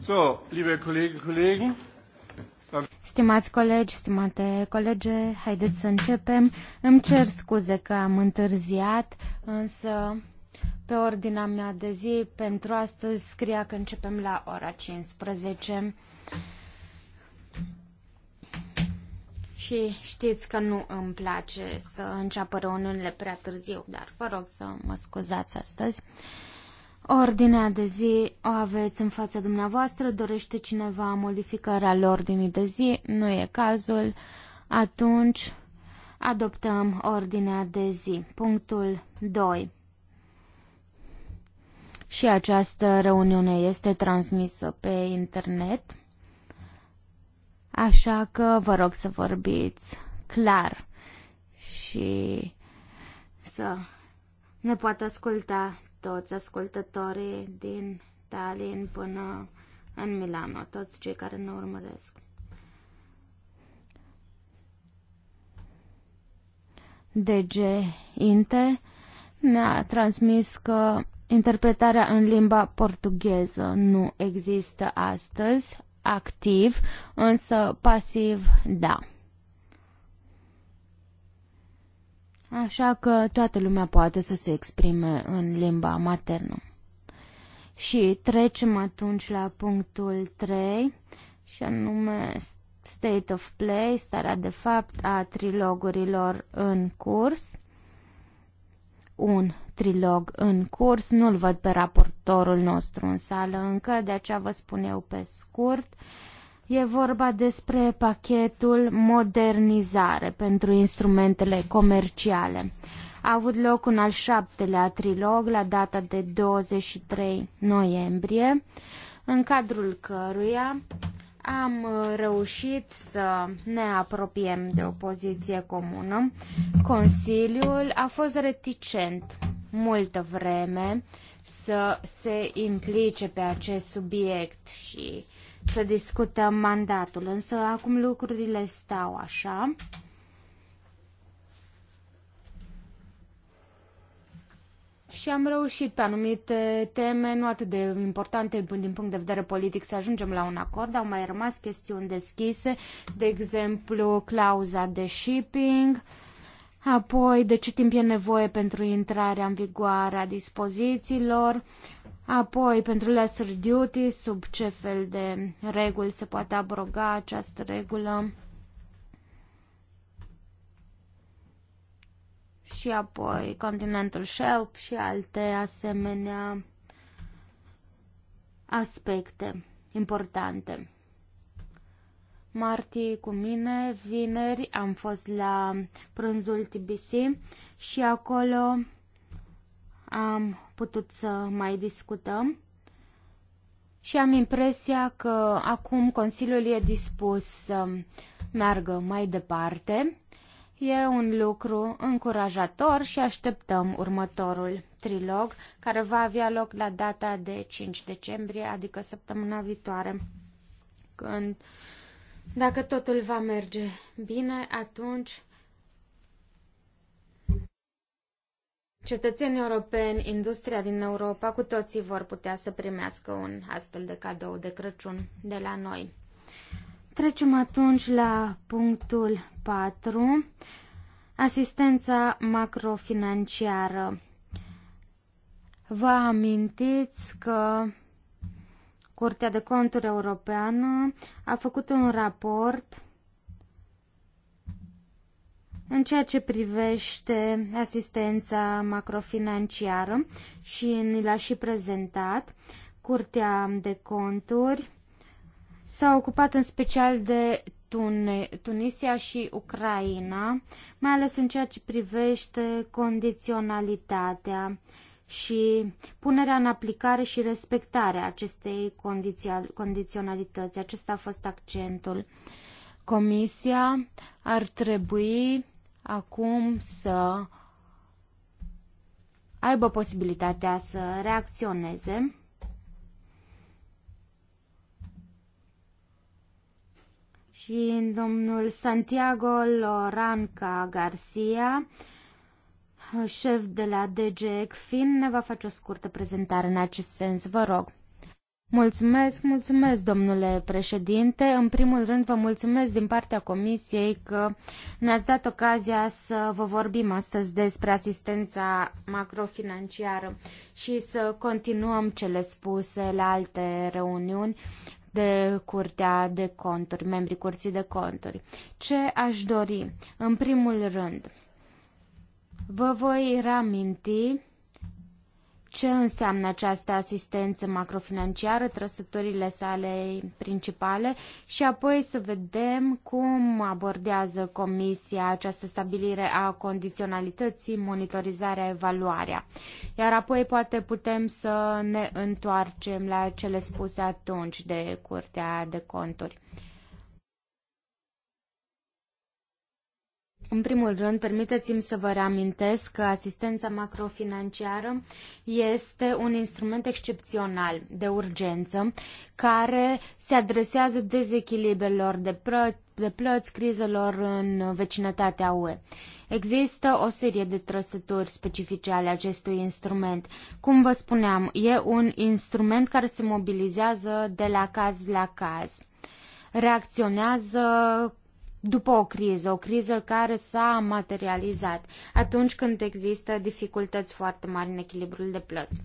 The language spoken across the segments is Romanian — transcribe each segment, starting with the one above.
So, liebe Kollegen, Kollegen. Stimați colegi, stimate colege, haideți să începem. Îmi cer scuze că am întârziat, însă pe ordinea mea de zi pentru astăzi scria că începem la ora 15. Și știți că nu îmi place să înceapă reuniunile prea târziu, dar vă rog să mă scuzați astăzi. Uh, Ordinea de zi o aveți în fața dumneavoastră. Dorește cineva modificarea ordinii de zi? Nu e cazul. Atunci adoptăm ordinea de zi. Punctul 2. Și această reuniune este transmisă pe internet. Așa că vă rog să vorbiți clar și să ne poată asculta toți ascultătorii din Tallinn până în Milano, toți cei care ne urmăresc. DG Inte ne-a transmis că interpretarea în limba portugheză nu există astăzi, activ, însă pasiv da. Așa că toată lumea poate să se exprime în limba maternă. Și trecem atunci la punctul 3, și anume State of Play, starea de fapt a trilogurilor în curs. Un trilog în curs, nu-l văd pe raportorul nostru în sală încă, de aceea vă spun eu pe scurt. Uh, E vorba despre pachetul modernizare pentru instrumentele comerciale. A avut loc un al șaptelea trilog la data de 23 noiembrie, în cadrul căruia am reușit să ne apropiem de o poziție comună. Consiliul a fost reticent multă vreme să se implice pe acest subiect și să discutăm mandatul, însă acum lucrurile stau așa. și am reușit pe anumite teme nu atât de importante din punct de vedere politic să ajungem la un acord. Au mai rămas chestiuni deschise, de exemplu clauza de shipping, apoi de ce timp e nevoie pentru intrarea în vigoare a dispozițiilor, Apoi, pentru lesser duty, sub ce fel de reguli se poate abroga această regulă. Și apoi Continental Shelf și alte asemenea aspecte importante. Marti cu mine, vineri am fost la prânzul TBC și acolo am putut să mai discutăm și am impresia că acum Consiliul e dispus să meargă mai departe. E un lucru încurajator și așteptăm următorul trilog, care va avea loc la data de 5 decembrie, adică săptămâna viitoare, când, dacă totul va merge bine, atunci Cetățenii europeni, industria din Europa, cu toții vor putea să primească un astfel de cadou de Crăciun de la noi. Trecem atunci la punctul 4, asistența macrofinanciară. Vă amintiți că Curtea de Conturi Europeană a făcut un raport în ceea ce privește asistența macrofinanciară și ni l-a și prezentat, Curtea de Conturi s-a ocupat în special de Tun Tunisia și Ucraina, mai ales în ceea ce privește condiționalitatea și punerea în aplicare și respectarea acestei condiționalități. Acesta a fost accentul. Comisia ar trebui acum să aibă posibilitatea să reacționeze. Și domnul Santiago Loranca Garcia, șef de la DG Fin, ne va face o scurtă prezentare în acest sens. Vă rog. Mulțumesc, mulțumesc, domnule președinte. În primul rând, vă mulțumesc din partea Comisiei că ne-ați dat ocazia să vă vorbim astăzi despre asistența macrofinanciară și să continuăm cele spuse la alte reuniuni de Curtea de Conturi, membrii Curții de Conturi. Ce aș dori? În primul rând, vă voi raminti ce înseamnă această asistență macrofinanciară, trăsăturile sale principale și apoi să vedem cum abordează Comisia această stabilire a condiționalității, monitorizarea, evaluarea. Iar apoi poate putem să ne întoarcem la cele spuse atunci de Curtea de Conturi. În primul rând, permiteți-mi să vă reamintesc că asistența macrofinanciară este un instrument excepțional de urgență care se adresează dezechilibrelor de, pră- de plăți, crizelor în vecinătatea UE. Există o serie de trăsături specifice ale acestui instrument. Cum vă spuneam, e un instrument care se mobilizează de la caz la caz. Reacționează după o criză, o criză care s-a materializat atunci când există dificultăți foarte mari în echilibrul de plăți.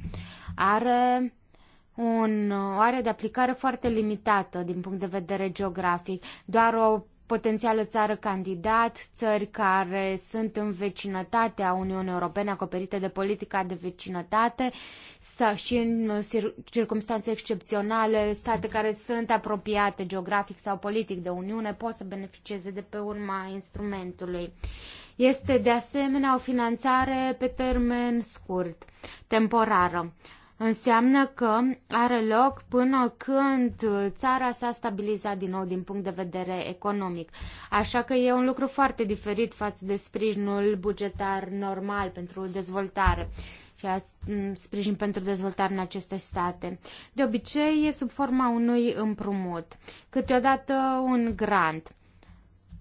Are un, o are de aplicare foarte limitată din punct de vedere geografic. Doar o potențială țară candidat, țări care sunt în vecinătatea Uniunii Europene acoperite de politica de vecinătate sau și în circunstanțe excepționale, state care sunt apropiate geografic sau politic de Uniune pot să beneficieze de pe urma instrumentului. Este de asemenea o finanțare pe termen scurt, temporară. Înseamnă că are loc până când țara s-a stabilizat din nou din punct de vedere economic. Așa că e un lucru foarte diferit față de sprijinul bugetar normal pentru dezvoltare și a sprijin pentru dezvoltare în aceste state. De obicei e sub forma unui împrumut, câteodată un grant,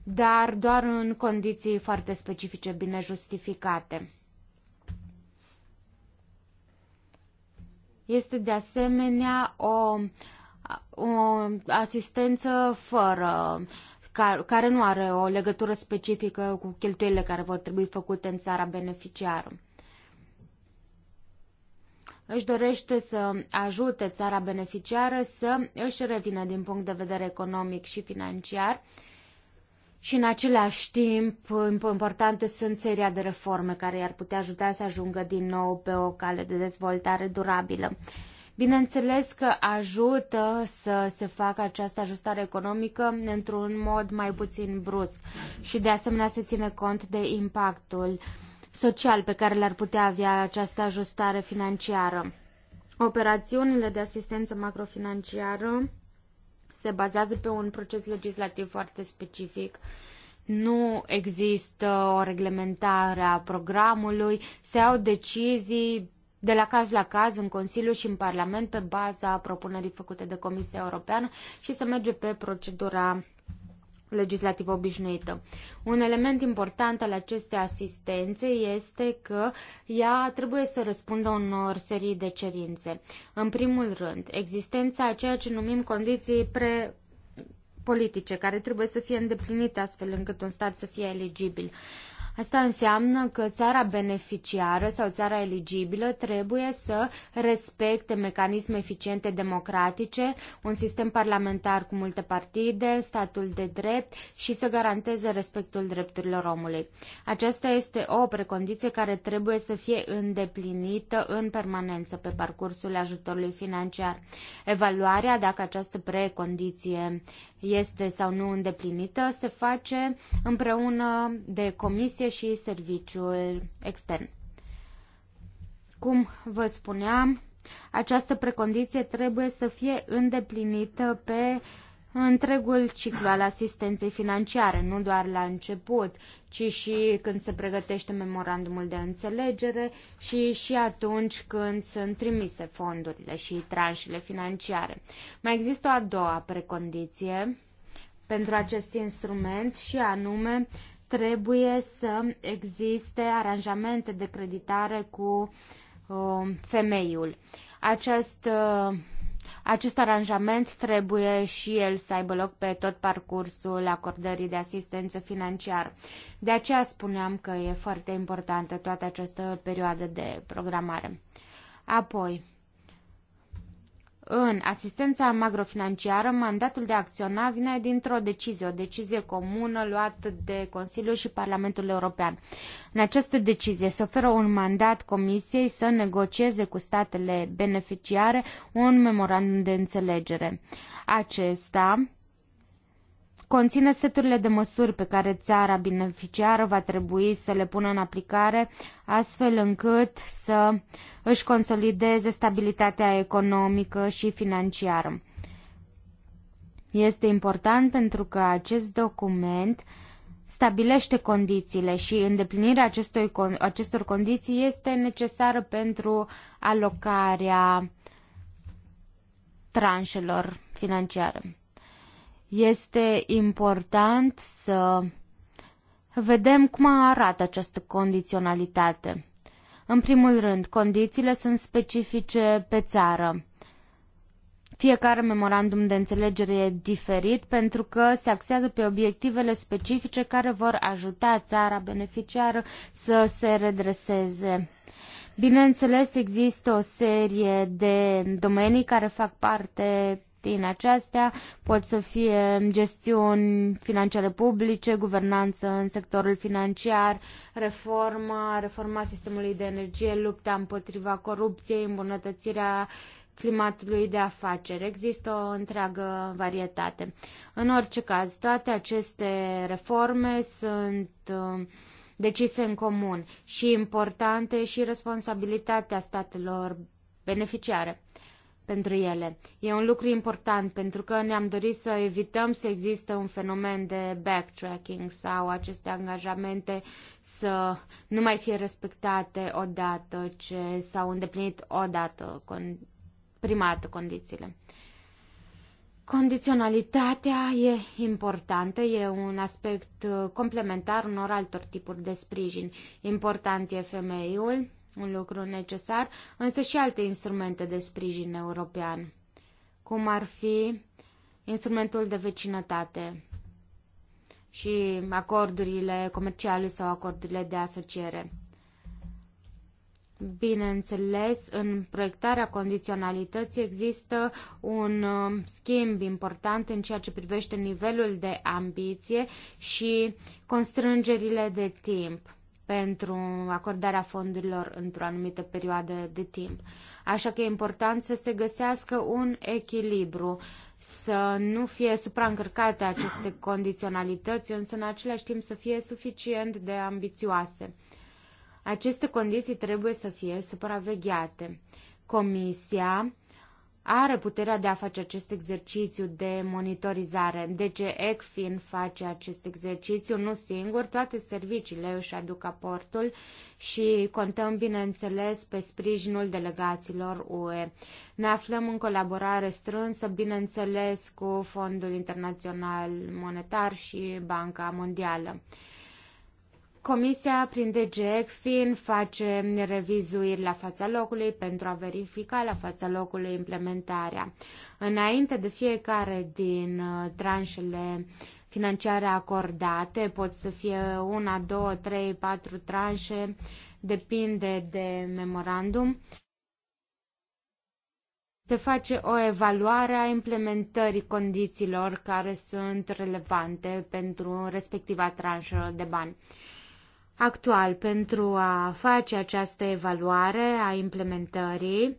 dar doar în condiții foarte specifice, bine justificate. Este de asemenea o, o asistență fără care nu are o legătură specifică cu cheltuielile care vor trebui făcute în țara beneficiară. Își dorește să ajute țara beneficiară să își revină din punct de vedere economic și financiar uh, și în același timp importante sunt seria de reforme care i-ar putea ajuta să ajungă din nou pe o cale de dezvoltare durabilă. Bineînțeles că ajută să se facă această ajustare economică într-un mod mai puțin brusc și de asemenea se ține cont de impactul social pe care l-ar putea avea această ajustare financiară. Operațiunile de asistență macrofinanciară se bazează pe un proces legislativ foarte specific. Nu există o reglementare a programului, se au decizii de la caz la caz în Consiliu și în Parlament pe baza propunerii făcute de Comisia Europeană și se merge pe procedura Legislativ obișnuită. Un element important al acestei asistențe este că ea trebuie să răspundă unor serii de cerințe. În primul rând, existența a ceea ce numim condiții pre politice care trebuie să fie îndeplinite astfel încât un stat să fie eligibil. Asta înseamnă că țara beneficiară sau țara eligibilă trebuie să respecte mecanisme eficiente democratice, un sistem parlamentar cu multe partide, statul de drept și să garanteze respectul drepturilor omului. Aceasta este o precondiție care trebuie să fie îndeplinită în permanență pe parcursul ajutorului financiar. Evaluarea dacă această precondiție este sau nu îndeplinită se face împreună de comisie și Serviciul Extern. Cum vă spuneam, această precondiție trebuie să fie îndeplinită pe întregul ciclu al asistenței financiare, nu doar la început, ci și când se pregătește memorandumul de înțelegere și și atunci când sunt trimise fondurile și tranșele financiare. Mai există o a doua precondiție pentru acest instrument și anume trebuie să existe aranjamente de creditare cu uh, femeiul. Acest, uh, acest aranjament trebuie și el să aibă loc pe tot parcursul acordării de asistență financiară. De aceea spuneam că e foarte importantă toată această perioadă de programare. Apoi, în asistența macrofinanciară, mandatul de a acționa vine dintr-o decizie, o decizie comună luată de Consiliu și Parlamentul European. În această decizie se oferă un mandat Comisiei să negocieze cu statele beneficiare un memorandum de înțelegere. Acesta conține seturile de măsuri pe care țara beneficiară va trebui să le pună în aplicare, astfel încât să își consolideze stabilitatea economică și financiară. Este important pentru că acest document stabilește condițiile și îndeplinirea acestor condiții este necesară pentru alocarea tranșelor financiare. Este important să vedem cum arată această condiționalitate. În primul rând, condițiile sunt specifice pe țară. Fiecare memorandum de înțelegere e diferit pentru că se axează pe obiectivele specifice care vor ajuta țara beneficiară să se redreseze. Bineînțeles, există o serie de domenii care fac parte din acestea pot să fie gestiuni financiare publice, guvernanță în sectorul financiar, reforma, reforma sistemului de energie, lupta împotriva corupției, îmbunătățirea climatului de afaceri. Există o întreagă varietate. În orice caz, toate aceste reforme sunt uh, decise în comun și importante și responsabilitatea statelor beneficiare pentru ele. E un lucru important pentru că ne-am dorit să evităm să existe un fenomen de backtracking sau aceste angajamente să nu mai fie respectate odată ce s-au îndeplinit odată con- prima dată condițiile. Condiționalitatea e importantă, e un aspect uh, complementar unor altor tipuri de sprijin. Important e femeiul, un lucru necesar, însă și alte instrumente de sprijin european, cum ar fi instrumentul de vecinătate și acordurile comerciale sau acordurile de asociere. Bineînțeles, în proiectarea condiționalității există un um, schimb important în ceea ce privește nivelul de ambiție și constrângerile de timp pentru acordarea fondurilor într-o anumită perioadă de timp. Așa că e important să se găsească un echilibru, să nu fie supraîncărcate aceste condiționalități, însă în același timp să fie suficient de ambițioase. Aceste condiții trebuie să fie supravegheate. Comisia are puterea de a face acest exercițiu de monitorizare. ce ECFIN face acest exercițiu, nu singur, toate serviciile își aduc aportul și contăm, bineînțeles, pe sprijinul delegaților UE. Ne aflăm în colaborare strânsă, bineînțeles, cu Fondul Internațional Monetar și Banca Mondială. Comisia, prin DG fiind face revizuiri la fața locului pentru a verifica la fața locului implementarea. Înainte de fiecare din uh, tranșele financiare acordate, pot să fie una, două, trei, patru tranșe, depinde de memorandum. Se face o evaluare a implementării condițiilor care sunt relevante pentru respectiva tranșă de bani actual pentru a face această evaluare a implementării.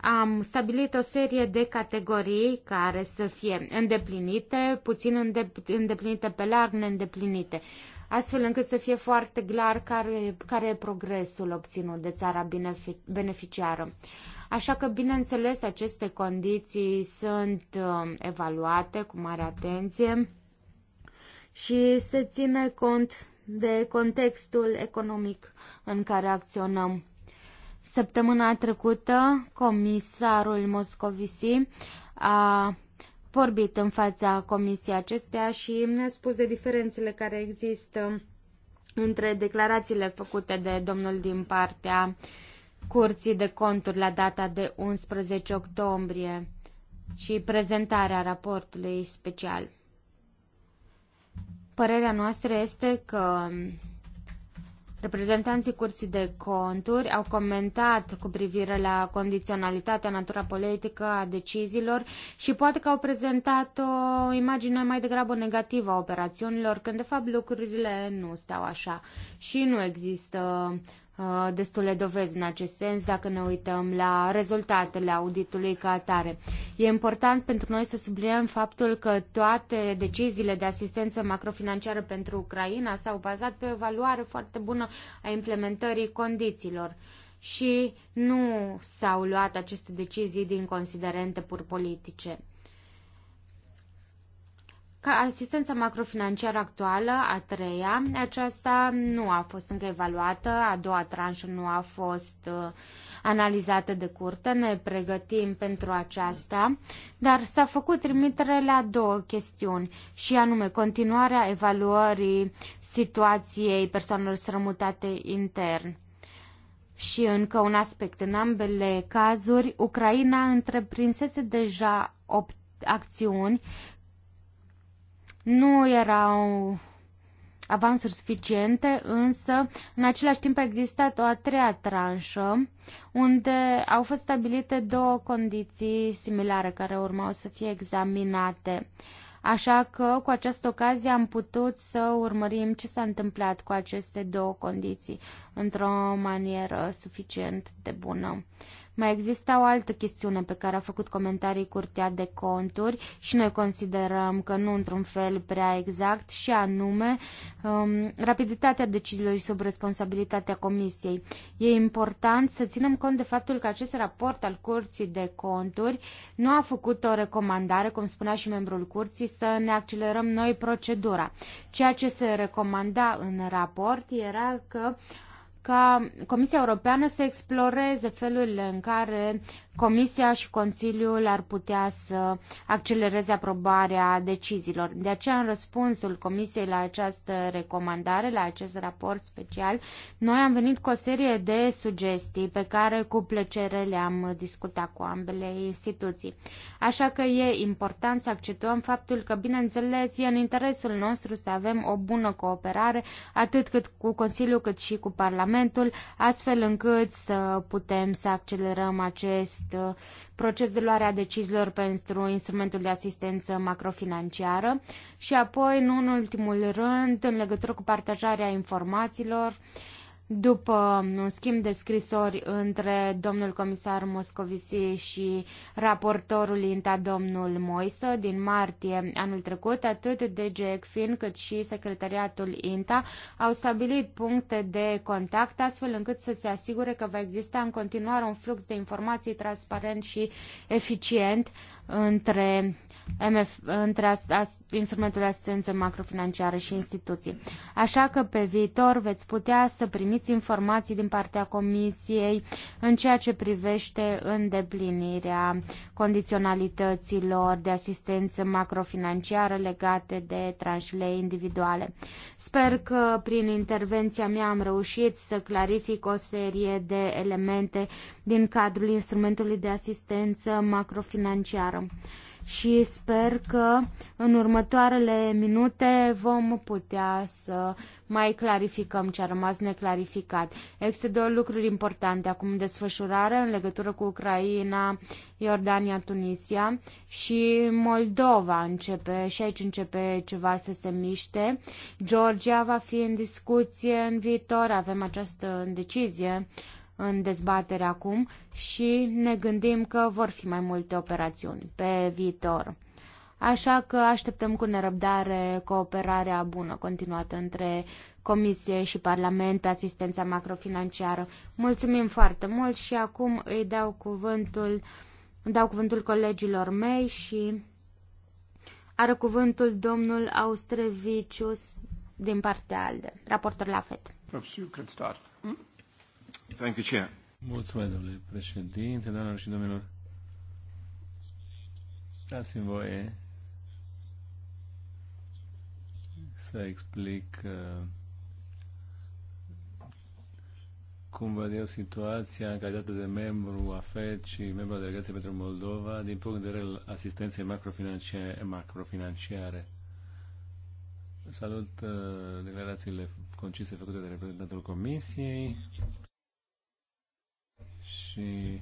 Am stabilit o serie de categorii care să fie îndeplinite, puțin îndeplinite pe larg, neîndeplinite, astfel încât să fie foarte clar care, care e progresul obținut de țara beneficiară. Așa că, bineînțeles, aceste condiții sunt um, evaluate cu mare atenție și se ține cont de contextul economic în care acționăm. Săptămâna trecută, comisarul Moscovici a vorbit în fața comisiei acestea și ne a spus de diferențele care există între declarațiile făcute de domnul din partea Curții de Conturi la data de 11 octombrie și prezentarea raportului special. Părerea noastră este că reprezentanții Curții de Conturi au comentat cu privire la condiționalitatea, natura politică a deciziilor și poate că au prezentat o imagine mai degrabă negativă a operațiunilor, când de fapt lucrurile nu stau așa și nu există Uh, destule dovezi în acest sens dacă ne uităm la rezultatele auditului ca atare. E important pentru noi să subliniem faptul că toate deciziile de asistență macrofinanciară pentru Ucraina s-au bazat pe o evaluare foarte bună a implementării condițiilor și nu s-au luat aceste decizii din considerente pur politice. Ca asistența macrofinanciară actuală, a treia, aceasta nu a fost încă evaluată, a doua tranșă nu a fost uh, analizată de curte, ne pregătim pentru aceasta, dar s-a făcut trimitere la două chestiuni și anume continuarea evaluării situației persoanelor strămutate intern. Și încă un aspect, în ambele cazuri, Ucraina întreprinsese deja opt acțiuni nu erau avansuri suficiente, însă în același timp a existat o a treia tranșă unde au fost stabilite două condiții similare care urmau să fie examinate. Așa că cu această ocazie am putut să urmărim ce s-a întâmplat cu aceste două condiții într-o manieră suficient de bună. Mai exista o altă chestiune pe care a făcut comentarii Curtea de Conturi și noi considerăm că nu într-un fel prea exact și anume um, rapiditatea deciziilor sub responsabilitatea Comisiei. E important să ținem cont de faptul că acest raport al Curții de Conturi nu a făcut o recomandare, cum spunea și membrul Curții, să ne accelerăm noi procedura. Ceea ce se recomanda în raport era că uh, ca Comisia Europeană să exploreze felurile în care Comisia și Consiliul ar putea să accelereze aprobarea deciziilor. De aceea, în răspunsul Comisiei la această recomandare, la acest raport special, noi am venit cu o serie de sugestii pe care cu plăcere le-am discutat cu ambele instituții. Așa că e important să acceptăm faptul că, bineînțeles, e în interesul nostru să avem o bună cooperare atât cât cu Consiliul cât și cu Parlamentul Parlamentul, astfel încât să putem să accelerăm acest uh, proces de luare a deciziilor pentru instrumentul de asistență macrofinanciară și apoi, nu în ultimul rând, în legătură cu partajarea informațiilor, după un schimb de scrisori între domnul comisar Moscovici și raportorul INTA, domnul Moisă, din martie anul trecut, atât DG ECFIN cât și secretariatul INTA au stabilit puncte de contact astfel încât să se asigure că va exista în continuare un flux de informații transparent și eficient între MF, între as, as, instrumentul de asistență macrofinanciară și instituții. Așa că pe viitor veți putea să primiți informații din partea Comisiei în ceea ce privește îndeplinirea condiționalităților de asistență macrofinanciară legate de tranșele individuale. Sper că prin intervenția mea am reușit să clarific o serie de elemente din cadrul instrumentului de asistență macrofinanciară și sper că în următoarele minute vom putea să mai clarificăm ce a rămas neclarificat. Există două lucruri importante acum desfășurare în legătură cu Ucraina, Iordania, Tunisia și Moldova începe și aici începe ceva să se miște. Georgia va fi în discuție în viitor, avem această decizie în dezbatere acum și ne gândim că vor fi mai multe operațiuni pe viitor. Așa că așteptăm cu nerăbdare cooperarea bună continuată între Comisie și Parlament pe asistența macrofinanciară. Mulțumim foarte mult și acum îi dau cuvântul, dau cuvântul colegilor mei și are cuvântul domnul Austrevicius din partea ALDE, raportor la FED. Perhaps you can start. Thank you, Chair. Mulțumesc, domnule președinte, doamnelor și domnilor. Dați-mi voie să explic uh, cum văd eu situația în calitate de membru a FED și membru a delegației pentru Moldova din punct de vedere al asistenței macrofinanciare. macrofinanciare. Salut uh, declarațiile concise făcute de reprezentantul Comisiei și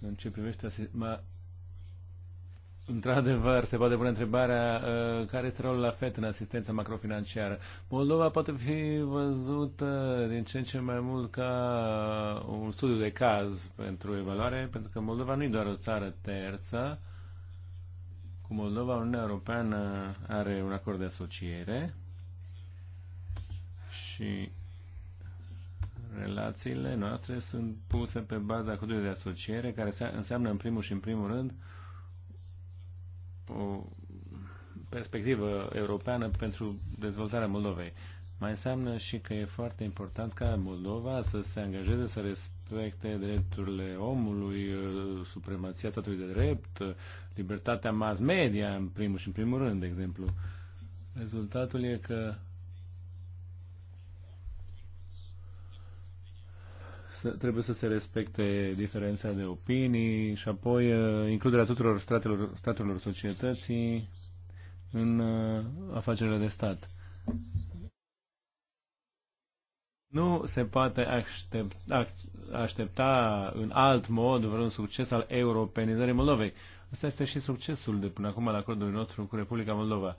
în ce privește asistența... Într-adevăr, se poate pune întrebarea uh, care este rolul la FET în asistența macrofinanciară. Moldova poate fi văzută din ce în ce mai mult ca un studiu de caz pentru evaluare, pentru că Moldova nu e doar o țară terță. Cu Moldova, Uniunea Europeană are un acord de asociere și Relațiile noastre sunt puse pe baza codului de asociere, care înseamnă în primul și în primul rând o perspectivă europeană pentru dezvoltarea Moldovei. Mai înseamnă și că e foarte important ca Moldova să se angajeze să respecte drepturile omului, uh, supremația statului de drept, uh, libertatea mass media, în primul și în primul rând, de exemplu. Rezultatul e că trebuie să se respecte diferența de opinii și apoi uh, includerea tuturor statelor statelor societății în uh, afacerile de stat. Nu se poate aștepta, aștepta în alt mod vreun succes al europenizării Moldovei. Asta este și succesul de până acum al acordului nostru cu Republica Moldova.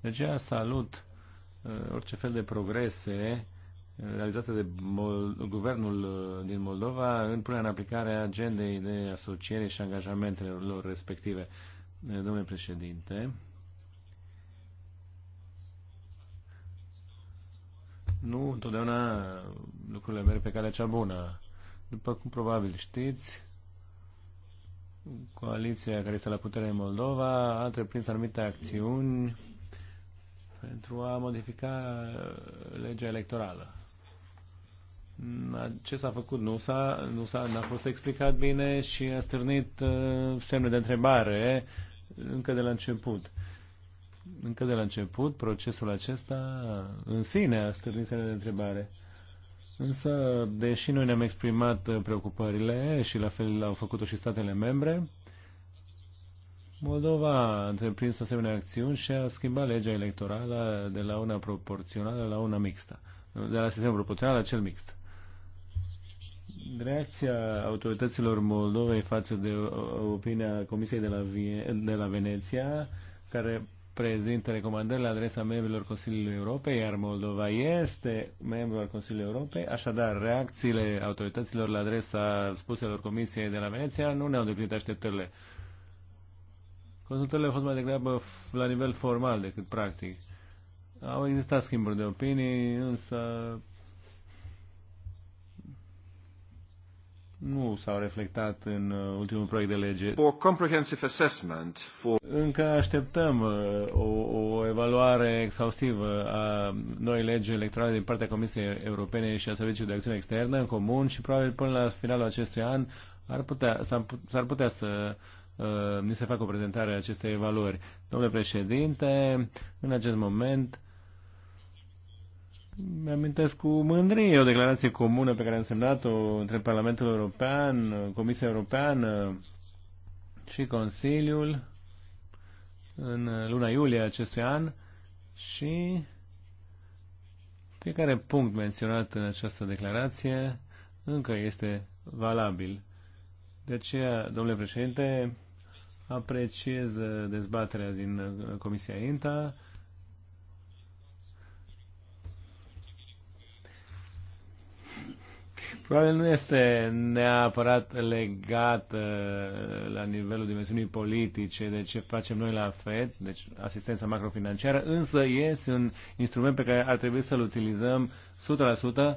De aceea salut uh, orice fel de progrese realizată de Mol- guvernul uh, din Moldova în punerea în aplicare a agendei de asociere și angajamentele lor respective. Eh, domnule președinte, nu întotdeauna lucrurile merg pe calea cea bună. După cum probabil știți, coaliția care este la putere în Moldova a întreprins anumite acțiuni pentru a modifica uh, legea electorală. Mm, ce s-a făcut nu s-a, nu s-a, n-a fost explicat bine și a stârnit uh, semne de întrebare încă de la început. Încă de la început, procesul acesta în sine a stârnit semne de întrebare. Însă, deși noi ne-am exprimat uh, preocupările și la fel au făcut-o și statele membre, Moldova a întreprins asemenea acțiuni și a schimbat legea electorală de la una proporțională la una mixtă, de la sistemul proporțional la cel mixt. Reacția autorităților Moldovei față de opinia Comisiei de la, de la Veneția, care prezintă recomandări la adresa membrilor Consiliului Europei, iar Moldova este membru al Consiliului Europei, așadar reacțiile autorităților la adresa spuselor Comisiei de la Veneția nu ne-au deplinit așteptările. Consultările au fost mai degrabă la nivel formal decât practic. Au existat schimburi de opinii, însă nu s-au reflectat în uh, ultimul proiect de lege. For comprehensive assessment for... Încă așteptăm uh, o, o evaluare exhaustivă a noi legi electorale din partea Comisiei Europene și a Serviciului de Acțiune Externă în comun și probabil până la finalul acestui an ar putea, s-ar putea să uh, ni se facă o prezentare a acestei evaluări. Domnule președinte, în acest moment mi-amintesc cu mândrie o declarație comună pe care am semnat-o între Parlamentul European, Comisia Europeană și Consiliul în luna iulie acestui an și fiecare punct menționat în această declarație încă este valabil. De aceea, domnule președinte, apreciez dezbaterea din Comisia INTA Probabil nu este neapărat legat uh, la nivelul dimensiunii politice de ce facem noi la FED, deci asistența macrofinanciară, însă este un instrument pe care ar trebui să-l utilizăm 100%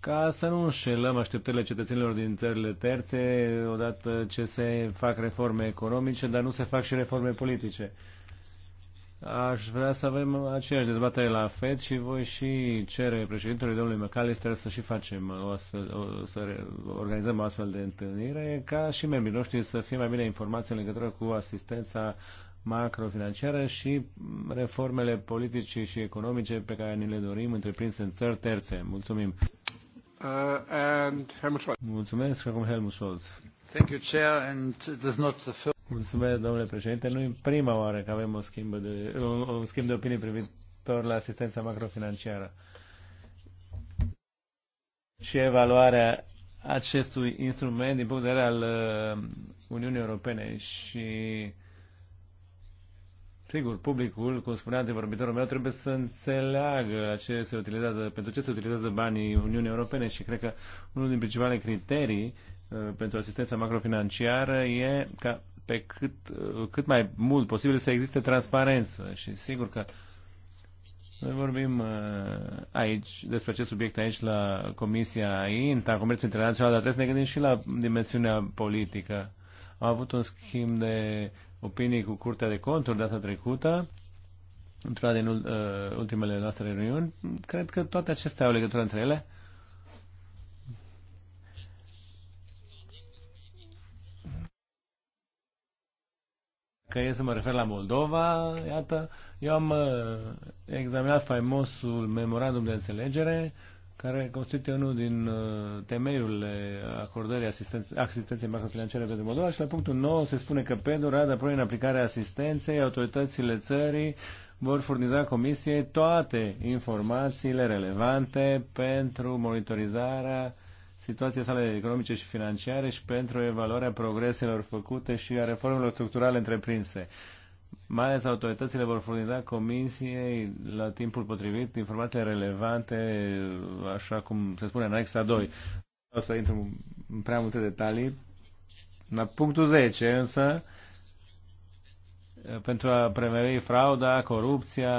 ca să nu înșelăm așteptările cetățenilor din țările terțe odată ce se fac reforme economice, dar nu se fac și reforme politice. Aș vrea să avem aceeași dezbatere la FED și voi și cere președintelui domnului McAllister să și facem o astfel, o, să organizăm o astfel de întâlnire ca și membrii noștri să fie mai bine informați în legătură cu asistența macrofinanciară și reformele politice și economice pe care ni le dorim întreprinse în țări terțe. Mulțumim! Uh, and Helmut Mulțumesc, acum Helmut Scholz. Thank you, Chair, and it is not the first... Mulțumesc, domnule președinte. Nu e prima oară că avem o schimb de, un, un schimb de opinii privitor la asistența macrofinanciară și evaluarea acestui instrument din punct de vedere al uh, Uniunii Europene și Sigur, publicul, cum spunea antevorbitorul meu, trebuie să înțeleagă la ce se utilizează, pentru ce se utilizează banii Uniunii Europene și cred că unul din principalele criterii uh, pentru asistența macrofinanciară e ca pe cât, cât mai mult posibil să existe transparență și sigur că noi vorbim uh, aici despre acest subiect aici la Comisia INTA, Comerț Internațional, dar trebuie să ne gândim și la dimensiunea politică. Am avut un schimb de opinii cu Curtea de Conturi data trecută, într-una din uh, ultimele noastre reuniuni. Cred că toate acestea au legătură între ele Că e să mă refer la Moldova, iată, eu am uh, examinat faimosul memorandum de înțelegere care constituie unul din uh, temeiurile acordării asistenței, asistenței financiare pentru Moldova și la punctul 9 se spune că pe durada pune în aplicare asistenței, autoritățile țării vor furniza comisiei toate informațiile relevante pentru monitorizarea situația sale economice și financiare și pentru evaluarea progreselor făcute și a reformelor structurale întreprinse. Mai ales autoritățile vor furniza comisiei la timpul potrivit informații relevante, așa cum se spune în anexa 2. O să intru în prea multe detalii. La punctul 10 însă pentru a preveni frauda, corupția,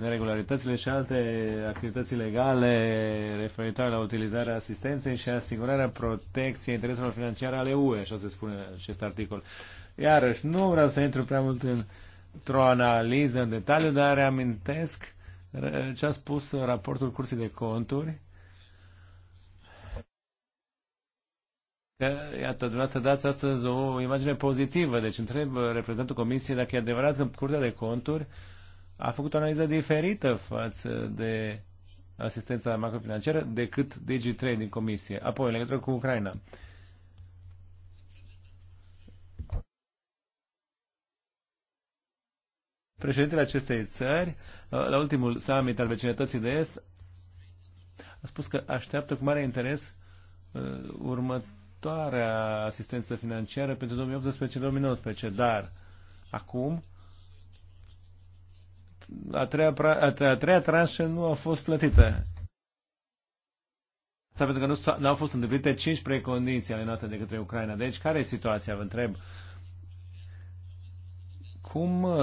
neregularitățile și alte activități legale referitoare la utilizarea asistenței și asigurarea protecției intereselor financiare ale UE, așa se spune acest articol. Iarăși, nu vreau să intru prea mult într-o analiză în detaliu, dar reamintesc ce a spus raportul Cursii de Conturi Că, iată, dumneavoastră dați astăzi o imagine pozitivă, deci întreb uh, reprezentantul Comisiei dacă e adevărat că Curtea de Conturi a făcut o analiză diferită față de asistența macrofinanciară decât DG3 din Comisie. Apoi, în legătură cu Ucraina. Președintele acestei țări, uh, la ultimul summit al vecinătății de est, a spus că așteaptă cu mare interes uh, următorul viitoarea asistență financiară pentru 2018-2019, dar acum a treia, a treia, a treia tranșă nu a fost plătită. Asta pentru că nu, nu au fost îndeplinite cinci precondiții ale noastre de către Ucraina. Deci, care e situația, vă întreb? Cum uh,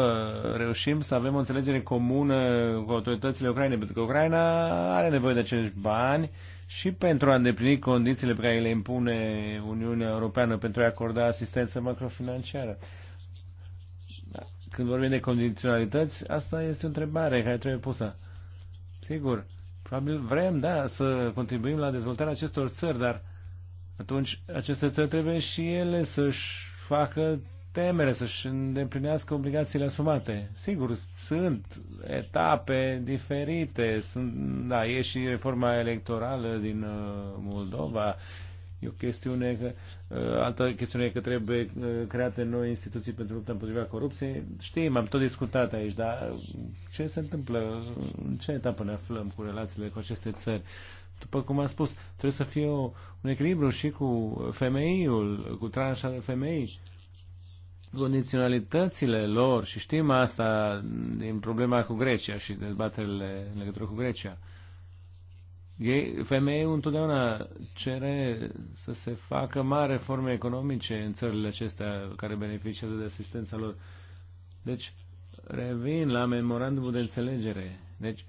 reușim să avem o înțelegere comună cu autoritățile Ucrainei? Pentru că Ucraina are nevoie de acești bani, și pentru a îndeplini condițiile pe care le impune Uniunea Europeană pentru a acorda asistență macrofinanciară. Da, când vorbim de condiționalități, asta este o întrebare care trebuie pusă. Sigur, probabil vrem, da, să contribuim la dezvoltarea acestor țări, dar atunci aceste țări trebuie și ele să-și facă temere să-și îndeplinească obligațiile asumate. Sigur, sunt etape diferite. Sunt, da, e și reforma electorală din uh, Moldova. E o chestiune că, uh, altă chestiune că trebuie uh, create noi instituții pentru lupta împotriva corupției. Știm, am tot discutat aici, dar ce se întâmplă? În ce etapă ne aflăm cu relațiile cu aceste țări? după cum am spus, trebuie să fie o, un echilibru și cu femeiul, cu tranșa de femei condiționalitățile lor, și știm asta din problema cu Grecia și dezbaterile în legătură cu Grecia, ei, femeie întotdeauna cere să se facă mari reforme economice în țările acestea care beneficiază de asistența lor. Deci, revin la memorandumul de înțelegere. Deci,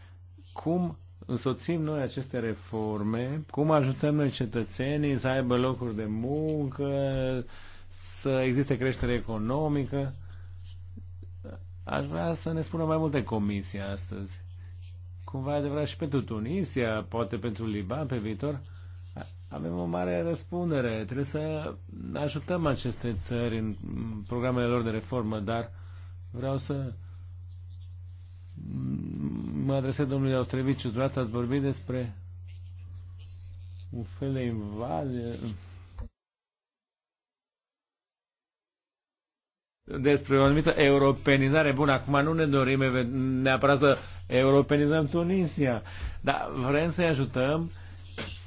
cum însoțim noi aceste reforme, cum ajutăm noi cetățenii să aibă locuri de muncă, să existe creștere economică. Aș vrea să ne spună mai multe comisia astăzi. Cumva adevărat și pentru Tunisia, poate pentru Liban pe viitor. Avem o mare răspundere. Trebuie să ajutăm aceste țări în programele lor de reformă, dar vreau să mă adresez domnului Austreviciu. Dumneavoastră ați vorbit despre un fel de invazie despre o anumită europenizare. Bun, acum nu ne dorim neapărat să europenizăm Tunisia, dar vrem să-i ajutăm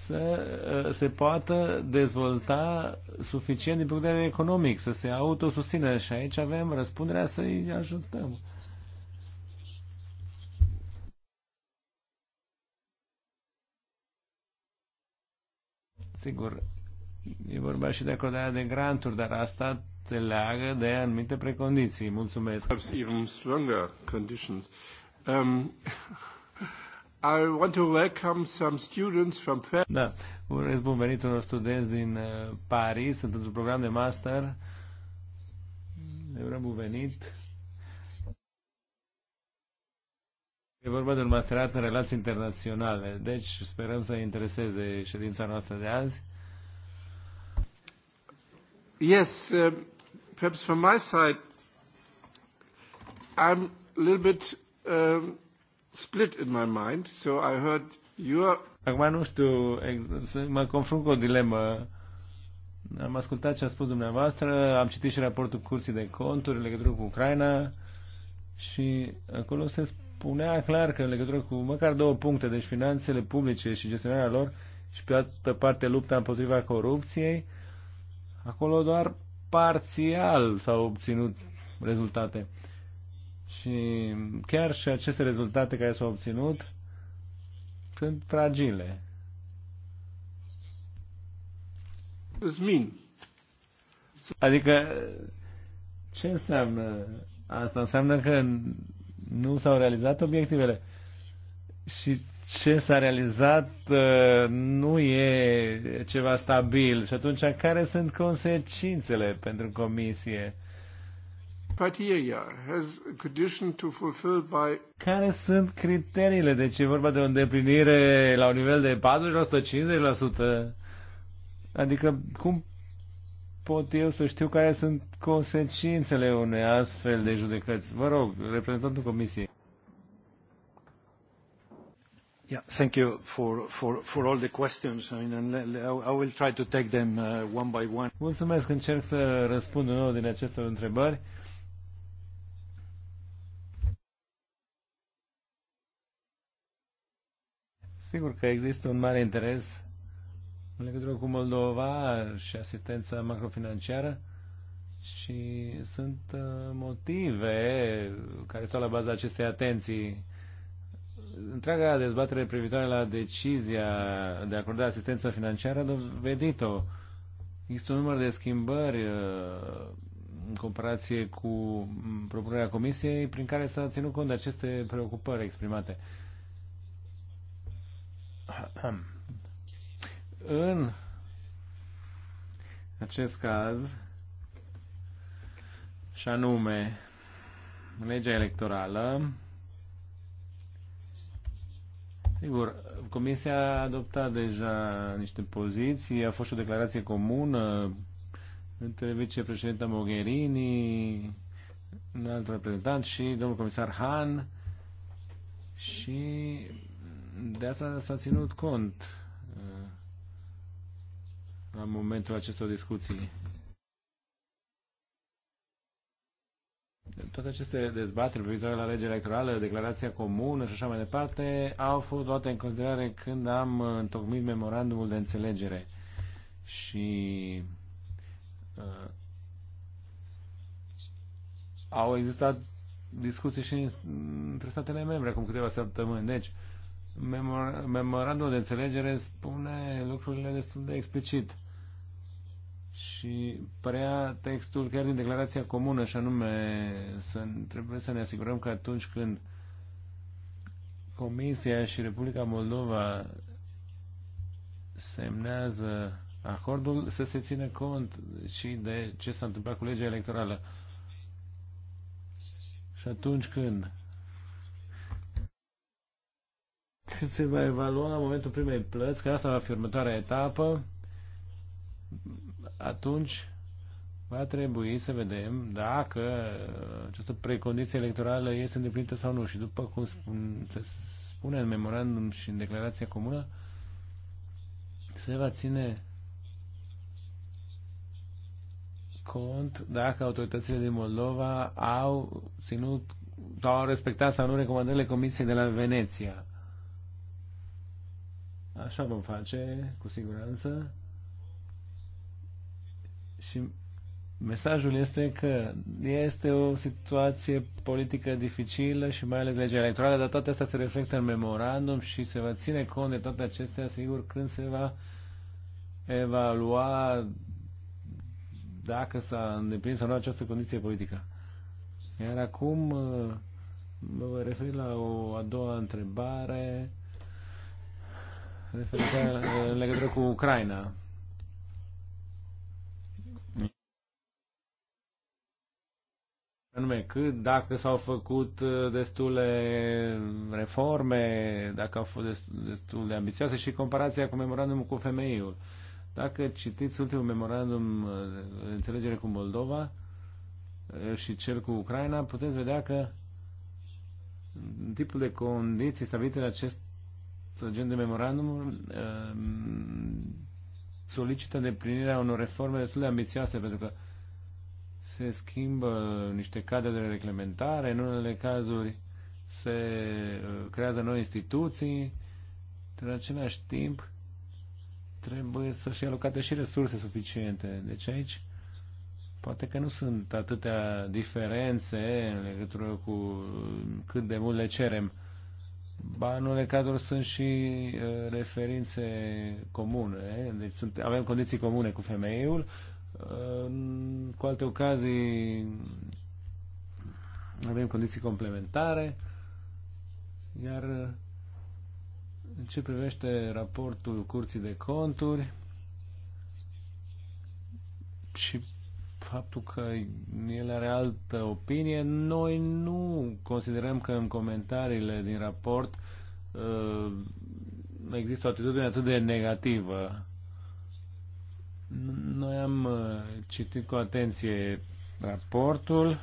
să uh, se poată dezvolta suficient din punct de vedere economic, să se autosusțină și aici avem răspunderea să-i ajutăm. Sigur, e vorba și de acordarea de granturi, dar asta se de anumite precondiții. Mulțumesc. Even stronger conditions. Um, I want to welcome some students from Paris. Da, urez bun venit unor studenți din uh, Paris, sunt într-un program de master. Le urăm bun venit. E vorba de un masterat în relații internaționale, deci sperăm să intereseze ședința noastră de azi. Yes, uh perhaps from my side, I'm a little bit um, split in my mind. So I heard your... Acum nu știu, mă confrunt cu o dilemă. Am ascultat ce a spus dumneavoastră, am citit și raportul Curții de Conturi în legătură cu Ucraina și acolo se spunea clar că în legătură cu măcar două puncte, deci finanțele publice și gestionarea lor și pe altă parte lupta împotriva corupției, acolo doar parțial s-au obținut rezultate. Și chiar și aceste rezultate care s-au obținut sunt fragile. Zmin. Adică, ce înseamnă asta? Înseamnă că nu s-au realizat obiectivele. Și ce s-a realizat uh, nu e ceva stabil și atunci care sunt consecințele pentru comisie? care sunt criteriile? Deci e vorba de o îndeplinire la un nivel de 40-50%. Adică cum pot eu să știu care sunt consecințele unei astfel de judecăți? Vă rog, reprezentantul Comisiei. Yeah, thank you for, for, for all the questions. I mean, I will try to take them uh, one by one. Mulțumesc, încerc să răspund unul din aceste întrebări. Sigur că există un mare interes în legătură cu Moldova și asistența macrofinanciară și sunt uh, motive care stau la baza acestei atenții întreaga dezbatere privitoare la decizia de a acorda asistență financiară a dovedit-o. Există un număr de schimbări uh, în comparație cu propunerea Comisiei prin care s-a ținut cont de aceste preocupări exprimate. În acest caz, și anume legea electorală, Sigur, Comisia a adoptat deja niște poziții, a fost o declarație comună între vicepreședinta Mogherini, un alt reprezentant și domnul comisar Han și de asta s-a ținut cont uh, la momentul acestor discuții. toate aceste dezbateri privitoare la legea electorală, declarația comună și așa mai departe, au fost luate în considerare când am întocmit memorandumul de înțelegere. Și uh, au existat discuții și între statele membre acum câteva săptămâni. Deci, memor- memorandumul de înțelegere spune lucrurile destul de explicit și părea textul chiar din declarația comună și anume să, trebuie să ne asigurăm că atunci când Comisia și Republica Moldova semnează acordul să se țină cont și de ce s-a întâmplat cu legea electorală. Și atunci când când se va evalua în momentul primei plăți, că asta va fi următoarea etapă, atunci va trebui să vedem dacă această precondiție electorală este îndeplinită sau nu. Și după cum spun, se spune în memorandum și în declarația comună, se va ține cont dacă autoritățile din Moldova au ținut sau au respectat sau nu recomandările Comisiei de la Veneția. Așa vom face, cu siguranță. Și mesajul este că este o situație politică dificilă și mai ales legea electorală, dar toate astea se reflectă în memorandum și se va ține cont de toate acestea, sigur, când se va evalua dacă s-a îndeplinit sau nu această condiție politică. Iar acum uh, mă voi referi la o a doua întrebare referitoare uh, în legătură cu Ucraina. anume cât, dacă s-au făcut uh, destule reforme, dacă au fost destul de ambițioase și comparația cu memorandumul cu femeiul. Dacă citiți ultimul memorandum de uh, înțelegere cu Moldova uh, și cel cu Ucraina, puteți vedea că tipul de condiții stabilite în acest gen de memorandum solicită îndeplinirea unor reforme destul de ambițioase, pentru că se schimbă niște cadre de reglementare, în unele cazuri se uh, creează noi instituții, dar în același timp trebuie să fie alocate și resurse suficiente. Deci aici poate că nu sunt atâtea diferențe în legătură cu uh, cât de mult le cerem. Ba, în unele cazuri sunt și uh, referințe comune, deci sunt, avem condiții comune cu femeiul, cu alte ocazii avem condiții complementare, iar în ce privește raportul Curții de Conturi și faptul că el are altă opinie, noi nu considerăm că în comentariile din raport uh, există o atitudine atât de negativă noi am uh, citit cu atenție raportul.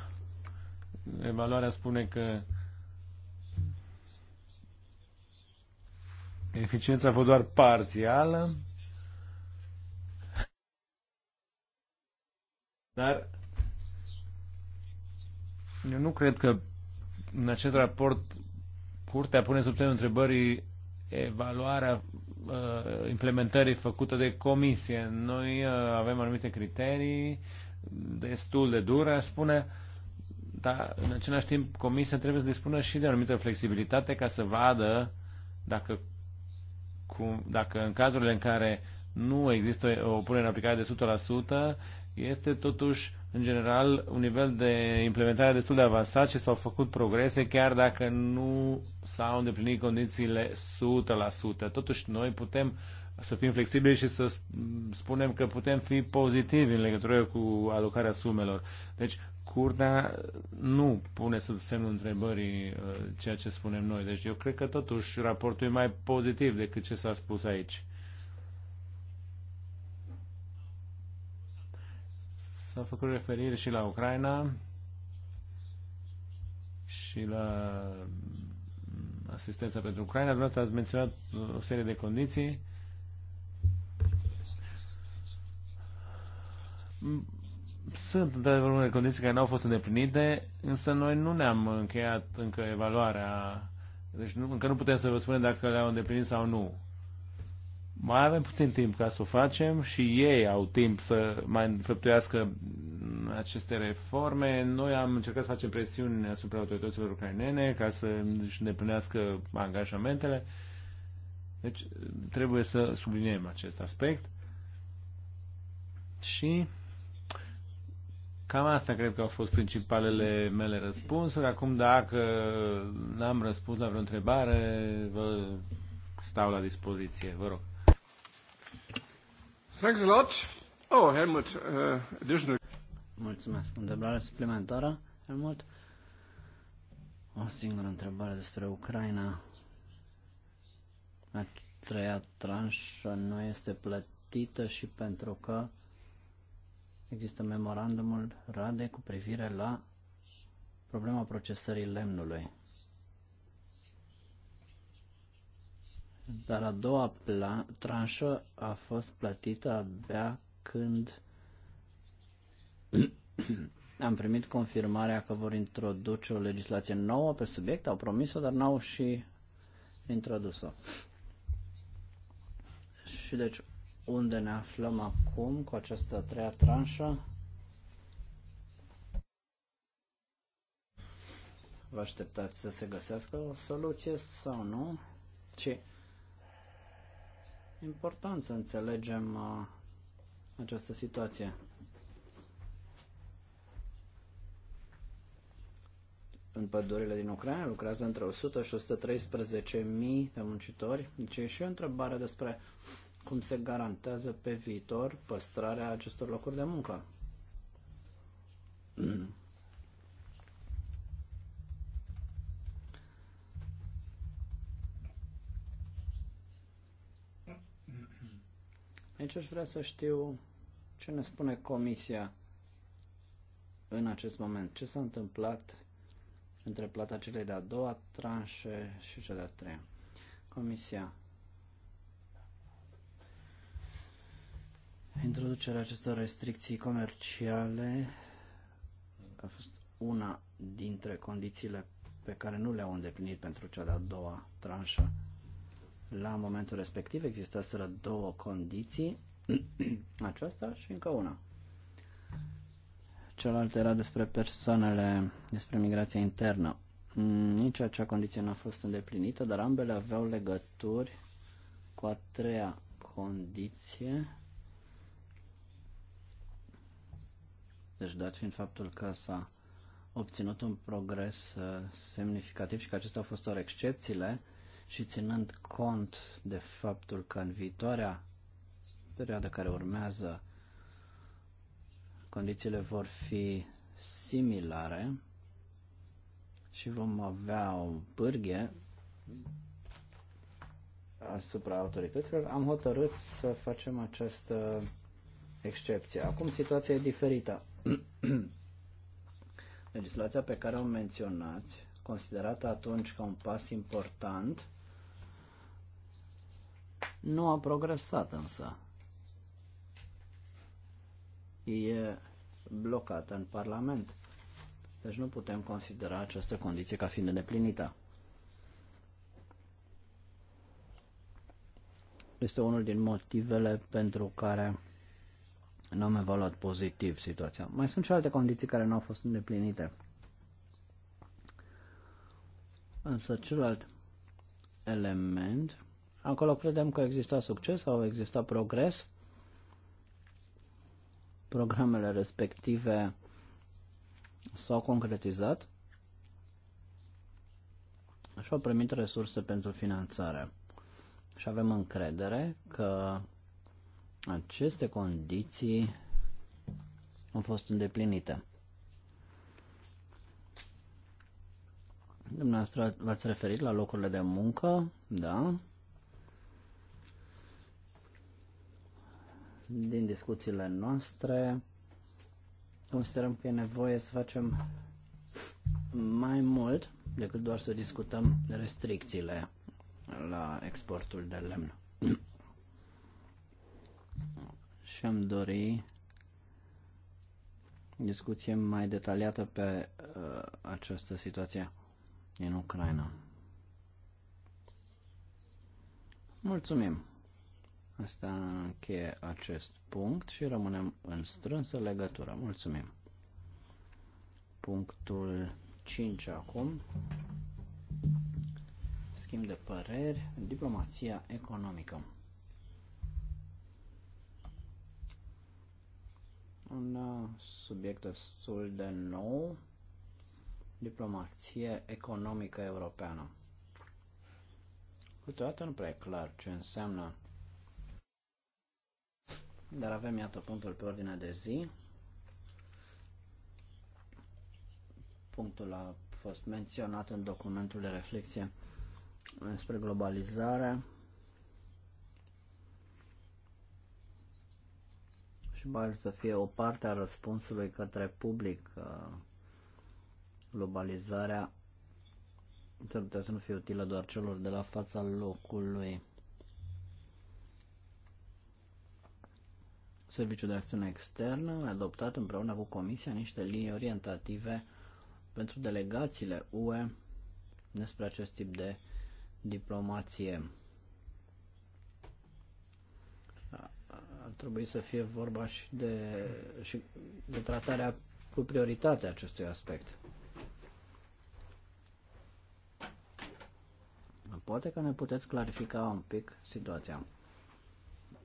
Evaluarea spune că eficiența a fost doar parțială, dar eu nu cred că în acest raport curtea pune sub semnul întrebării evaluarea Uh, implementării făcută de comisie. Noi uh, avem anumite criterii destul de dure, aș spune, dar în același timp comisia trebuie să dispună și de anumită flexibilitate ca să vadă dacă, cum, dacă în cazurile în care nu există o punere în aplicare de 100%, este totuși în general, un nivel de implementare destul de avansat și s-au făcut progrese, chiar dacă nu s-au îndeplinit condițiile 100%. Totuși, noi putem să fim flexibili și să spunem că putem fi pozitivi în legătură cu alocarea sumelor. Deci, Curtea nu pune sub semnul întrebării uh, ceea ce spunem noi. Deci, eu cred că totuși raportul e mai pozitiv decât ce s-a spus aici. S-a făcut referire și la Ucraina și la mm, asistența pentru Ucraina. Dumneavoastră ați menționat uh, o serie de condiții. Mm, sunt, într-adevăr, unele condiții care nu au fost îndeplinite, însă noi nu ne-am încheiat încă evaluarea. Deci nu, încă nu putem să vă spunem dacă le-au îndeplinit sau nu mai avem puțin timp ca să o facem și ei au timp să mai înfăptuiască aceste reforme. Noi am încercat să facem presiuni asupra autorităților ucrainene ca să își îndeplinească angajamentele. Deci trebuie să subliniem acest aspect. Și cam asta cred că au fost principalele mele răspunsuri. Acum dacă n-am răspuns la vreo întrebare, vă stau la dispoziție. Vă rog. Oh, uh, Mulțumesc. Întrebare suplimentară, Helmut? O singură întrebare despre Ucraina. A treia tranșă nu este plătită și pentru că există memorandumul RADE cu privire la problema procesării lemnului. dar a doua tranșă a fost plătită abia când am primit confirmarea că vor introduce o legislație nouă pe subiect, au promis-o, dar n-au și introdus-o. Și deci unde ne aflăm acum cu această treia tranșă? Vă așteptați să se găsească o soluție sau nu? Ce? important să înțelegem uh, această situație. În pădurile din Ucraina lucrează între 100 și 113 mii de muncitori. Deci e și o întrebare despre cum se garantează pe viitor păstrarea acestor locuri de muncă. Aici aș vrea să știu ce ne spune Comisia în acest moment. Ce s-a întâmplat între plata celei de-a doua tranșe și cea de-a treia? Comisia. Introducerea acestor restricții comerciale a fost una dintre condițiile pe care nu le-au îndeplinit pentru cea de-a doua tranșă. La momentul respectiv existaseră două condiții, aceasta și încă una. Cealaltă era despre persoanele, despre migrația internă. Mm, nici acea condiție n-a fost îndeplinită, dar ambele aveau legături cu a treia condiție. Deci, dat fiind faptul că s-a obținut un progres uh, semnificativ și că acestea au fost doar excepțiile, și ținând cont de faptul că în viitoarea perioadă care urmează condițiile vor fi similare și vom avea o pârghie asupra autorităților, am hotărât să facem această excepție. Acum situația e diferită. Legislația pe care o menționați, considerată atunci ca un pas important, nu a progresat însă. E blocată în Parlament. Deci nu putem considera această condiție ca fiind îndeplinită. Este unul din motivele pentru care nu am evaluat pozitiv situația. Mai sunt și alte condiții care nu au fost îndeplinite. Însă celălalt element Acolo credem că exista succes sau exista progres. Programele respective s-au concretizat și au primit resurse pentru finanțare. Și avem încredere că aceste condiții au fost îndeplinite. Dumneavoastră v-ați referit la locurile de muncă, da, din discuțiile noastre. Considerăm că e nevoie să facem mai mult decât doar să discutăm restricțiile la exportul de lemn. Și am dori discuție mai detaliată pe uh, această situație în Ucraina. Mulțumim! Asta încheie acest punct și rămânem în strânsă legătură. Mulțumim! Punctul 5 acum. Schimb de păreri diplomația economică. Un uh, subiect destul de nou, diplomație economică europeană. Câteodată nu prea e clar ce înseamnă dar avem, iată, punctul pe ordinea de zi. Punctul a fost menționat în documentul de reflexie despre globalizare și mai să fie o parte a răspunsului către public globalizarea s să nu fie utilă doar celor de la fața locului. Serviciul de Acțiune Externă a adoptat împreună cu Comisia niște linii orientative pentru delegațiile UE despre acest tip de diplomație. Ar trebui să fie vorba și de, și de tratarea cu prioritate acestui aspect. Poate că ne puteți clarifica un pic situația.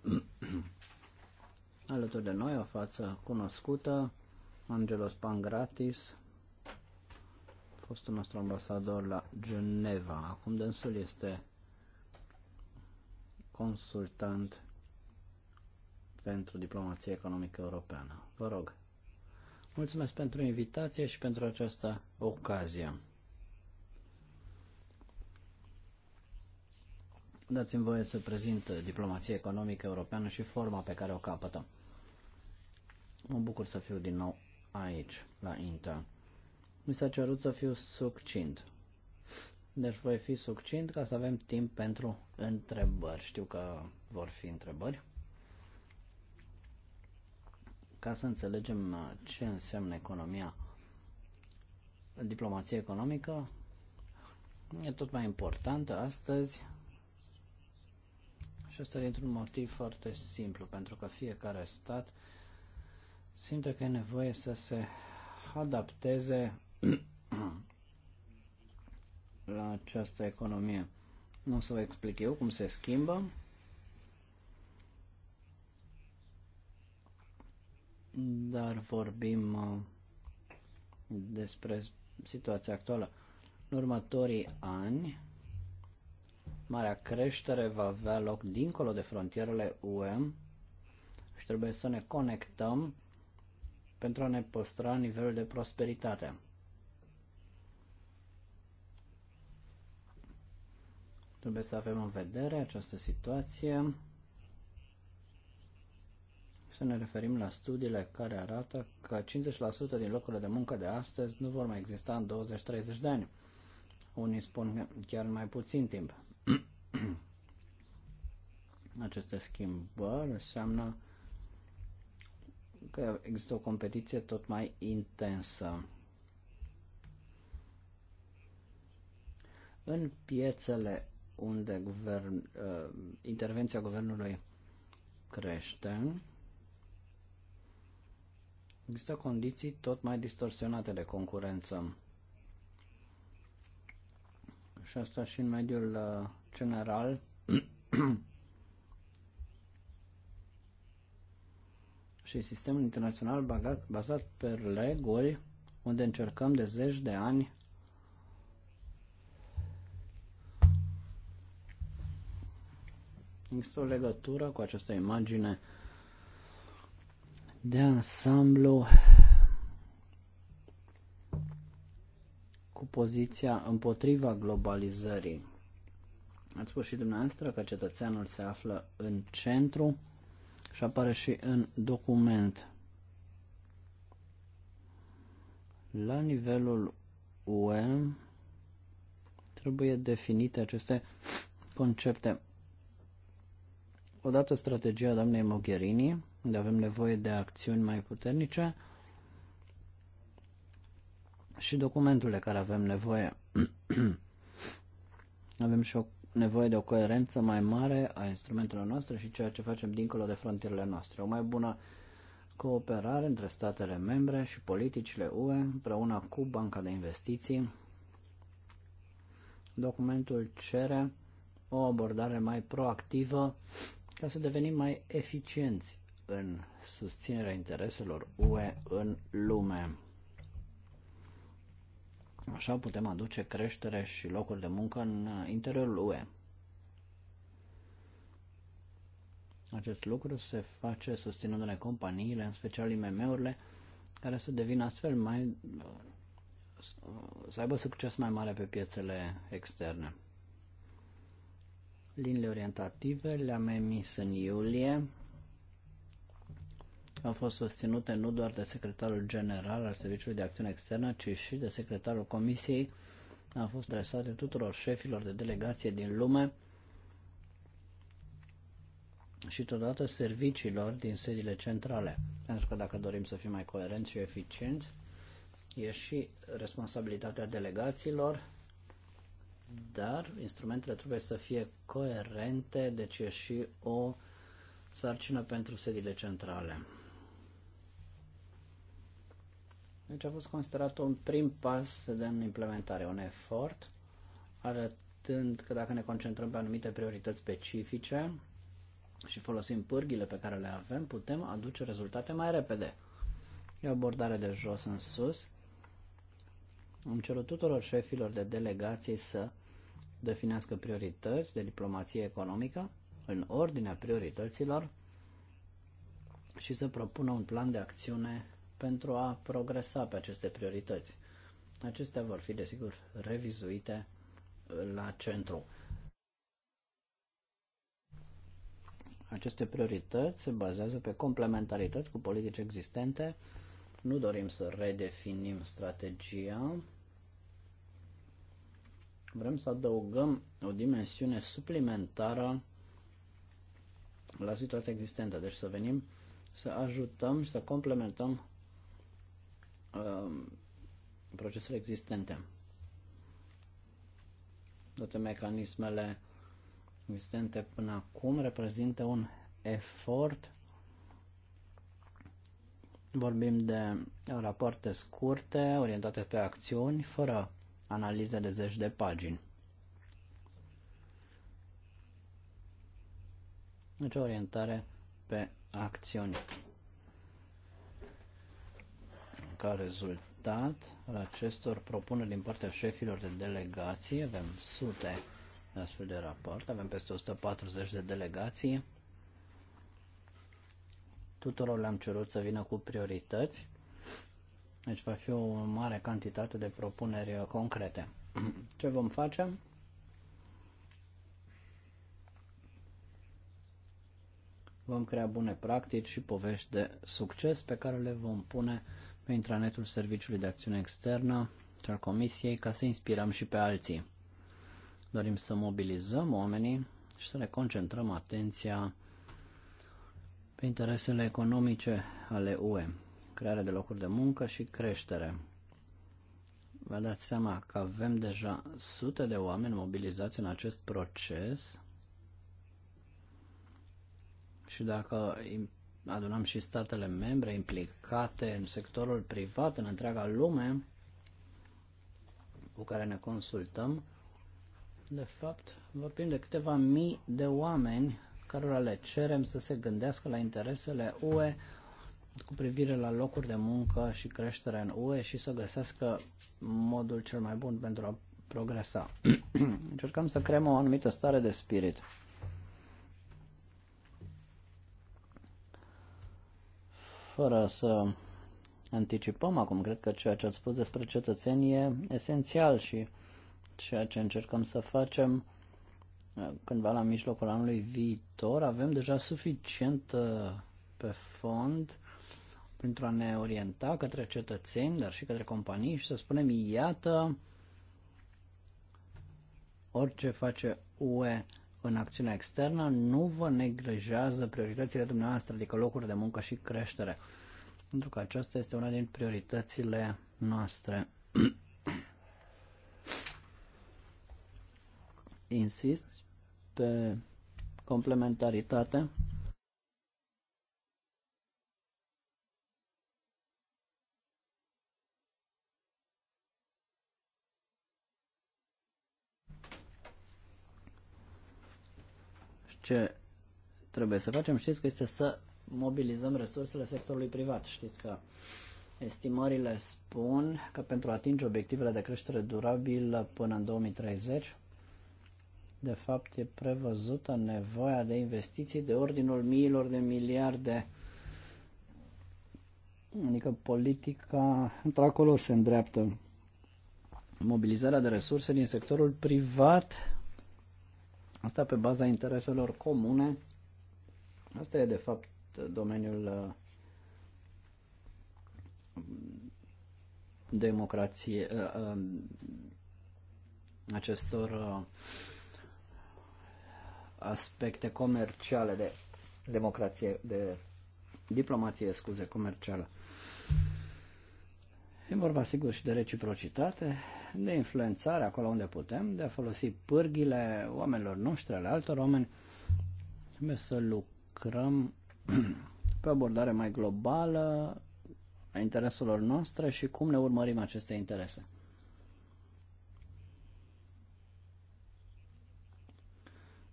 alături de noi, o față cunoscută, Angelos Pangratis, fostul nostru ambasador la Geneva. Acum dânsul este consultant pentru diplomație economică europeană. Vă rog. Mulțumesc pentru invitație și pentru această ocazie. Dați-mi voie să prezint diplomația economică europeană și forma pe care o capătă. Mă bucur să fiu din nou aici, la Intel. Mi s-a cerut să fiu succint. Deci voi fi succint ca să avem timp pentru întrebări. Știu că vor fi întrebări. Ca să înțelegem uh, ce înseamnă economia, diplomație economică, e tot mai importantă astăzi și asta dintr-un motiv foarte simplu, pentru că fiecare stat simte că e nevoie să se adapteze la această economie. Nu o să vă explic eu cum se schimbă. Dar vorbim uh, despre situația actuală. În următorii ani, marea creștere va avea loc dincolo de frontierele UE și trebuie să ne conectăm pentru a ne păstra nivelul de prosperitate. Trebuie să avem în vedere această situație, să ne referim la studiile care arată că 50% din locurile de muncă de astăzi nu vor mai exista în 20-30 de ani. Unii spun chiar mai puțin timp. Aceste schimbări înseamnă că există o competiție tot mai intensă. În piețele unde guvern, uh, intervenția guvernului crește, există condiții tot mai distorsionate de concurență. Și asta și în mediul uh, general și sistemul internațional bagat, bazat pe reguli, unde încercăm de zeci de ani Există o legătură cu această imagine de ansamblu cu poziția împotriva globalizării. Ați spus și dumneavoastră că cetățeanul se află în centru și apare și în document. La nivelul UE trebuie definite aceste concepte. Odată strategia doamnei Mogherini, unde avem nevoie de acțiuni mai puternice, și documentele care avem nevoie. avem și o nevoie de o coerență mai mare a instrumentelor noastre și ceea ce facem dincolo de frontierele noastre. O mai bună cooperare între statele membre și politicile UE împreună cu Banca de Investiții. Documentul cere o abordare mai proactivă ca să devenim mai eficienți în susținerea intereselor UE în lume. Așa putem aduce creștere și locuri de muncă în interiorul UE. Acest lucru se face susținându-ne companiile, în special IMM-urile, care să devină astfel mai să aibă succes mai mare pe piețele externe. Liniile orientative le-am emis în iulie au fost susținute nu doar de secretarul general al Serviciului de Acțiune Externă, ci și de secretarul Comisiei. Au fost adresate tuturor șefilor de delegație din lume și totodată serviciilor din sediile centrale. Pentru că dacă dorim să fim mai coerenți și eficienți, e și responsabilitatea delegațiilor, dar instrumentele trebuie să fie coerente, deci e și o sarcină pentru sediile centrale. Deci a fost considerat un prim pas în implementare, un efort, arătând că dacă ne concentrăm pe anumite priorități specifice și folosim pârghile pe care le avem, putem aduce rezultate mai repede. E o abordare de jos în sus. Am cerut tuturor șefilor de delegații să definească priorități de diplomație economică în ordinea priorităților și să propună un plan de acțiune pentru a progresa pe aceste priorități. Acestea vor fi, desigur, revizuite la centru. Aceste priorități se bazează pe complementarități cu politici existente. Nu dorim să redefinim strategia. Vrem să adăugăm o dimensiune suplimentară la situația existentă. Deci să venim să ajutăm și să complementăm Um, procesele existente. Toate mecanismele existente până acum reprezintă un efort. Vorbim de rapoarte scurte, orientate pe acțiuni, fără analize de zeci de pagini. Deci orientare pe acțiuni ca rezultat al acestor propuneri din partea șefilor de delegații, avem sute de astfel de raport, avem peste 140 de delegații, tuturor le-am cerut să vină cu priorități, deci va fi o mare cantitate de propuneri concrete. Ce vom face? Vom crea bune practici și povești de succes pe care le vom pune pe intranetul Serviciului de Acțiune Externă al Comisiei ca să inspirăm și pe alții. Dorim să mobilizăm oamenii și să le concentrăm atenția pe interesele economice ale UE, crearea de locuri de muncă și creștere. Vă dați seama că avem deja sute de oameni mobilizați în acest proces și dacă adunam și statele membre implicate în sectorul privat, în întreaga lume, cu care ne consultăm, de fapt vorbim de câteva mii de oameni cărora le cerem să se gândească la interesele UE cu privire la locuri de muncă și creștere în UE și să găsească modul cel mai bun pentru a progresa. Încercăm să creăm o anumită stare de spirit. fără să anticipăm acum, cred că ceea ce ați spus despre cetățeni e esențial și ceea ce încercăm să facem uh, cândva la mijlocul anului viitor, avem deja suficient uh, pe fond pentru a ne orienta către cetățeni, dar și către companii și să spunem, iată, orice face UE în acțiunea externă nu vă neglijează prioritățile dumneavoastră, adică locuri de muncă și creștere. Pentru că aceasta este una din prioritățile noastre. Insist pe complementaritate ce trebuie să facem, știți că este să mobilizăm resursele sectorului privat. Știți că estimările spun că pentru a atinge obiectivele de creștere durabilă până în 2030, de fapt e prevăzută nevoia de investiții de ordinul miilor de miliarde. Adică politica într-acolo se îndreaptă. Mobilizarea de resurse din sectorul privat Asta pe baza intereselor comune. Asta e, de fapt, domeniul uh, democrație uh, um, acestor uh, aspecte comerciale de democrație, de diplomație, scuze, comercială. E vorba, sigur, și de reciprocitate, de influențare acolo unde putem, de a folosi pârghile oamenilor noștri, ale altor oameni. Trebuie să lucrăm pe o abordare mai globală a intereselor noastre și cum ne urmărim aceste interese.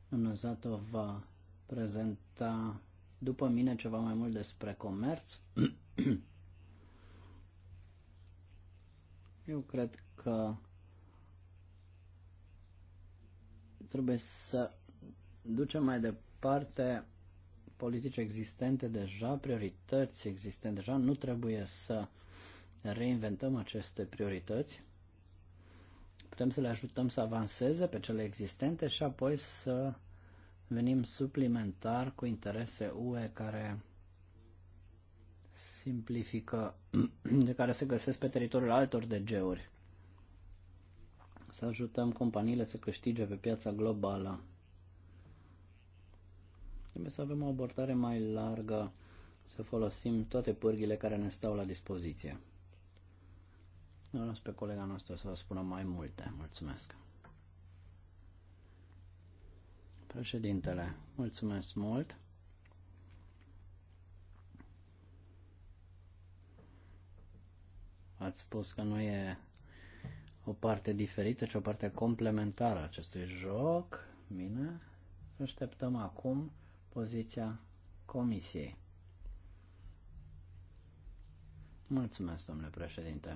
Domnul Zato va prezenta după mine ceva mai mult despre comerț. Eu cred că trebuie să ducem mai departe politici existente deja, priorități existente deja, nu trebuie să reinventăm aceste priorități. Putem să le ajutăm să avanseze pe cele existente și apoi să venim suplimentar cu interese UE care simplifică, de care se găsesc pe teritoriul altor DG-uri. Să ajutăm companiile să câștige pe piața globală. Trebuie să avem o abordare mai largă, să folosim toate pârghile care ne stau la dispoziție. Nu las pe colega noastră să vă spună mai multe. Mulțumesc. Președintele, mulțumesc mult. Ați spus că nu e o parte diferită, ci o parte complementară acestui joc. Bine, așteptăm acum poziția comisiei. Mulțumesc, domnule președinte.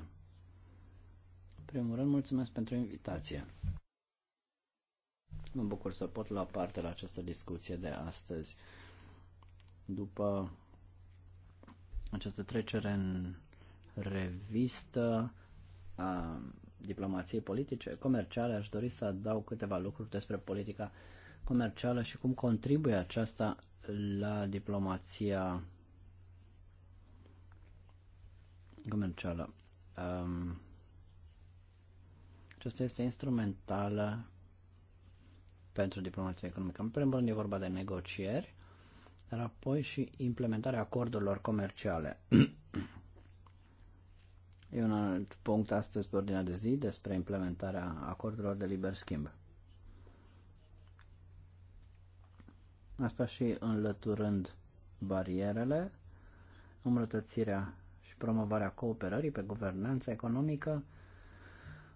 În primul rând, mulțumesc pentru invitație. Mă bucur să pot lua parte la această discuție de astăzi. După această trecere în revistă a diplomației politice, comerciale, aș dori să dau câteva lucruri despre politica comercială și cum contribuie aceasta la diplomația comercială. Um, aceasta este instrumentală pentru diplomația economică. În primul rând e vorba de negocieri, dar apoi și implementarea acordurilor comerciale. E un alt punct astăzi pe ordinea de zi despre implementarea acordurilor de liber schimb. Asta și înlăturând barierele, îmbrătățirea și promovarea cooperării pe guvernanța economică,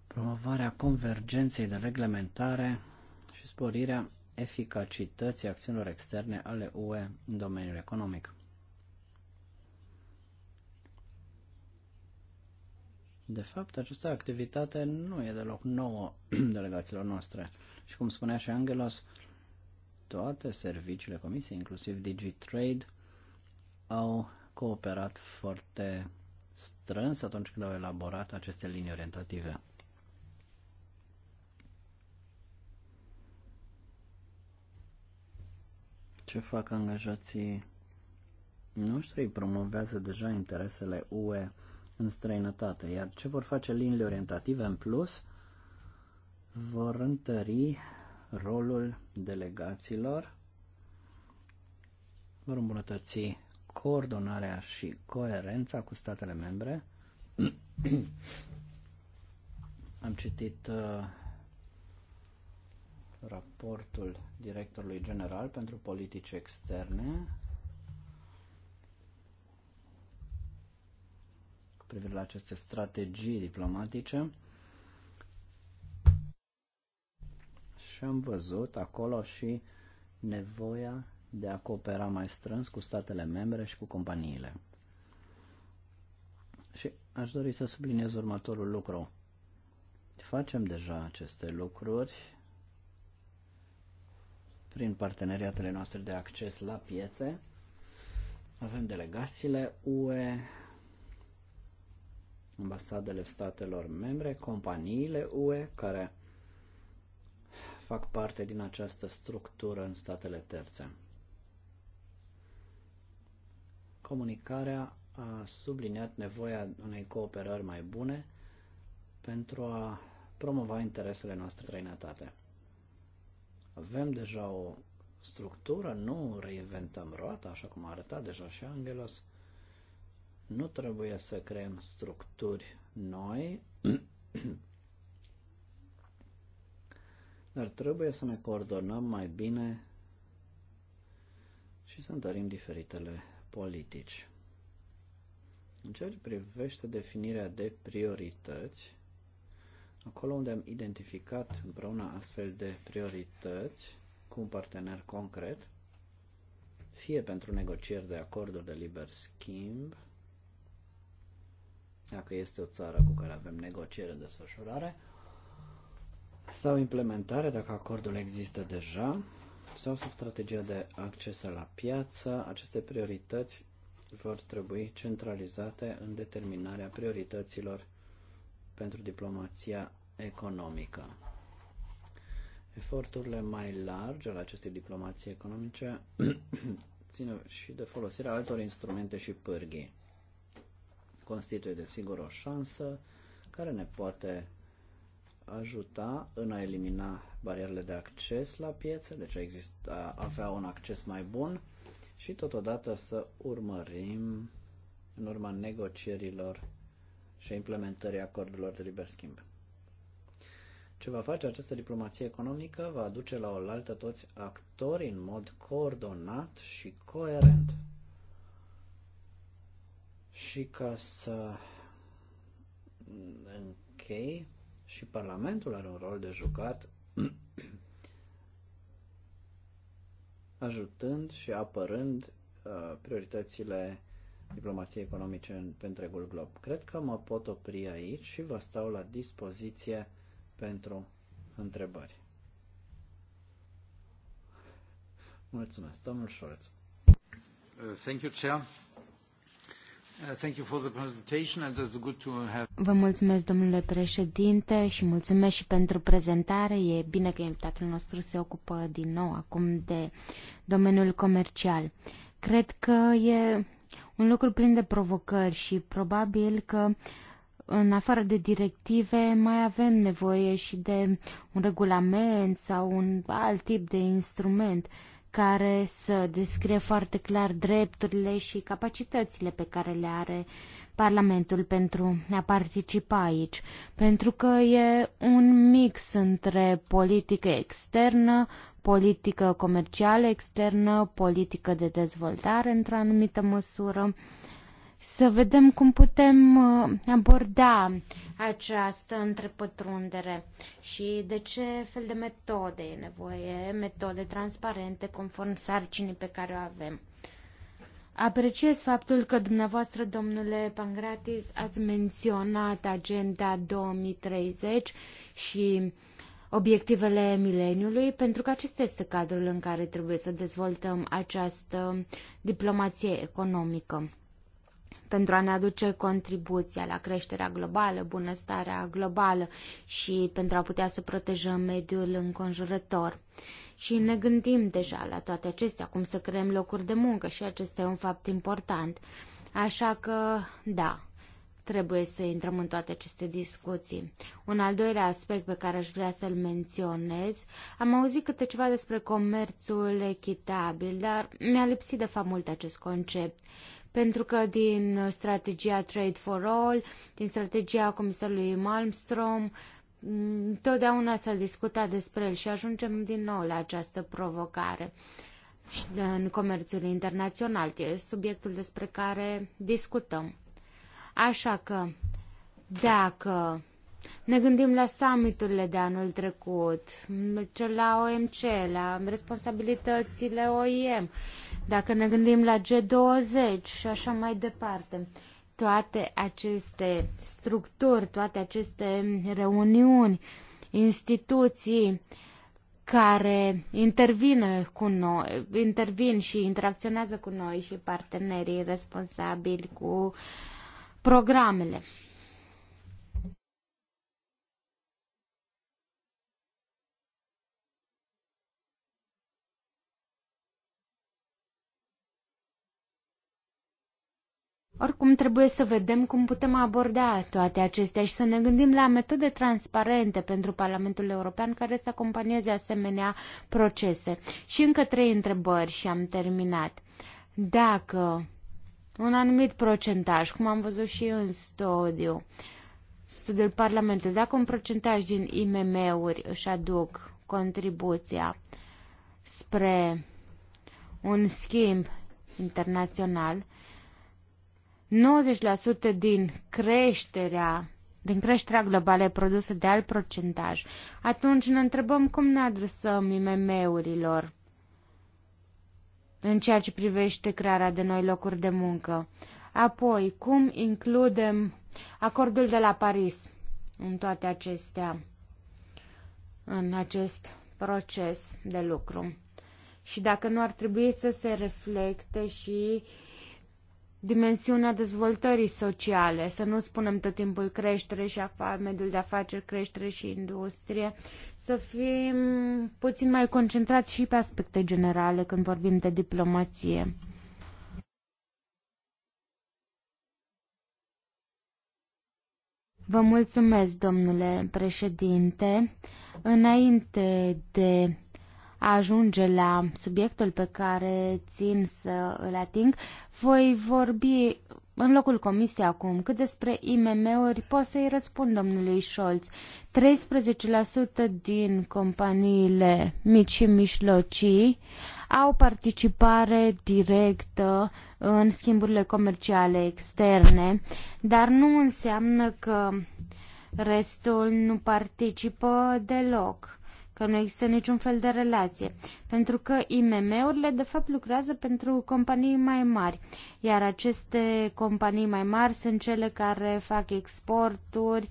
promovarea convergenței de reglementare și sporirea eficacității acțiunilor externe ale UE în domeniul economic. De fapt, această activitate nu e deloc nouă delegațiilor noastre. Și cum spunea și Angelos, toate serviciile comisiei, inclusiv DigiTrade, au cooperat foarte strâns atunci când au elaborat aceste linii orientative. Ce fac angajații noștri? Promovează deja interesele UE în străinătate. Iar ce vor face liniile orientative în plus vor întări rolul delegaților, vor îmbunătăți coordonarea și coerența cu statele membre. Am citit uh, raportul directorului general pentru politici externe cu privire la aceste strategii diplomatice. Și am văzut acolo și nevoia de a coopera mai strâns cu statele membre și cu companiile. Și aș dori să subliniez următorul lucru. Facem deja aceste lucruri prin parteneriatele noastre de acces la piețe. Avem delegațiile UE, ambasadele statelor membre, companiile UE care fac parte din această structură în statele terțe. Comunicarea a subliniat nevoia unei cooperări mai bune pentru a promova interesele noastre străinătate. Avem deja o structură, nu reinventăm roata, așa cum a arătat deja și Angelos, nu trebuie să creăm structuri noi, dar trebuie să ne coordonăm mai bine și să întărim diferitele politici. În ce privește definirea de priorități, acolo unde am identificat împreună astfel de priorități cu un partener concret, fie pentru negocieri de acorduri de liber schimb, dacă este o țară cu care avem negocieri în desfășurare, sau implementare, dacă acordul există deja, sau sub strategia de acces la piață, aceste priorități vor trebui centralizate în determinarea priorităților pentru diplomația economică. Eforturile mai largi ale acestei diplomații economice țin și de folosirea altor instrumente și pârghii constituie de sigur o șansă care ne poate ajuta în a elimina barierele de acces la piețe, deci a exista, avea un acces mai bun și totodată să urmărim în urma negocierilor și a implementării acordurilor de liber schimb. Ce va face această diplomație economică va aduce la oaltă toți actorii în mod coordonat și coerent. Și ca să închei, și Parlamentul are un rol de jucat ajutând și apărând uh, prioritățile diplomației economice în, pe întregul glob. Cred că mă pot opri aici și vă stau la dispoziție pentru întrebări. Mulțumesc, domnul Scholz. Uh, thank you, Chair. Vă mulțumesc, domnule președinte, și mulțumesc și pentru prezentare. E bine că invitatul nostru se ocupă din nou acum de domeniul comercial. Cred că e un lucru plin de provocări și probabil că în afară de directive mai avem nevoie și de un regulament sau un alt tip de instrument uh, care să descrie foarte clar drepturile și capacitățile pe care le are Parlamentul pentru a participa aici, pentru că e un mix între politică externă, politică comercială externă, politică de dezvoltare într-o anumită măsură să vedem cum putem uh, aborda această întrepătrundere și de ce fel de metode e nevoie, metode transparente conform sarcinii pe care o avem. Apreciez faptul că dumneavoastră, domnule Pangratis, ați menționat agenda 2030 și obiectivele mileniului, pentru că acesta este cadrul în care trebuie să dezvoltăm această diplomație economică pentru a ne aduce contribuția la creșterea globală, bunăstarea globală și pentru a putea să protejăm mediul înconjurător. Și ne gândim deja la toate acestea, cum să creăm locuri de muncă și acesta e un fapt important. Așa că, da, trebuie să intrăm în toate aceste discuții. Un al doilea aspect pe care aș vrea să-l menționez, am auzit câte ceva despre comerțul echitabil, dar mi-a lipsit de fapt mult acest concept pentru că din strategia Trade for All, din strategia comisarului Malmstrom, totdeauna s-a discutat despre el și ajungem din nou la această provocare și în comerțul internațional. E subiectul despre care discutăm. Așa că, dacă ne gândim la summiturile de anul trecut, la OMC, la responsabilitățile OIM dacă ne gândim la G20 și așa mai departe, toate aceste structuri, toate aceste reuniuni, instituții care intervine cu noi, intervin și interacționează cu noi și partenerii responsabili cu programele. Oricum trebuie să vedem cum putem aborda toate acestea și să ne gândim la metode transparente pentru Parlamentul European care să acompanieze asemenea procese. Și încă trei întrebări și am terminat. Dacă un anumit procentaj, cum am văzut și în studiu, studiul Parlamentului, dacă un procentaj din IMM-uri își aduc contribuția spre un schimb internațional, 90% din creșterea din creșterea globală produsă de alt procentaj, atunci ne întrebăm cum ne adresăm IMM-urilor în ceea ce privește crearea de noi locuri de muncă. Apoi, cum includem acordul de la Paris în toate acestea, în acest proces de lucru. Și dacă nu ar trebui să se reflecte și uh, dimensiunea dezvoltării sociale, să nu spunem tot timpul creștere și mediul de afaceri, creștere și industrie, să fim puțin mai concentrați și pe aspecte generale când vorbim de diplomație. Vă mulțumesc, domnule președinte. Înainte de a ajunge la subiectul pe care țin să îl ating, voi vorbi în locul comisiei acum, cât despre IMM-uri, pot să-i răspund domnului Scholz. 13% din companiile mici și mijlocii au participare directă în schimburile comerciale externe, dar nu înseamnă că restul nu participă deloc că nu există niciun fel de relație, pentru că IMM-urile de fapt lucrează pentru companii mai mari, iar aceste companii mai mari sunt cele care fac exporturi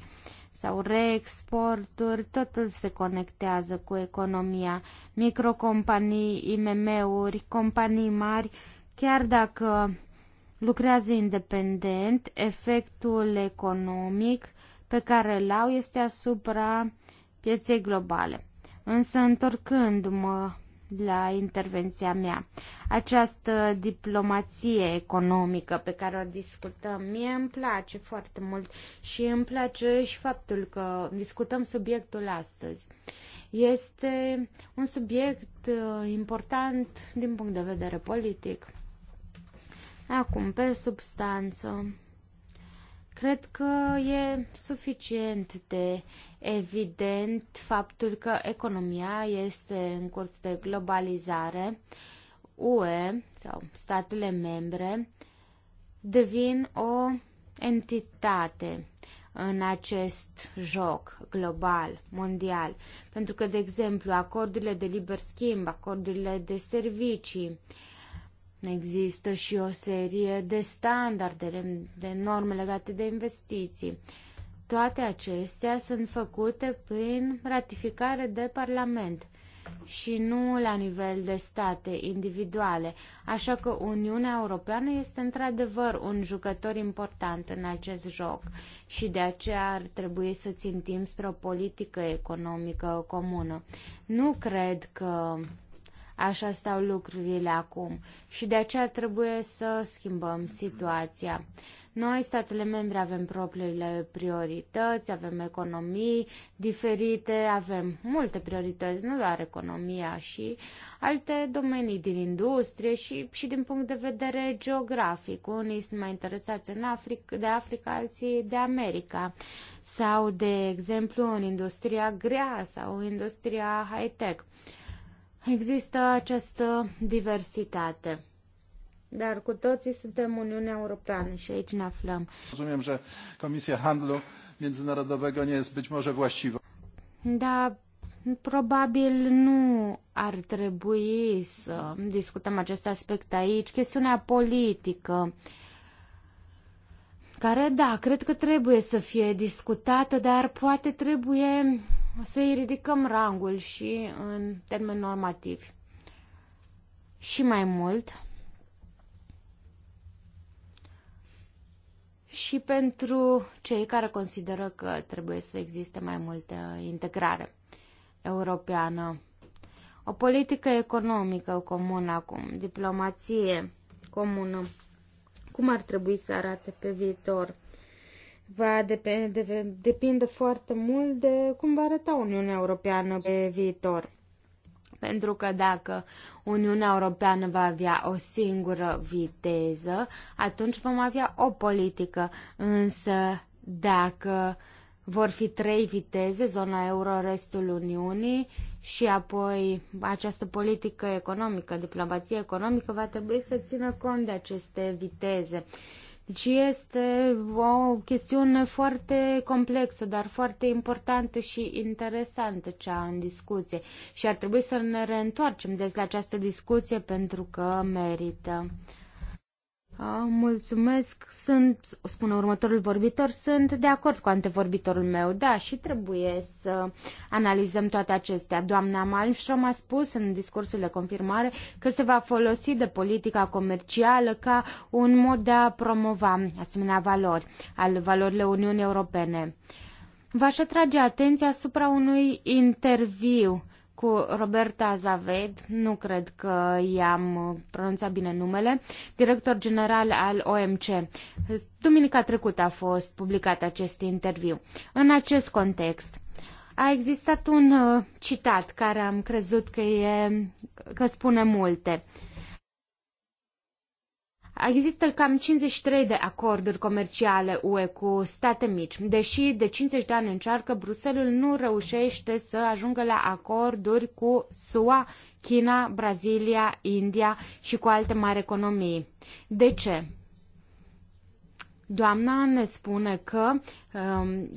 sau reexporturi, totul se conectează cu economia. Microcompanii, IMM-uri, companii mari, chiar dacă lucrează independent, efectul economic pe care îl au este asupra pieței globale. Însă, întorcându-mă la intervenția mea, această diplomație economică pe care o discutăm, mie îmi place foarte mult și îmi place și faptul că discutăm subiectul astăzi. Este un subiect uh, important din punct de vedere politic. Acum, pe substanță. Cred că e suficient de evident faptul că economia este în curs de globalizare. UE sau statele membre devin o entitate în acest joc global, mondial. Pentru că, de exemplu, acordurile de liber schimb, acordurile de servicii, uh, Există și o serie de standarde, de norme legate de investiții. Toate acestea sunt făcute prin ratificare de Parlament și nu la nivel de state individuale, așa că Uniunea Europeană este într-adevăr un jucător important în acest joc și de aceea ar trebui să țintim spre o politică economică comună. Nu cred că Așa stau lucrurile acum și de aceea trebuie să schimbăm situația. Noi, statele membre, avem propriile priorități, avem economii diferite, avem multe priorități, nu doar economia și alte domenii din industrie și, și din punct de vedere geografic. Unii sunt mai interesați în Africa, de Africa, alții de America sau, de exemplu, în industria grea sau industria high-tech. Există această diversitate. Dar cu toții suntem Uniunea Europeană și aici ne aflăm. Rozumiem, că Comisia Handlu Międzynarodowego nie jest być może właściwa. Da, probabil nu ar trebui să discutăm acest aspect aici. Chestiunea politică care, da, cred că trebuie să fie discutată, dar poate trebuie să-i ridicăm rangul și în termeni normativi. Și mai mult, și pentru cei care consideră că trebuie să existe mai multă integrare europeană. O politică economică comună acum, diplomație comună, cum ar trebui să arate pe viitor? va depinde, depinde foarte mult de cum va arăta Uniunea Europeană pe viitor. Pentru că dacă Uniunea Europeană va avea o singură viteză, atunci vom avea o politică. Însă dacă vor fi trei viteze, zona euro, restul Uniunii și apoi această politică economică, diplomație economică, va trebui să țină cont de aceste viteze. Deci este o chestiune foarte complexă, dar foarte importantă și interesantă cea în discuție. Și ar trebui să ne reîntoarcem des la această discuție pentru că merită. Ah, mulțumesc, sunt, spune următorul vorbitor, sunt de acord cu antevorbitorul meu, da, și trebuie să analizăm toate acestea. Doamna Malmström a spus în discursul de confirmare că se va folosi de politica comercială ca un mod de a promova asemenea valori, al valorile Uniunii Europene. V-aș atrage atenția asupra unui interviu cu Roberta Zaved, nu cred că i-am pronunțat bine numele, director general al OMC. Duminica trecută a fost publicat acest interviu. În acest context, a existat un uh, citat care am crezut că, e, că spune multe. Uh, Există cam 53 de acorduri comerciale UE cu state mici. Deși de 50 de ani încearcă, Bruselul nu reușește să ajungă la acorduri cu SUA, China, Brazilia, India și cu alte mari economii. De ce? Doamna ne spune că um,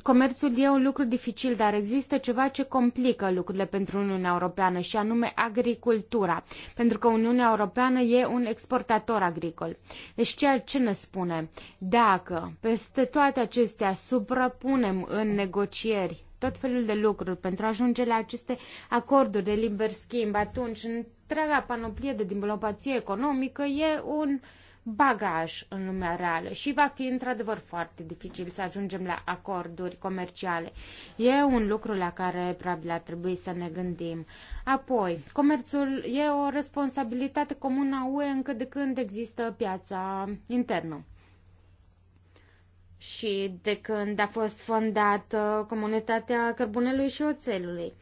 comerțul e un lucru dificil, dar există ceva ce complică lucrurile pentru Uniunea Europeană și anume agricultura, pentru că Uniunea Europeană e un exportator agricol. Deci ceea ce ne spune, dacă peste toate acestea suprapunem în negocieri tot felul de lucruri pentru a ajunge la aceste acorduri de liber schimb, atunci întreaga panoplie de diplomație economică e un uh, bagaj în lumea reală și va fi într-adevăr foarte dificil să ajungem la acorduri comerciale. E un lucru la care probabil ar trebui să ne gândim. Apoi, comerțul e o responsabilitate comună a UE încă de când există piața internă. Și de când a fost fondată comunitatea cărbunelui și oțelului.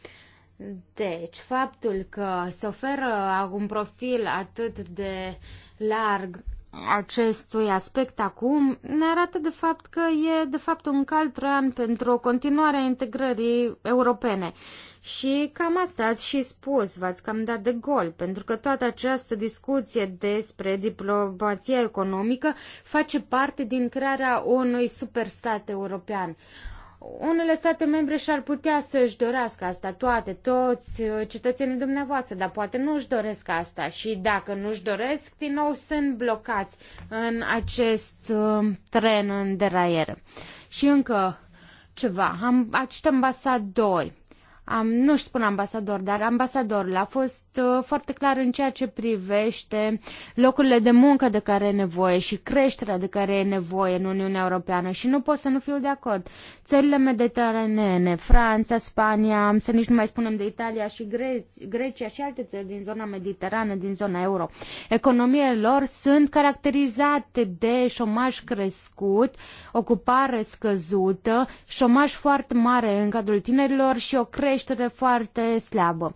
Deci, faptul că se oferă un profil atât de larg acestui aspect acum ne arată de fapt că e de fapt un cal troian pentru o continuare a integrării europene. Și cam asta ați și spus, v-ați cam dat de gol, pentru că toată această discuție despre diplomația economică face parte din crearea unui superstat european unele state membre și-ar putea să-și dorească asta, toate, toți uh, cetățenii dumneavoastră, dar poate nu își doresc asta și dacă nu își doresc, din nou sunt blocați în acest uh, tren în deraiere. Și încă ceva, am acești ambasadori am, nu-și spun ambasador, dar ambasadorul a fost uh, foarte clar în ceea ce privește locurile de muncă de care e nevoie și creșterea de care e nevoie în Uniunea Europeană și nu pot să nu fiu de acord. Țările mediteranene, Franța, Spania, să nici nu mai spunem de Italia și Gre- Grecia și alte țări din zona mediterană, din zona euro, economiile lor sunt caracterizate de șomaj crescut, ocupare scăzută, șomaj foarte mare în cadrul tinerilor și o creștere creștere foarte slabă.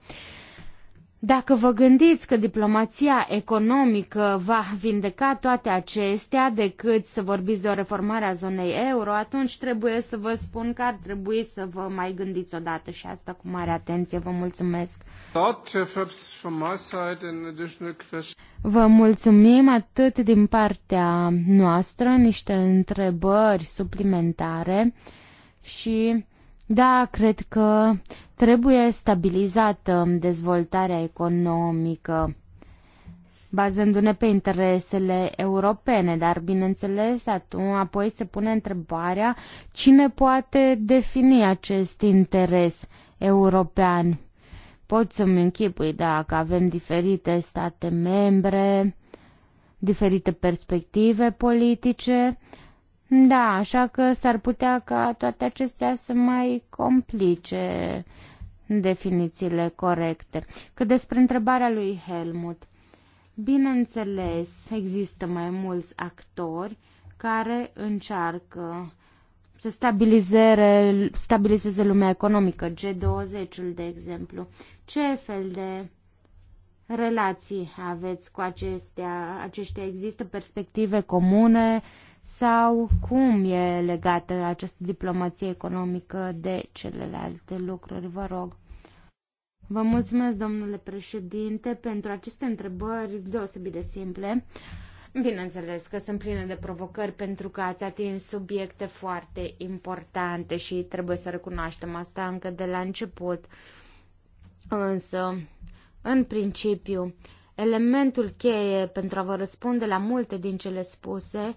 Dacă vă gândiți că diplomația economică va vindeca toate acestea decât să vorbiți de o reformare a zonei euro, atunci trebuie să vă spun că ar trebui să vă mai gândiți odată și asta cu mare atenție. Vă mulțumesc! Uh, vă mulțumim atât din partea noastră, niște întrebări suplimentare și da, cred că trebuie stabilizată um, dezvoltarea economică bazându-ne pe interesele europene, dar bineînțeles atunci, apoi se pune întrebarea cine poate defini acest interes european. Pot să-mi închipui dacă avem diferite state membre, diferite perspective politice, da, așa că s-ar putea ca toate acestea să mai complice definițiile corecte. Cât despre întrebarea lui Helmut. Bineînțeles, există mai mulți actori care încearcă să stabilizeze, lumea economică, G20-ul, de exemplu. Ce fel de relații aveți cu acestea? Aceștia există perspective comune? sau cum e legată această diplomație economică de celelalte lucruri, vă rog. Vă mulțumesc, domnule președinte, pentru aceste întrebări deosebit de simple. Bineînțeles că sunt pline de provocări pentru că ați atins subiecte foarte importante și trebuie să recunoaștem asta încă de la început. Însă, în principiu, elementul cheie pentru a vă răspunde la multe din cele spuse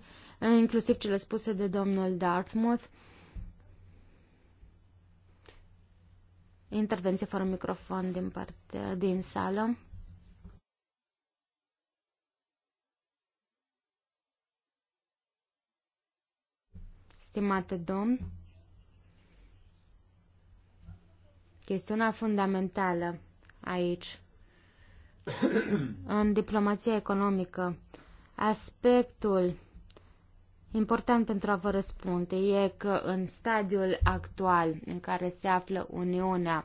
inclusiv cele spuse de domnul Dartmouth. Intervenție fără microfon din, parte, din sală. Stimate domn, chestiunea fundamentală aici, în diplomația economică, aspectul important pentru a vă răspunde e că în stadiul actual în care se află Uniunea,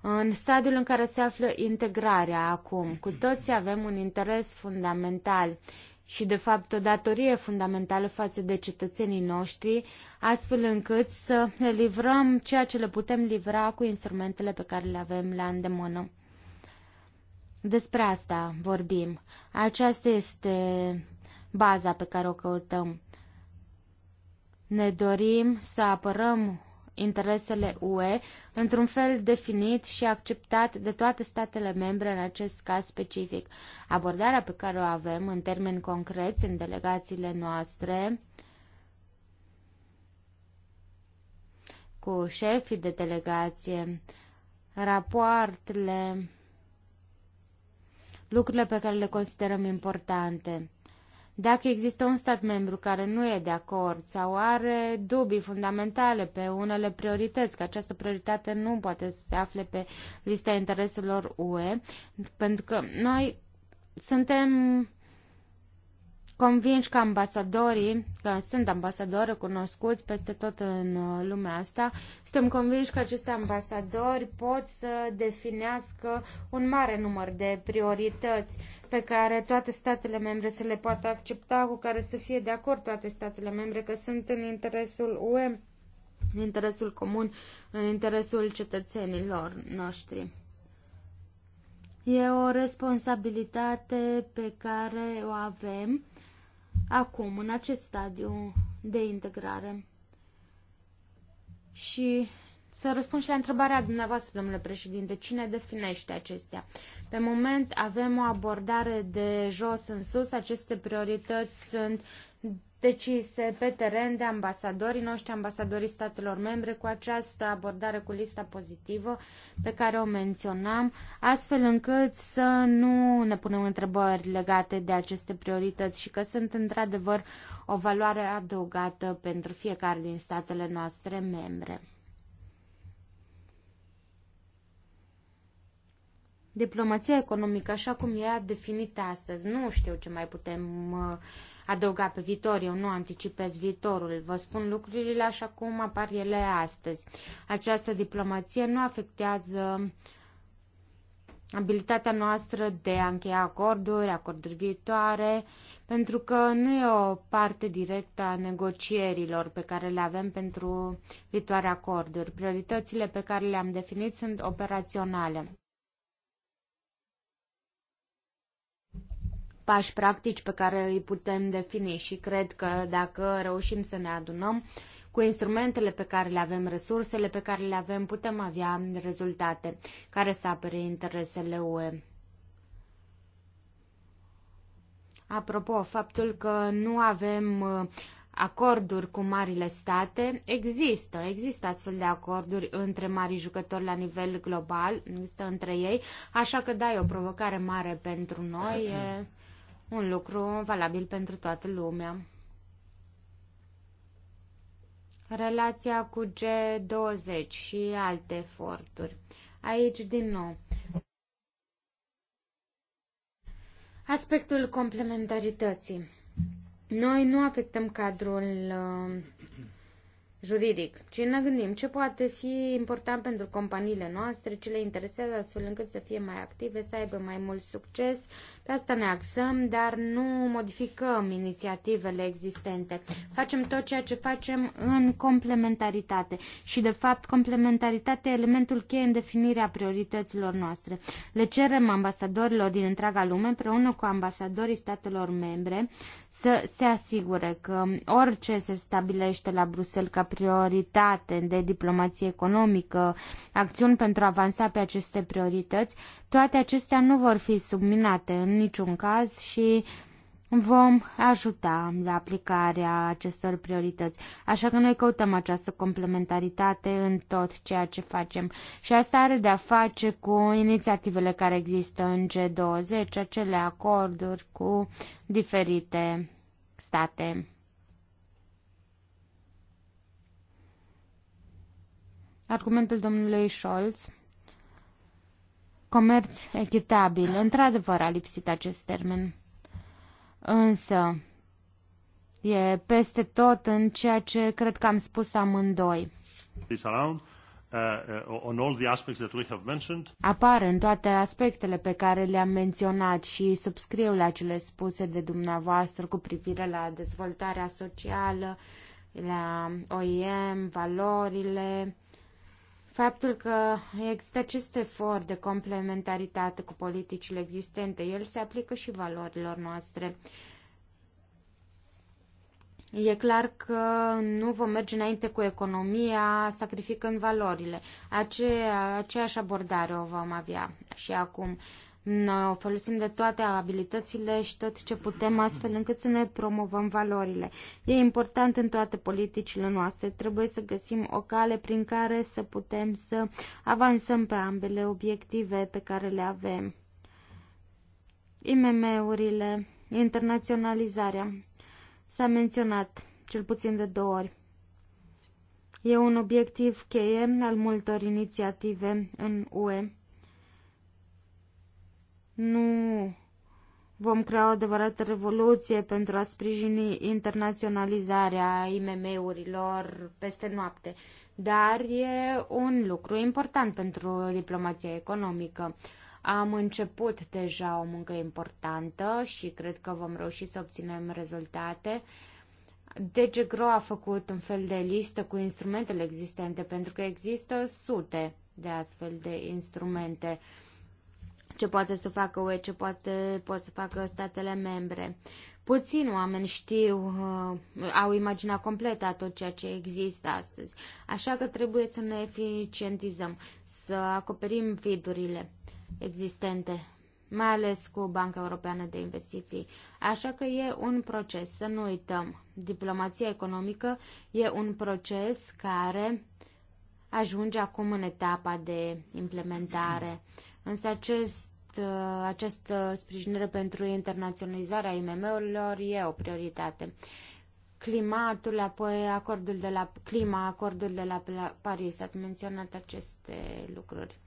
în stadiul în care se află integrarea acum, cu toții avem un interes fundamental și, de fapt, o datorie fundamentală față de cetățenii noștri, astfel încât să le livrăm ceea ce le putem livra cu instrumentele pe care le avem la îndemână. Despre asta vorbim. Aceasta este baza pe care o căutăm. Ne dorim să apărăm interesele UE într-un fel definit și acceptat de toate statele membre în acest caz specific. Abordarea pe care o avem în termeni concreți în delegațiile noastre cu șefii de delegație, rapoartele, lucrurile pe care le considerăm importante. Dacă există un stat membru care nu e de acord sau are dubii fundamentale pe unele priorități, că această prioritate nu poate să se afle pe lista intereselor UE, pentru că noi suntem convinși că ambasadorii, că sunt ambasadori recunoscuți peste tot în uh, lumea asta, suntem convinși că acești ambasadori pot să definească un mare număr de priorități pe care toate statele membre să le poată accepta, cu care să fie de acord toate statele membre, că sunt în interesul UE, în interesul comun, în interesul cetățenilor noștri. E o responsabilitate pe care o avem acum, în acest stadiu de integrare. Și să răspund și la întrebarea dumneavoastră, domnule președinte, cine definește acestea? Pe moment avem o abordare de jos în sus, aceste priorități sunt decise pe teren de ambasadorii noștri, ambasadorii statelor membre, cu această abordare cu lista pozitivă pe care o menționam, astfel încât să nu ne punem întrebări legate de aceste priorități și că sunt într-adevăr o valoare adăugată pentru fiecare din statele noastre membre. Diplomația economică, așa cum e definită astăzi, nu știu ce mai putem uh, adăuga pe viitor. Eu nu anticipez viitorul. Vă spun lucrurile așa cum apar ele astăzi. Această diplomație nu afectează abilitatea noastră de a încheia acorduri, acorduri viitoare, pentru că nu e o parte directă a negocierilor pe care le avem pentru viitoare acorduri. Prioritățile pe care le-am definit sunt operaționale. pași practici pe care îi putem defini și cred că dacă reușim să ne adunăm cu instrumentele pe care le avem, resursele pe care le avem, putem avea rezultate care să apere interesele UE. Apropo, faptul că nu avem uh, acorduri cu marile state, există, există astfel de acorduri între mari jucători la nivel global, există între ei, așa că da, e o provocare mare pentru noi, e un lucru valabil pentru toată lumea. Relația cu G20 și alte eforturi. Aici, din nou, aspectul complementarității. Noi nu afectăm cadrul uh, juridic, ci ne gândim ce poate fi important pentru companiile noastre, ce le interesează astfel încât să fie mai active, să aibă mai mult succes. Pe asta ne axăm, dar nu modificăm inițiativele existente. Facem tot ceea ce facem în complementaritate și, de fapt, complementaritatea e elementul cheie în definirea priorităților noastre. Le cerem ambasadorilor din întreaga lume, împreună cu ambasadorii statelor membre, să se asigure că orice se stabilește la Bruxelles ca prioritate de diplomație economică, acțiuni pentru a avansa pe aceste priorități, toate acestea nu vor fi subminate în niciun caz și uh, vom ajuta la aplicarea acestor priorități. Așa că noi căutăm această complementaritate în tot ceea ce facem. Și asta are de-a face cu inițiativele care există în G20, acele acorduri cu diferite state. Argumentul domnului Scholz comerț echitabil. Într-adevăr a lipsit acest termen. Însă, e peste tot în ceea ce cred că am spus amândoi. Uh, uh, Apar în toate aspectele pe care le-am menționat și subscriu la cele spuse de dumneavoastră cu privire la dezvoltarea socială, la OIM, valorile, faptul că există acest efort de complementaritate cu politicile existente, el se aplică și valorilor noastre. E clar că nu vom merge înainte cu economia, sacrificând valorile. Aceea, aceeași abordare o vom avea și acum. Uh, folosim de toate abilitățile și tot ce putem astfel încât să ne promovăm valorile. E important în toate politicile noastre. Trebuie să găsim o cale prin care să putem să avansăm pe ambele obiective pe care le avem. IMM-urile, internaționalizarea. S-a menționat cel puțin de două ori. E un obiectiv cheie al multor inițiative în UE. Nu vom crea o adevărată revoluție pentru a sprijini internaționalizarea IMM-urilor peste noapte, dar e un lucru important pentru diplomația economică. Am început deja o muncă importantă și cred că vom reuși să obținem rezultate. DGGRO deci, a făcut un fel de listă cu instrumentele existente, pentru că există sute de astfel de instrumente. Uh, ce poate să facă UE, ce poate, pot să facă statele membre. Puțin oameni știu, uh, au imaginea completă a tot ceea ce există astăzi, așa că trebuie să ne eficientizăm, să acoperim fidurile existente mai ales cu Banca Europeană de Investiții. Așa că e un proces, să nu uităm. Diplomația economică e un proces care ajunge acum în etapa de implementare. Mm-hmm Însă acest, uh, această sprijinire pentru internaționalizarea IMM-urilor e o prioritate. Climatul, apoi acordul de la clima, acordul de la Paris, ați menționat aceste lucruri.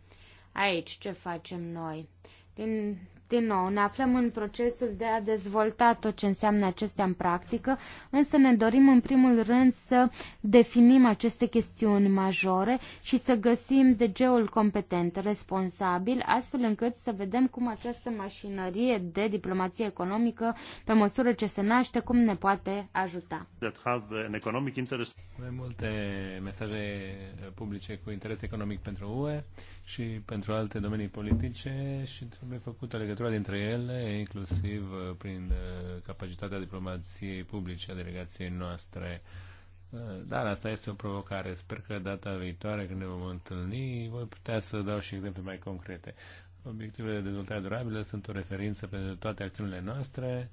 Aici ce facem noi? Din din nou, ne aflăm în procesul de a dezvolta tot ce înseamnă acestea în practică, însă ne dorim în primul rând să definim aceste chestiuni majore și să găsim DG-ul competent, responsabil, astfel încât să vedem cum această mașinărie de diplomație economică, pe măsură ce se naște, cum ne poate ajuta. Avem multe mesaje publice cu interes economic pentru UE și pentru alte domenii politice și trebuie făcută legătură legătura dintre ele, inclusiv uh, prin uh, capacitatea diplomației publice a delegației noastre. Uh, dar asta este o provocare. Sper că data viitoare, când ne vom întâlni, voi putea să dau și exemple mai concrete. Obiectivele de dezvoltare durabilă sunt o referință pentru toate acțiunile noastre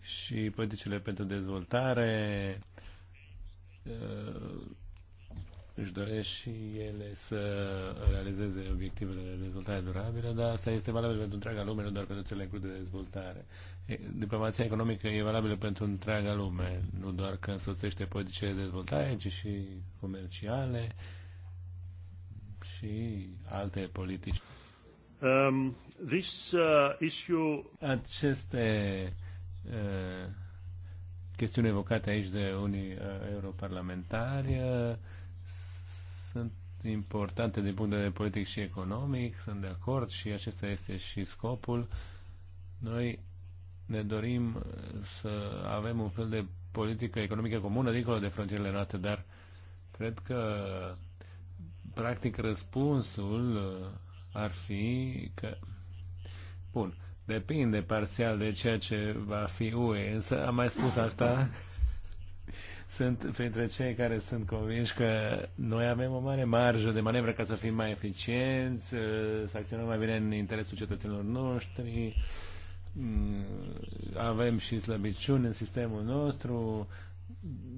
și politicile pentru dezvoltare își doresc și ele să realizeze obiectivele de dezvoltare durabilă, dar asta este valabil pentru întreaga lume, nu doar pentru cele în curs de dezvoltare. Diplomația economică e valabilă pentru întreaga lume, nu doar că însoțește politicile de dezvoltare, ci și comerciale și alte politici. Um, this, uh, issue... Aceste uh, chestiuni evocate aici de unii uh, europarlamentari uh, sunt importante din punct de vedere politic și economic, sunt de acord și acesta este și scopul. Noi ne dorim uh, să avem un fel de politică economică comună dincolo de frontierele noastre, dar cred că practic răspunsul uh, ar fi că bun, depinde parțial de ceea ce va fi UE, însă am mai spus asta sunt printre cei care sunt convinși că noi avem o mare marjă de manevră ca să fim mai eficienți, să acționăm mai bine în interesul cetățenilor noștri, mm, avem și slăbiciuni în sistemul nostru,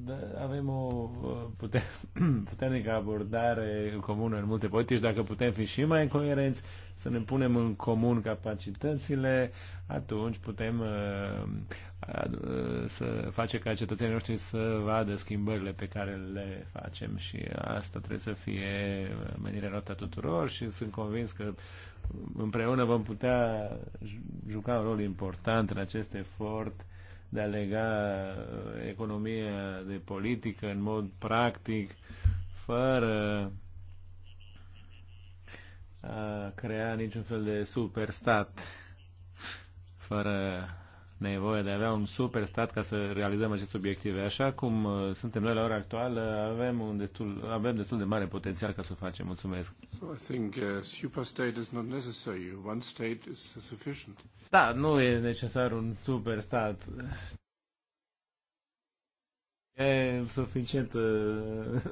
da, avem o puternică abordare comună în multe politici. Dacă putem fi și mai coerenți, să ne punem în comun capacitățile, atunci putem uh, uh, să face ca cetățenii noștri să vadă schimbările pe care le facem și asta trebuie să fie menirea noastră tuturor și sunt convins că împreună vom putea juca un rol important în acest efort de a lega uh, economia de politică în mod practic, fără a crea niciun fel de superstat, fără nevoie de a avea un super stat ca să realizăm aceste obiective. Așa cum uh, suntem noi la ora actuală, avem, un destul, avem destul de mare potențial ca să o facem. Mulțumesc. So I think uh, super state is not necessary. One state is sufficient. Da, nu e necesar un super stat. E suficient uh,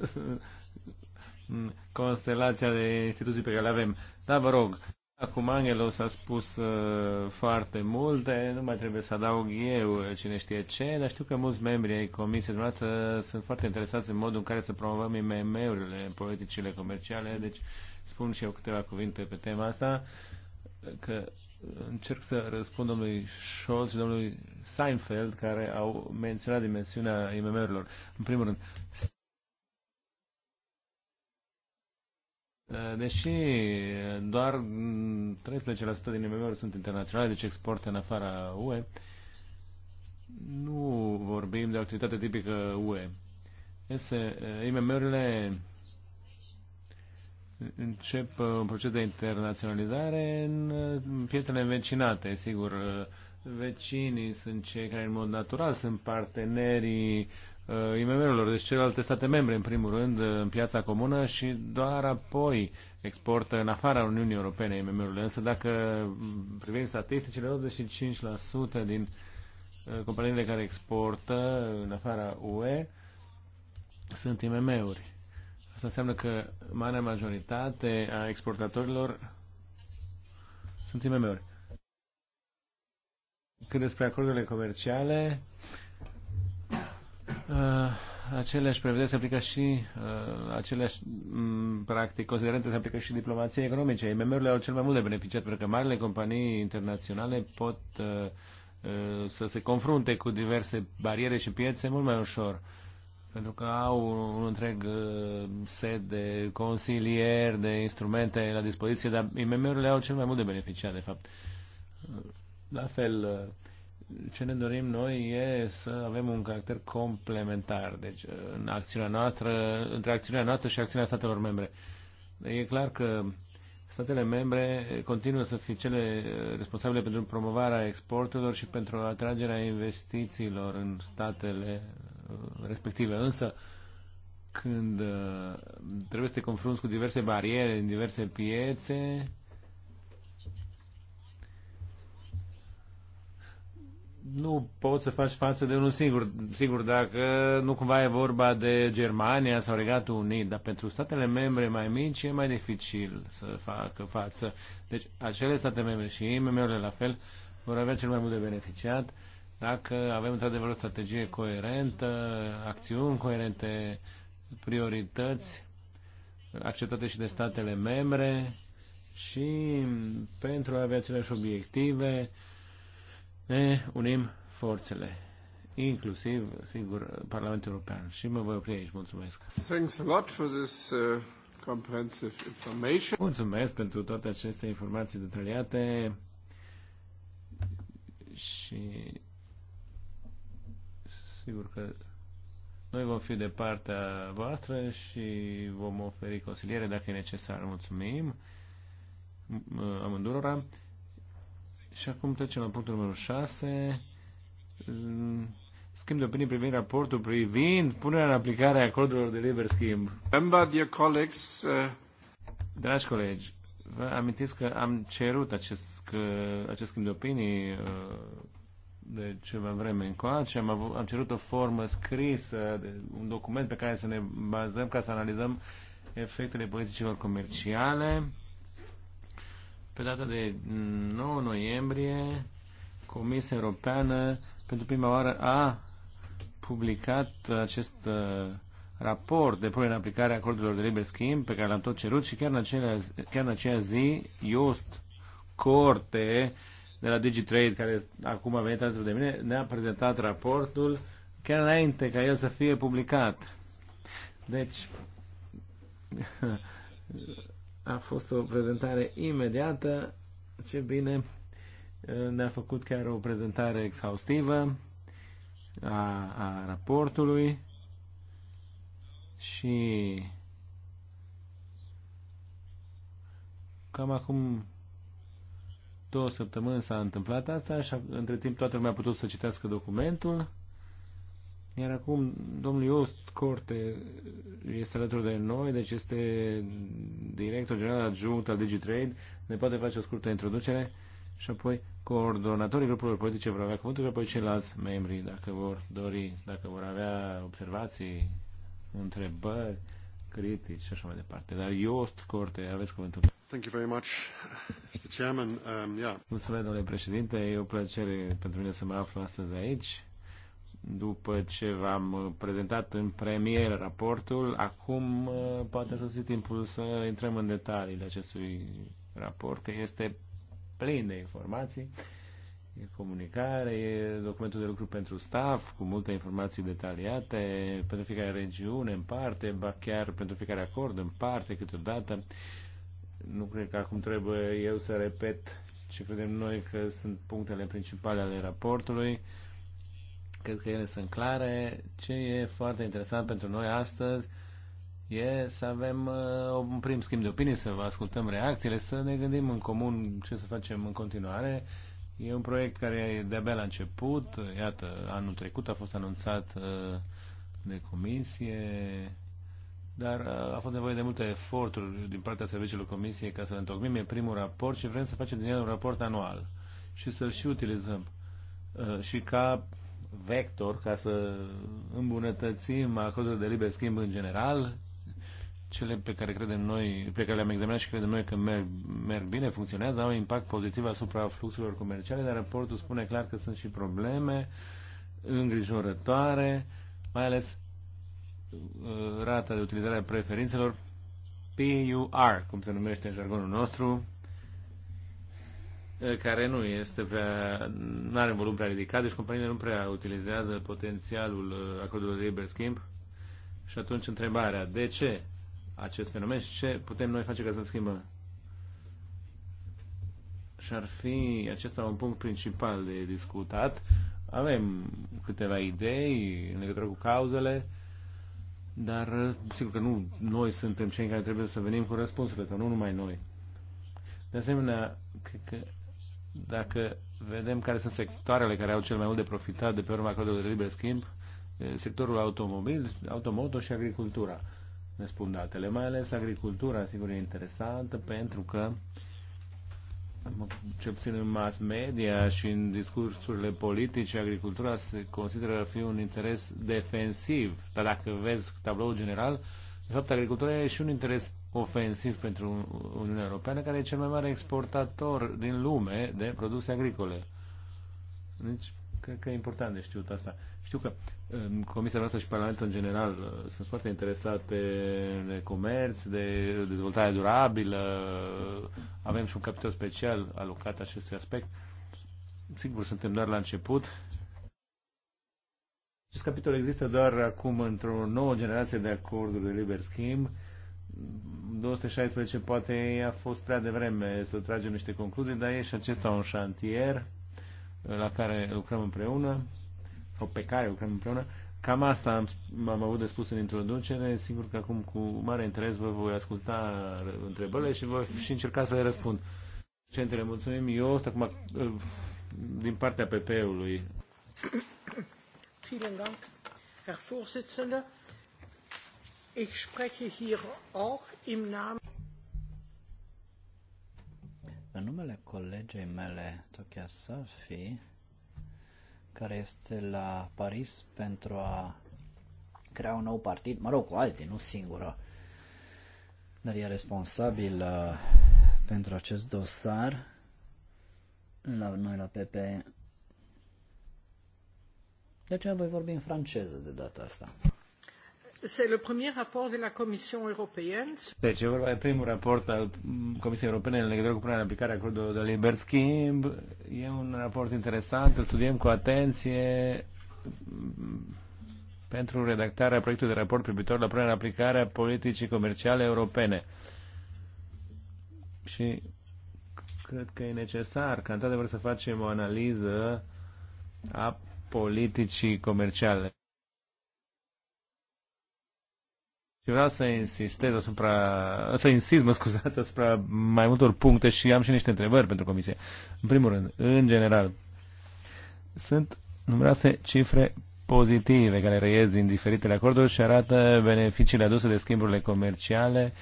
constelația de instituții pe care le avem. Da, vă rog. Acum Angelos a spus uh, foarte multe, nu mai trebuie să adaug eu uh, cine știe ce, dar știu că mulți membri ai comisiei dumneavoastră sunt foarte interesați în modul în care să promovăm IMM-urile, politicile comerciale, deci spun și eu câteva cuvinte pe tema asta, că încerc să răspund domnului Scholz și domnului Seinfeld, care au menționat dimensiunea IMM-urilor. În primul rând, Uh, deși uh, doar 13% din IMM-uri sunt internaționale, deci exportă în afara UE, nu vorbim de o activitate tipică UE. Este, uh, IMM-urile încep un proces de internaționalizare în piețele învecinate, sigur. Vecinii sunt cei care în mod natural sunt partenerii uh, IMM-urilor, deci celelalte state membre, în primul rând, uh, în piața comună și doar apoi exportă în afara Uniunii Europene IMM-urile. Însă dacă privim statisticile, 85% din uh, companiile care exportă în afara UE sunt IMM-uri. Asta înseamnă că marea majoritate a exportatorilor sunt IMM-uri. Cât despre acordurile comerciale, Uh, aceleași prevederi se aplică și uh, aceleași m, mm, practic considerente se aplică și diplomației economice. IMM-urile au cel mai mult de beneficiat pentru că marile companii internaționale pot uh, uh, să se confrunte cu diverse bariere și piețe mult mai ușor. Pentru că au un, întreg uh, set de consilieri, de instrumente la dispoziție, dar IMM-urile au cel mai mult de beneficiat, de fapt. Uh, la fel, uh, ce ne dorim noi e să avem un caracter complementar, deci în acțiunea noastră, între acțiunea noastră și acțiunea statelor membre. E clar că statele membre continuă să fie cele uh, responsabile pentru promovarea exporturilor și pentru atragerea investițiilor în statele uh, respective. Însă, când uh, trebuie să te confrunți cu diverse bariere în diverse piețe, nu poți să faci față de unul singur. Sigur, dacă nu cumva e vorba de Germania sau Regatul Unit, dar pentru statele membre mai mici e mai dificil să facă față. Deci acele state membre și IMM-urile la fel vor avea cel mai mult de beneficiat dacă avem într-adevăr o strategie coerentă, acțiuni coerente, priorități acceptate și de statele membre și pentru a avea aceleași obiective, ne unim forțele, inclusiv, sigur, Parlamentul European. Și mă voi opri aici. Mulțumesc. Thanks a lot for this uh, comprehensive information. Mulțumesc pentru toate aceste informații detaliate și sigur că noi vom fi de partea voastră și vom oferi consiliere dacă e necesar. Mulțumim amândurora. Și acum trecem la punctul numărul 6. Schimb de opinii privind raportul privind punerea în aplicare a acordurilor de liber schimb. Remember, dear colleagues, uh... Dragi colegi, vă amintiți că am cerut acest, că, uh, acest schimb de opinii uh, de ceva vreme încoace. Am, avut, am cerut o formă scrisă, de, un document pe care să ne bazăm ca să analizăm efectele politicilor comerciale. Pe data de 9 noiembrie, Comisia Europeană pentru prima oară a publicat acest uh, raport de punere în aplicare a acordurilor de liber schimb pe care l-am tot cerut și chiar în, acelea, chiar în aceea zi, Iost Corte de la DigiTrade, care acum a venit alături de mine, ne-a prezentat raportul chiar înainte ca el să fie publicat. Deci, A fost o prezentare imediată. Ce bine! Ne-a făcut chiar o prezentare exhaustivă a, a raportului și cam acum două săptămâni s-a întâmplat asta și între timp toată lumea a putut să citească documentul iar acum domnul Iost Corte este alături de noi, deci este director general adjunct al DigiTrade. Ne poate face o scurtă introducere și apoi coordonatorii grupurilor politice vor avea cuvântul și apoi ceilalți membri, dacă vor dori, dacă vor avea observații, întrebări, critici și așa mai departe. Dar Iost Corte, aveți cuvântul. Thank you very much, Mr. Chairman. Um, yeah. Mulțumesc, domnule președinte. E o plăcere pentru mine să mă aflu astăzi aici după ce v-am uh, prezentat în premier raportul, acum uh, poate a sosit timpul să intrăm în detaliile acestui raport. Este plin de informații, e comunicare, e documentul de lucru pentru staff, cu multe informații detaliate, pentru fiecare regiune în parte, ba chiar pentru fiecare acord în parte, câteodată. Nu cred că acum trebuie eu să repet ce credem noi că sunt punctele principale ale raportului cred că ele sunt clare. Ce e foarte interesant pentru noi astăzi e să avem uh, un prim schimb de opinii, să vă ascultăm reacțiile, să ne gândim în comun ce să facem în continuare. E un proiect care e de-abia la început. Iată, anul trecut a fost anunțat uh, de comisie, dar uh, a fost nevoie de multe eforturi din partea serviciilor comisiei ca să întocmim e primul raport și vrem să facem din el un raport anual și să-l și utilizăm. Uh, și ca vector ca să îmbunătățim acordurile de liber schimb în general, cele pe care credem noi, pe care le-am examinat și credem noi că merg, merg bine, funcționează, au impact pozitiv asupra fluxurilor comerciale, dar raportul spune clar că sunt și probleme îngrijorătoare, mai ales uh, rata de utilizare a preferințelor PUR, cum se numește în jargonul nostru, Eh, care nu este prea, nu are un volum prea ridicat, deci companiile nu prea utilizează potențialul eh, acordului de liber schimb. Și atunci întrebarea, de ce acest fenomen și ce putem noi face ca să schimbăm? Și ar fi acesta un punct principal de discutat. Avem câteva idei în legătură cu cauzele, dar eh, sigur că nu noi suntem cei care trebuie să venim cu răspunsurile, sau nu numai noi. De asemenea, cred că dacă vedem care sunt sectoarele care au cel mai mult de profitat de pe urma acordului de liber schimb, sectorul automobil, automoto și agricultura, ne spun datele. Mai ales agricultura, sigur, e interesantă pentru că ce puțin în mass media și în discursurile politice, agricultura se consideră a fi un interes defensiv. Dar dacă vezi tabloul general, uh, de fapt, agricultura e și un interes ofensiv pentru Uniunea Europeană, care e cel mai mare exportator din lume de produse agricole. Deci, cred că e important de știut asta. Știu că Comisia noastră și Parlamentul în general uh, sunt foarte interesate de comerț, de dezvoltare durabilă. Avem și un capitol special alocat acestui aspect. Sigur, suntem doar la început acest capitol există doar acum într-o nouă generație de acorduri de liber schimb. 216 poate a fost prea devreme să tragem niște concluzii, dar e și acesta un șantier la care lucrăm împreună sau pe care lucrăm împreună. Cam asta am, am avut de spus în introducere. Sigur că acum cu mare interes vă voi asculta întrebările și voi și încerca să le răspund. Centrele, mulțumim. Eu sunt acum uh, din partea PP-ului. Vielen Dank, Herr Vorsitzender. Ich spreche hier auch im Namen. În numele colegei mele, Tokia Safi, care este la Paris pentru a crea un nou partid, mă rog, cu alții, nu singură, dar e responsabil uh, pentru acest dosar la noi la PP de aceea voi vorbi în franceză de data asta. C'est le premier rapport de la Commission européenne. Deci e vorba de primul raport al Comisiei Europene în legătură cu punerea în aplicare a acordului de liber schimb. E un raport interesant, îl studiem cu atenție pentru redactarea proiectului de raport privitor la punerea în aplicare a politicii comerciale europene. Și cred că e necesar ca într-adevăr să facem o analiză a politicii comerciale. Și vreau să insistez asupra, să insist, mă scuzați, asupra mai multor puncte și am și niște întrebări pentru comisie. În primul rând, în general, sunt numeroase cifre pozitive care reiez din diferitele acorduri și arată beneficiile aduse de schimburile comerciale,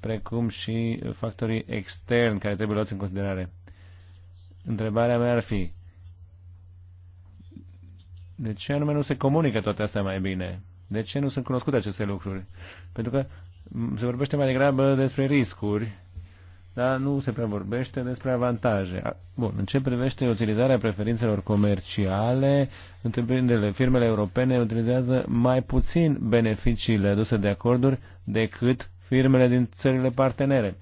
precum și factorii externi care trebuie luați în considerare. Întrebarea mea ar fi, de ce anume nu se comunică toate astea mai bine? De ce nu sunt cunoscute aceste lucruri? Pentru că se vorbește mai degrabă despre riscuri, dar nu se prea vorbește despre avantaje. Bun, în ce privește utilizarea preferințelor comerciale, întreprinderile, firmele europene utilizează mai puțin beneficiile aduse de acorduri decât firmele din țările partenere.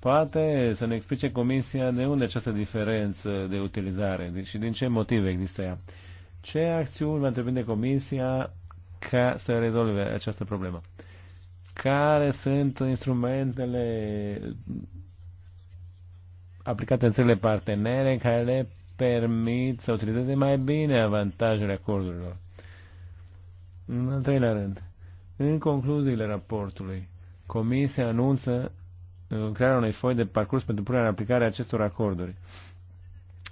Poate să ne explice Comisia de unde această diferență de utilizare deci și din ce motive există ea. Ce acțiuni va întreprinde Comisia ca să rezolve această problemă? Care sunt instrumentele aplicate în țările partenere care le permit să utilizeze mai bine avantajele acordurilor? În al treilea rând, în concluziile raportului, Comisia anunță crearea unei foi de parcurs pentru punerea în aplicare a acestor acorduri.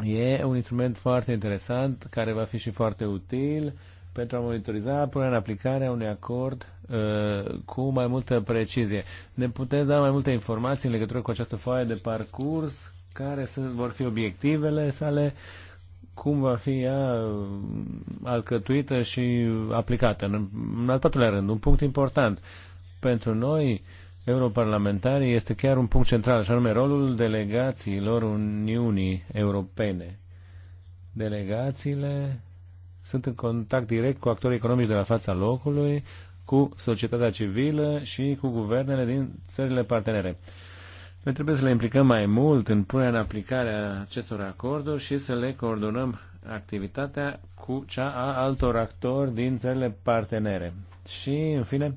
E un instrument foarte interesant care va fi și foarte util pentru a monitoriza punerea în aplicare a unui acord uh, cu mai multă precizie. Ne puteți da mai multe informații în legătură cu această foaie de parcurs? Care sunt, vor fi obiectivele sale? Cum va fi ea uh, alcătuită și aplicată? În, în al patrulea rând, un punct important pentru noi, uh, europarlamentarii este chiar un punct central, așa nume rolul delegațiilor Uniunii Europene. Delegațiile sunt în contact direct cu actorii economici de la fața locului, cu societatea civilă și cu guvernele din țările partenere. Noi trebuie să le implicăm mai mult în punerea în aplicare a acestor acorduri și să le coordonăm activitatea cu cea a altor actori din țările partenere. Și, în fine,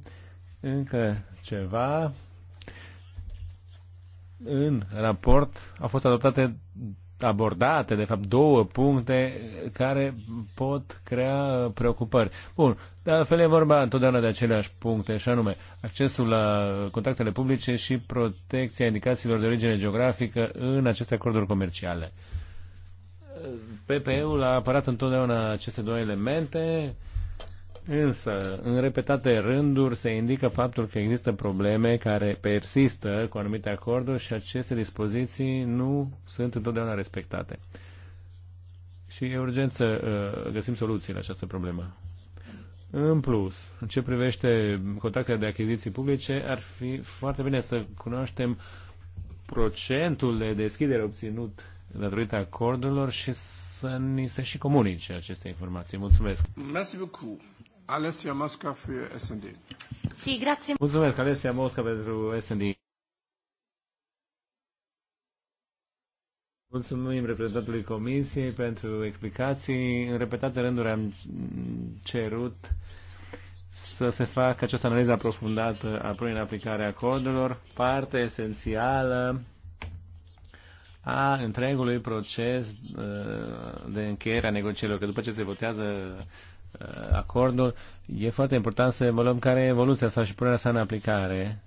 încă ceva în raport au fost adoptate abordate, de fapt, două puncte care pot crea preocupări. Bun, de altfel e vorba întotdeauna de aceleași puncte, și anume accesul la contactele publice și protecția indicațiilor de origine geografică în aceste acorduri comerciale. PPE-ul a apărat întotdeauna aceste două elemente Însă, în repetate rânduri se indică faptul că există probleme care persistă cu anumite acorduri și aceste dispoziții nu sunt întotdeauna respectate. Și e urgent să uh, găsim soluții la această problemă. În plus, în ce privește contactele de achiziții publice, ar fi foarte bine să cunoaștem procentul de deschidere obținut datorită acordurilor și să ni se și comunice aceste informații. Mulțumesc! Mulțumesc. beaucoup! Alessia Mosca für S&D. grazie. Mulțumesc, Alessia Mosca pentru S&D. Mulțumim reprezentantului Comisiei pentru explicații. În repetate rânduri am cerut să se facă această analiză aprofundată a punerii în aplicare a parte esențială a întregului proces uh, de încheiere a negocierilor, că după ce se votează Uh, acordul, e foarte important să evoluăm care e evoluția sa și punerea sa în aplicare.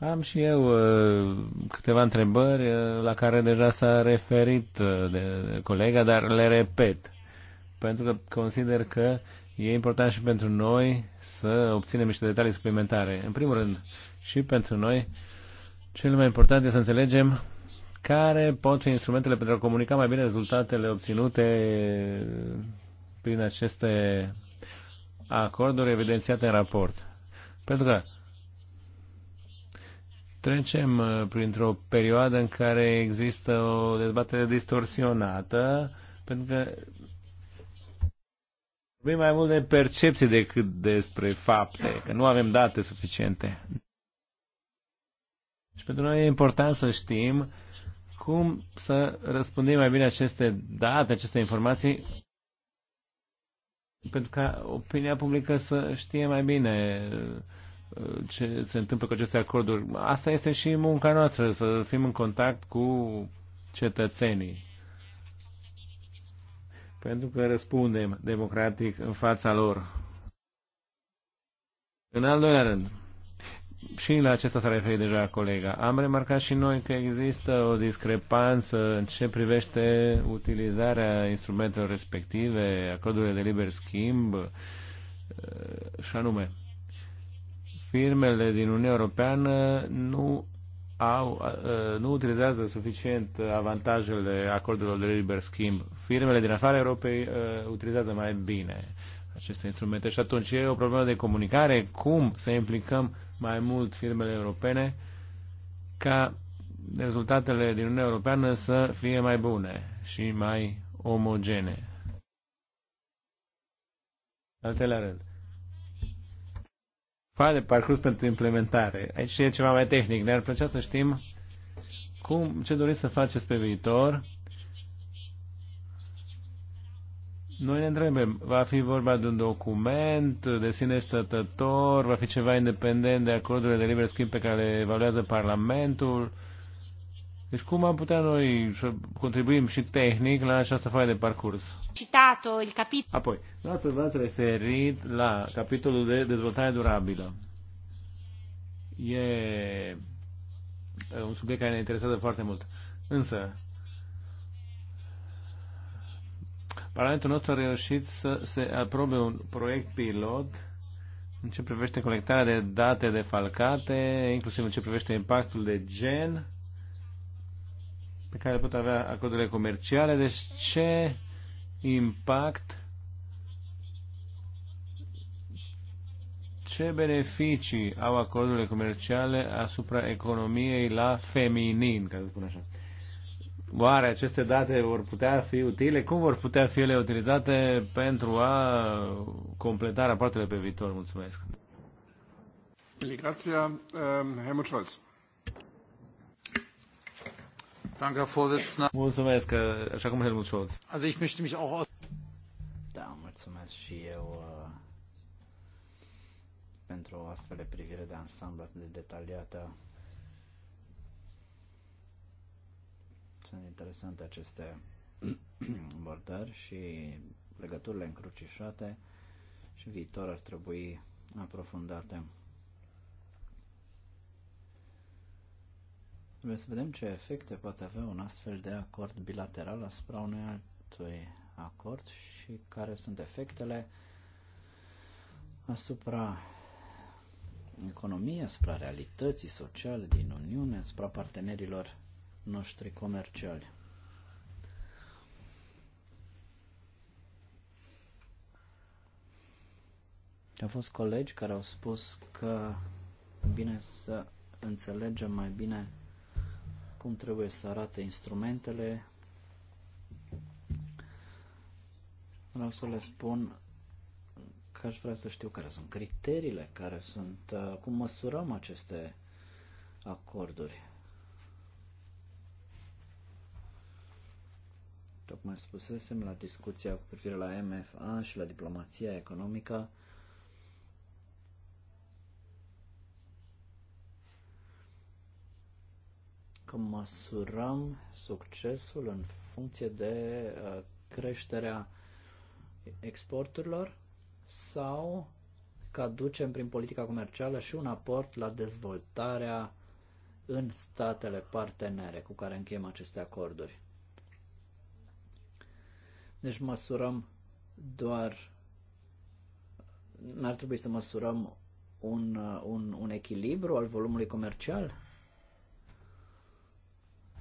Am și eu uh, câteva întrebări uh, la care deja s-a referit de colega, dar le repet, pentru că consider că e important și pentru noi să obținem niște detalii suplimentare. În primul rând, și pentru noi, cel mai important este să înțelegem care pot fi instrumentele pentru a comunica mai bine rezultatele obținute prin aceste acorduri evidențiate în raport. Pentru că trecem uh, printr-o perioadă în care există o dezbatere distorsionată, pentru că vorbim mai mult de percepții decât despre fapte, că nu avem date suficiente. Și pentru noi e important să știm cum să răspundem mai bine aceste date, aceste informații pentru ca opinia publică să știe mai bine uh, ce se întâmplă cu aceste acorduri. Asta este și munca noastră, să fim în contact cu cetățenii. Pentru că răspundem democratic în fața lor. În al doilea rând, și la acesta s-a referit deja colega. Am remarcat și noi că există o discrepanță în ce privește utilizarea instrumentelor respective, acordurile de liber schimb, eh, și anume, firmele din Uniunea Europeană nu au, eh, nu utilizează suficient avantajele acordurilor de liber schimb. Firmele din afara Europei eh, utilizează mai bine aceste instrumente și atunci e o problemă de comunicare, cum să implicăm mai mult firmele europene ca rezultatele din Uniunea Europeană să fie mai bune și mai omogene. Al treilea rând. Foaia de parcurs pentru implementare. Aici e ceva mai tehnic. Ne-ar plăcea să știm cum, ce doriți să faceți pe viitor Noi ne întrebăm, va fi vorba de un document de sine stătător, va fi ceva independent de acordurile de liber schimb pe care le evaluează Parlamentul? Deci cum am putea noi să contribuim și tehnic la această foaie de parcurs? Citat-o, il capit... Apoi, dată v-ați referit la capitolul de dezvoltare durabilă. E un subiect care ne interesează foarte mult. Însă, Parlamentul nostru a reușit să se aprobe un proiect pilot în ce privește colectarea de date de falcate, inclusiv în ce privește impactul de gen pe care pot avea acordurile comerciale. Deci ce impact, ce beneficii au acordurile comerciale asupra economiei la feminin, ca să spun așa. Oare aceste date vor putea fi utile? Cum vor putea fi ele utilizate pentru a completa rapoartele pe viitor? Mulțumesc. uh, Helmut Scholz. Mulțumesc, așa cum Helmut Scholz. Also ich möchte mich auch Da, mulțumesc și eu uh, pentru o astfel de privire de ansamblu atât de detaliată Sunt interesante aceste abordări și legăturile încrucișate și viitor ar trebui aprofundate. Trebuie să vedem ce efecte poate avea un astfel de acord bilateral asupra unui altui acord și care sunt efectele asupra economiei, asupra realității sociale din Uniune, asupra partenerilor noștri comerciali. Au fost colegi care au spus că bine să înțelegem mai bine cum trebuie să arate instrumentele. Vreau să le spun că aș vrea să știu care sunt criteriile, care sunt, uh, cum măsurăm aceste acorduri. tocmai spusesem, la discuția cu privire la MFA și la diplomația economică, că măsurăm succesul în funcție de uh, creșterea exporturilor sau că aducem prin politica comercială și un aport la dezvoltarea în statele partenere cu care încheiem aceste acorduri. Deci măsurăm doar, n-ar trebui să măsurăm un, un, un echilibru al volumului comercial?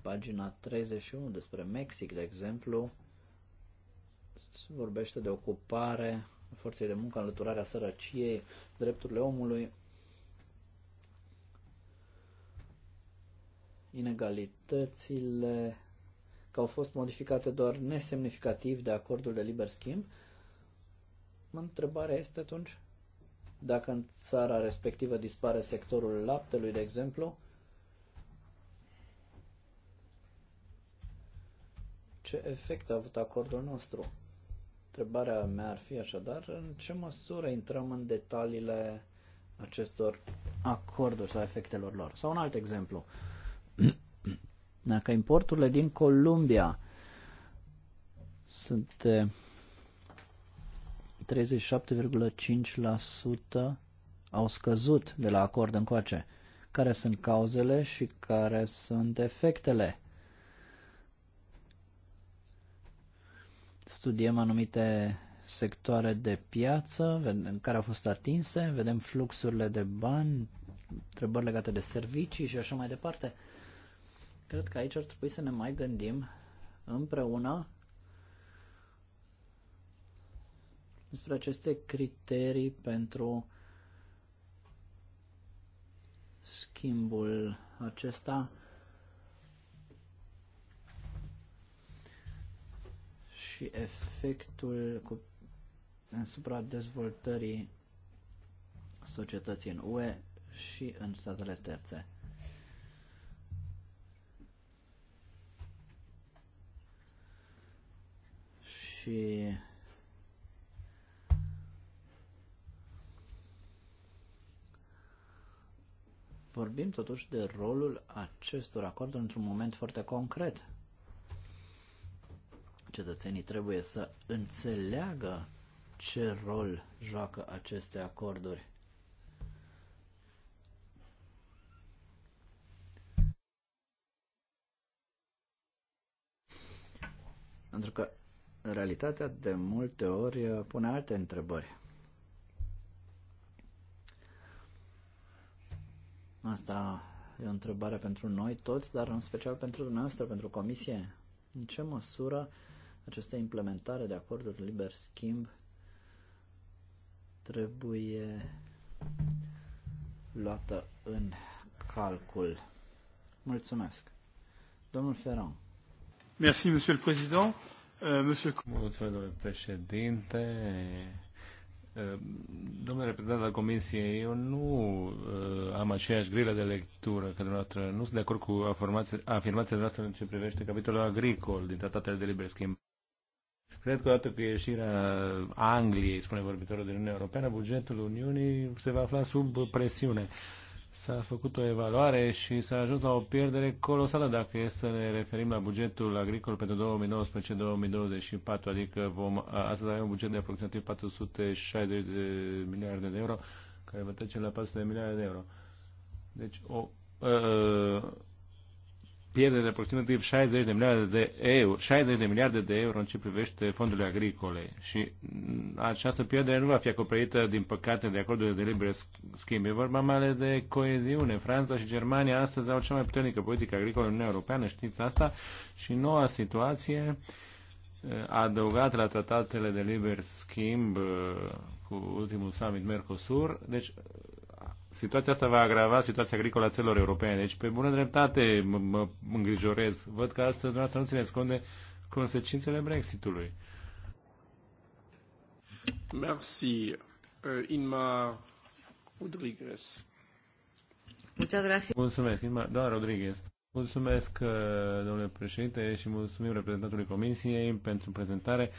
Pagina 31 despre Mexic, de exemplu, se vorbește de ocupare, forței de muncă, înlăturarea sărăciei, drepturile omului, inegalitățile că au fost modificate doar nesemnificativ de acordul de liber schimb, întrebarea este atunci dacă în țara respectivă dispare sectorul laptelui, de exemplu, ce efect a avut acordul nostru? Întrebarea mea ar fi așadar, în ce măsură intrăm în detaliile acestor acorduri sau efectelor lor? Sau un alt exemplu. Dacă importurile din Columbia sunt 37,5% au scăzut de la acord încoace. Care sunt cauzele și care sunt efectele? Studiem anumite sectoare de piață în care au fost atinse, vedem fluxurile de bani, întrebări legate de servicii și așa mai departe. Cred că aici ar trebui să ne mai gândim împreună despre aceste criterii pentru schimbul acesta și efectul cu, asupra dezvoltării societății în UE și în statele terțe. și vorbim totuși de rolul acestor acorduri într-un moment foarte concret. Cetățenii trebuie să înțeleagă ce rol joacă aceste acorduri. Pentru că realitatea de multe ori uh, pune alte întrebări. Asta e o întrebare pentru noi toți, dar în special pentru dumneavoastră, pentru comisie. În ce măsură această implementare de acorduri liber schimb trebuie luată în calcul? Mulțumesc. Domnul Ferrand. Merci, Monsieur le Président. Eh, monsieur... Mulțumesc, domnule președinte. Eh, domnule reprezentant al Comisiei, eu nu uh, am aceeași grilă de lectură că dumneavoastră. Nu sunt de acord cu afirmația dumneavoastră în ce privește capitolul agricol din tratatele de liber schimb. Cred că odată cu ieșirea Angliei, spune vorbitorul din Uniunea Europeană, bugetul Uniunii se va afla sub presiune. Uh, s-a făcut o evaluare și s-a ajuns la o pierdere colosală dacă e să ne referim la bugetul agricol pentru 2019-2024, adică vom, astăzi avem un buget de aproximativ 460 de miliarde de euro, care va trece la 400 de miliarde de euro. Deci o, pierdere de aproximativ 60 de miliarde de euro, 60 de miliarde de euro în ce privește fondurile agricole și mm, această pierdere nu va fi acoperită, din păcate, de acordurile de liber schimb. E vorba mai ales de coeziune. Franța și Germania astăzi au cea mai puternică politică agricolă în Uniunea Europeană, știți asta, și noua situație eh, adăugată la tratatele de liber schimb eh, cu ultimul summit Mercosur. Deci situația asta va agrava situația agricolă a țărilor europene. Deci, pe bună dreptate, mă îngrijorez. Văd că asta dumneavoastră nu se ascunde consecințele Brexitului. Merci. Uh, Inma Rodriguez. Muchas gracias. Mulțumesc, Inma. Doamna Rodriguez. Mulțumesc, uh, domnule președinte, și mulțumim reprezentantului Comisiei pentru prezentare.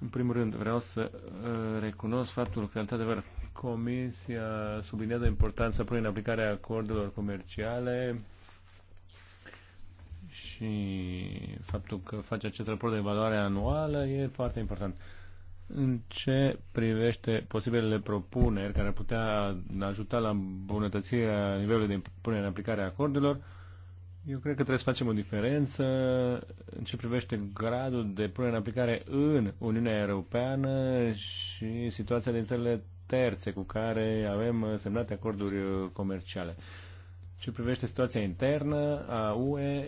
În primul rând, vreau să uh, recunosc faptul că, într-adevăr, Comisia subliniază importanța prin aplicarea acordurilor comerciale și faptul că face acest raport de evaluare anuală e foarte important. În ce privește posibilele propuneri care ar putea ajuta la îmbunătățirea nivelului de punere în aplicare a acordurilor, eu cred că trebuie să facem o diferență în ce privește gradul de punere în aplicare în Uniunea Europeană și situația din țările terțe cu care avem uh, semnate acorduri uh, comerciale. Ce privește situația internă a UE,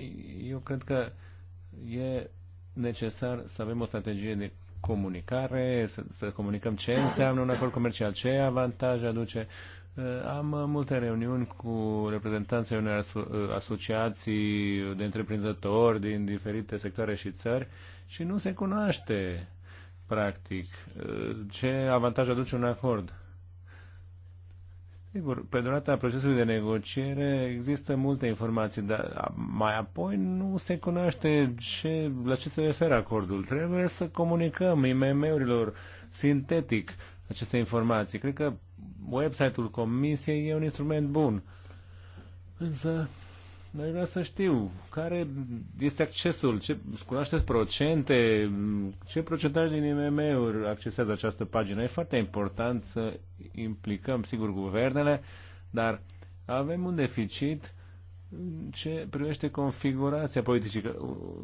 eu cred că e necesar să avem o strategie de comunicare, să, să comunicăm ce înseamnă un acord comercial, ce avantaje aduce. Uh, am multe reuniuni cu reprezentanții unei aso asociații de întreprinzători din diferite sectoare și țări și nu se cunoaște practic? Ce avantaj aduce un acord? Sigur, pe durata procesului de negociere există multe informații, dar mai apoi nu se cunoaște ce, la ce se referă acordul. Trebuie să comunicăm IMM-urilor sintetic aceste informații. Cred că website-ul Comisiei e un instrument bun. Însă noi vreau să știu care este accesul, ce, cunoașteți procente, ce procentaj din IMM-uri accesează această pagină. E foarte important să implicăm, sigur, guvernele, dar avem un deficit ce privește configurația politicii.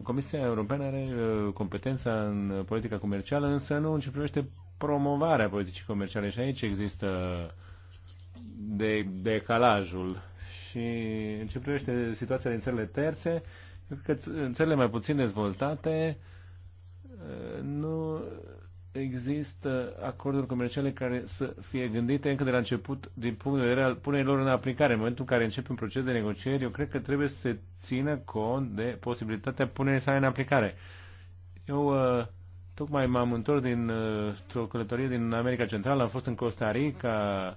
Comisia Europeană are uh, competența în politica comercială, însă nu în ce privește promovarea politicii comerciale și aici există de decalajul și în ce privește situația din țările terțe, cred că în țările mai puțin dezvoltate uh, nu există acorduri comerciale care să fie gândite încă de la început din punctul de vedere al punerii lor în aplicare. În momentul în care începe un proces de negocieri, eu cred că trebuie să se țină cont de posibilitatea punerii sale în aplicare. Eu uh, tocmai m-am întors din o călătorie din America Centrală, am fost în Costa Rica,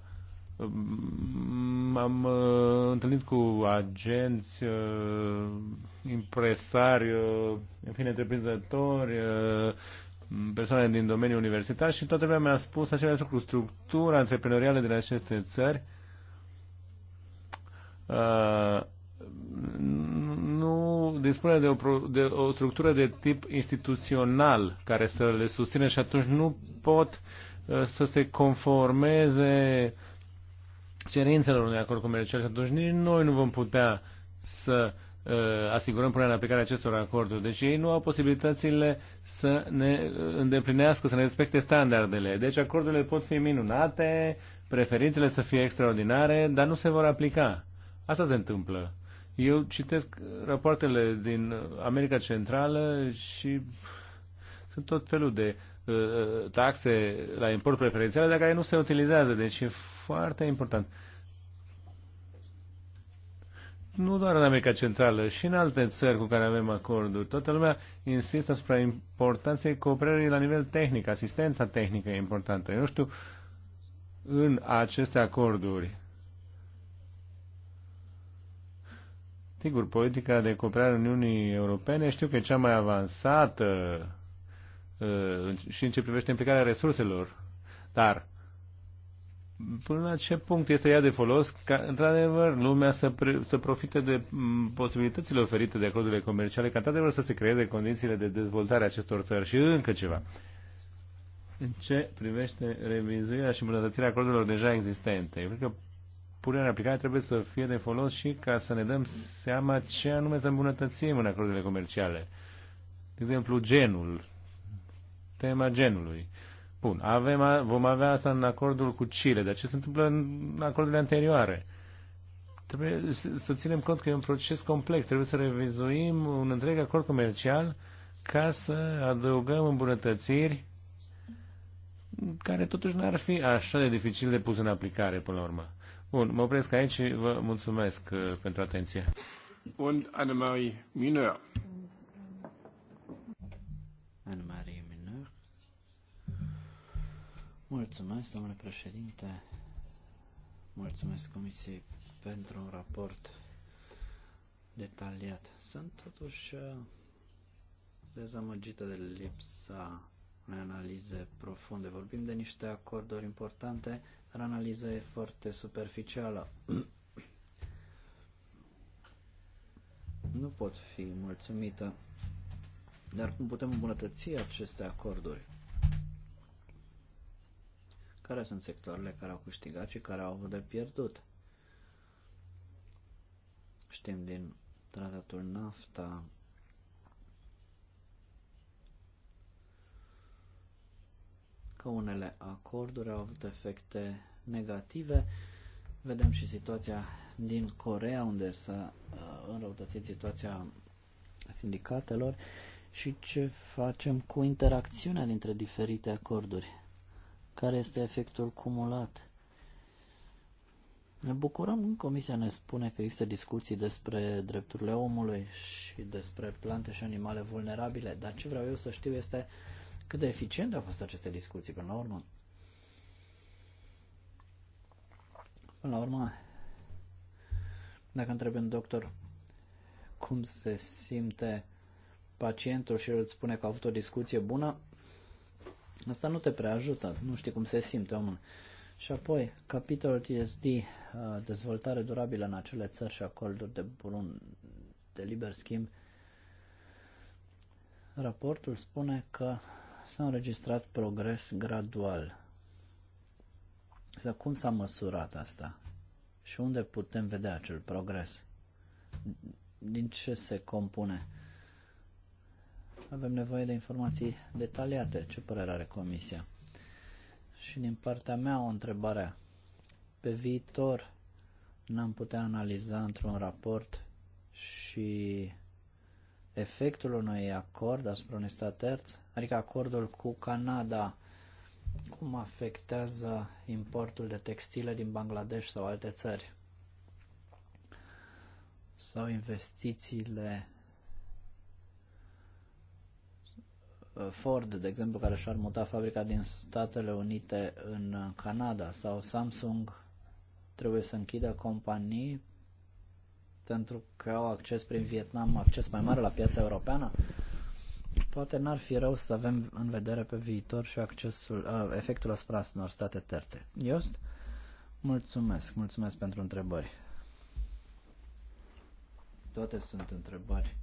M-am mm, uh, întâlnit cu agenți, uh, impresari, uh, în fine, întreprinzători, uh, persoane din domeniul universitar și toată lumea mi-a spus același lucru. Structura antreprenorială din aceste țări uh, nu dispune de o, pro, de o structură de tip instituțional care să le susține și atunci nu pot uh, să se conformeze uh, cerințelor unui acord comercial și atunci nici noi nu vom putea să uh, asigurăm punerea în aplicare acestor acorduri. Deci ei nu au posibilitățile să ne uh, îndeplinească, să ne respecte standardele. Deci acordurile pot fi minunate, preferințele să fie extraordinare, dar nu se vor aplica. Asta se întâmplă. Eu citesc rapoartele din America Centrală și sunt tot felul de Uh, uh, taxe la import preferențiale, dar care nu se utilizează. Deci e foarte important. Nu doar în America Centrală, și în alte țări cu care avem acorduri. Toată lumea insistă asupra importanței cooperării la nivel tehnic. Asistența tehnică e importantă. Eu nu știu, în aceste acorduri, Sigur, politica de cooperare a Uniunii Europene știu că e cea mai avansată Uh, și în ce privește implicarea resurselor. Dar până la ce punct este ea de folos ca, într-adevăr, lumea să, pre, să profite de mm, posibilitățile oferite de acordurile comerciale, ca într-adevăr să se creeze condițiile de dezvoltare a acestor țări și încă ceva. În ce privește revizuirea și îmbunătățirea acordurilor deja existente, eu cred că punerea în aplicare trebuie să fie de folos și ca să ne dăm seama ce anume să îmbunătățim în acordurile comerciale. De exemplu, genul tema genului. Bun, avem, vom avea asta în acordul cu Chile, dar ce se întâmplă în acordurile anterioare? Trebuie să ținem cont că e un proces complex, trebuie să revizuim un întreg acord comercial ca să adăugăm îmbunătățiri care totuși n-ar fi așa de dificil de pus în aplicare până la urmă. Bun, mă opresc aici și vă mulțumesc uh, pentru atenție. Und Annemarie Mineur. marie Mulțumesc, domnule președinte. Mulțumesc Comisiei pentru un raport detaliat. Sunt totuși uh, dezamăgită de lipsa unei analize profunde. Vorbim de niște acorduri importante, dar analiza e foarte superficială. nu pot fi mulțumită. Dar cum putem îmbunătăți aceste acorduri? care sunt sectoarele care au câștigat și care au de pierdut. Știm din tratatul NAFTA că unele acorduri au avut efecte negative. Vedem și situația din Corea, unde s-a uh, înrăutățit situația sindicatelor și ce facem cu interacțiunea dintre diferite acorduri care este efectul cumulat. Ne bucurăm în Comisia ne spune că există discuții despre drepturile omului și despre plante și animale vulnerabile, dar ce vreau eu să știu este cât de eficiente au fost aceste discuții până la urmă. Până la urmă, dacă întrebi un doctor cum se simte pacientul și el îți spune că a avut o discuție bună, Asta nu te prea ajută, nu știi cum se simte omul. Și apoi, capitolul TSD, uh, dezvoltare durabilă în acele țări și acorduri de bun, de liber schimb, raportul spune că s-a înregistrat progres gradual. Sau cum s-a măsurat asta? Și unde putem vedea acel progres? Din ce se compune? avem nevoie de informații detaliate. Ce părere are Comisia? Și din partea mea o întrebare. Pe viitor n-am putea analiza într-un raport și efectul unui acord asupra unui stat terț, adică acordul cu Canada, cum afectează importul de textile din Bangladesh sau alte țări? Sau investițiile Uh, Ford, de exemplu, care și-ar muta fabrica din Statele Unite în uh, Canada sau Samsung trebuie să închidă companii pentru că au acces prin Vietnam, acces mai mare la piața europeană. Poate n-ar fi rău să avem în vedere pe viitor și accesul, uh, efectul asupra unor state terțe. Iost? Mulțumesc, mulțumesc pentru întrebări. Toate sunt întrebări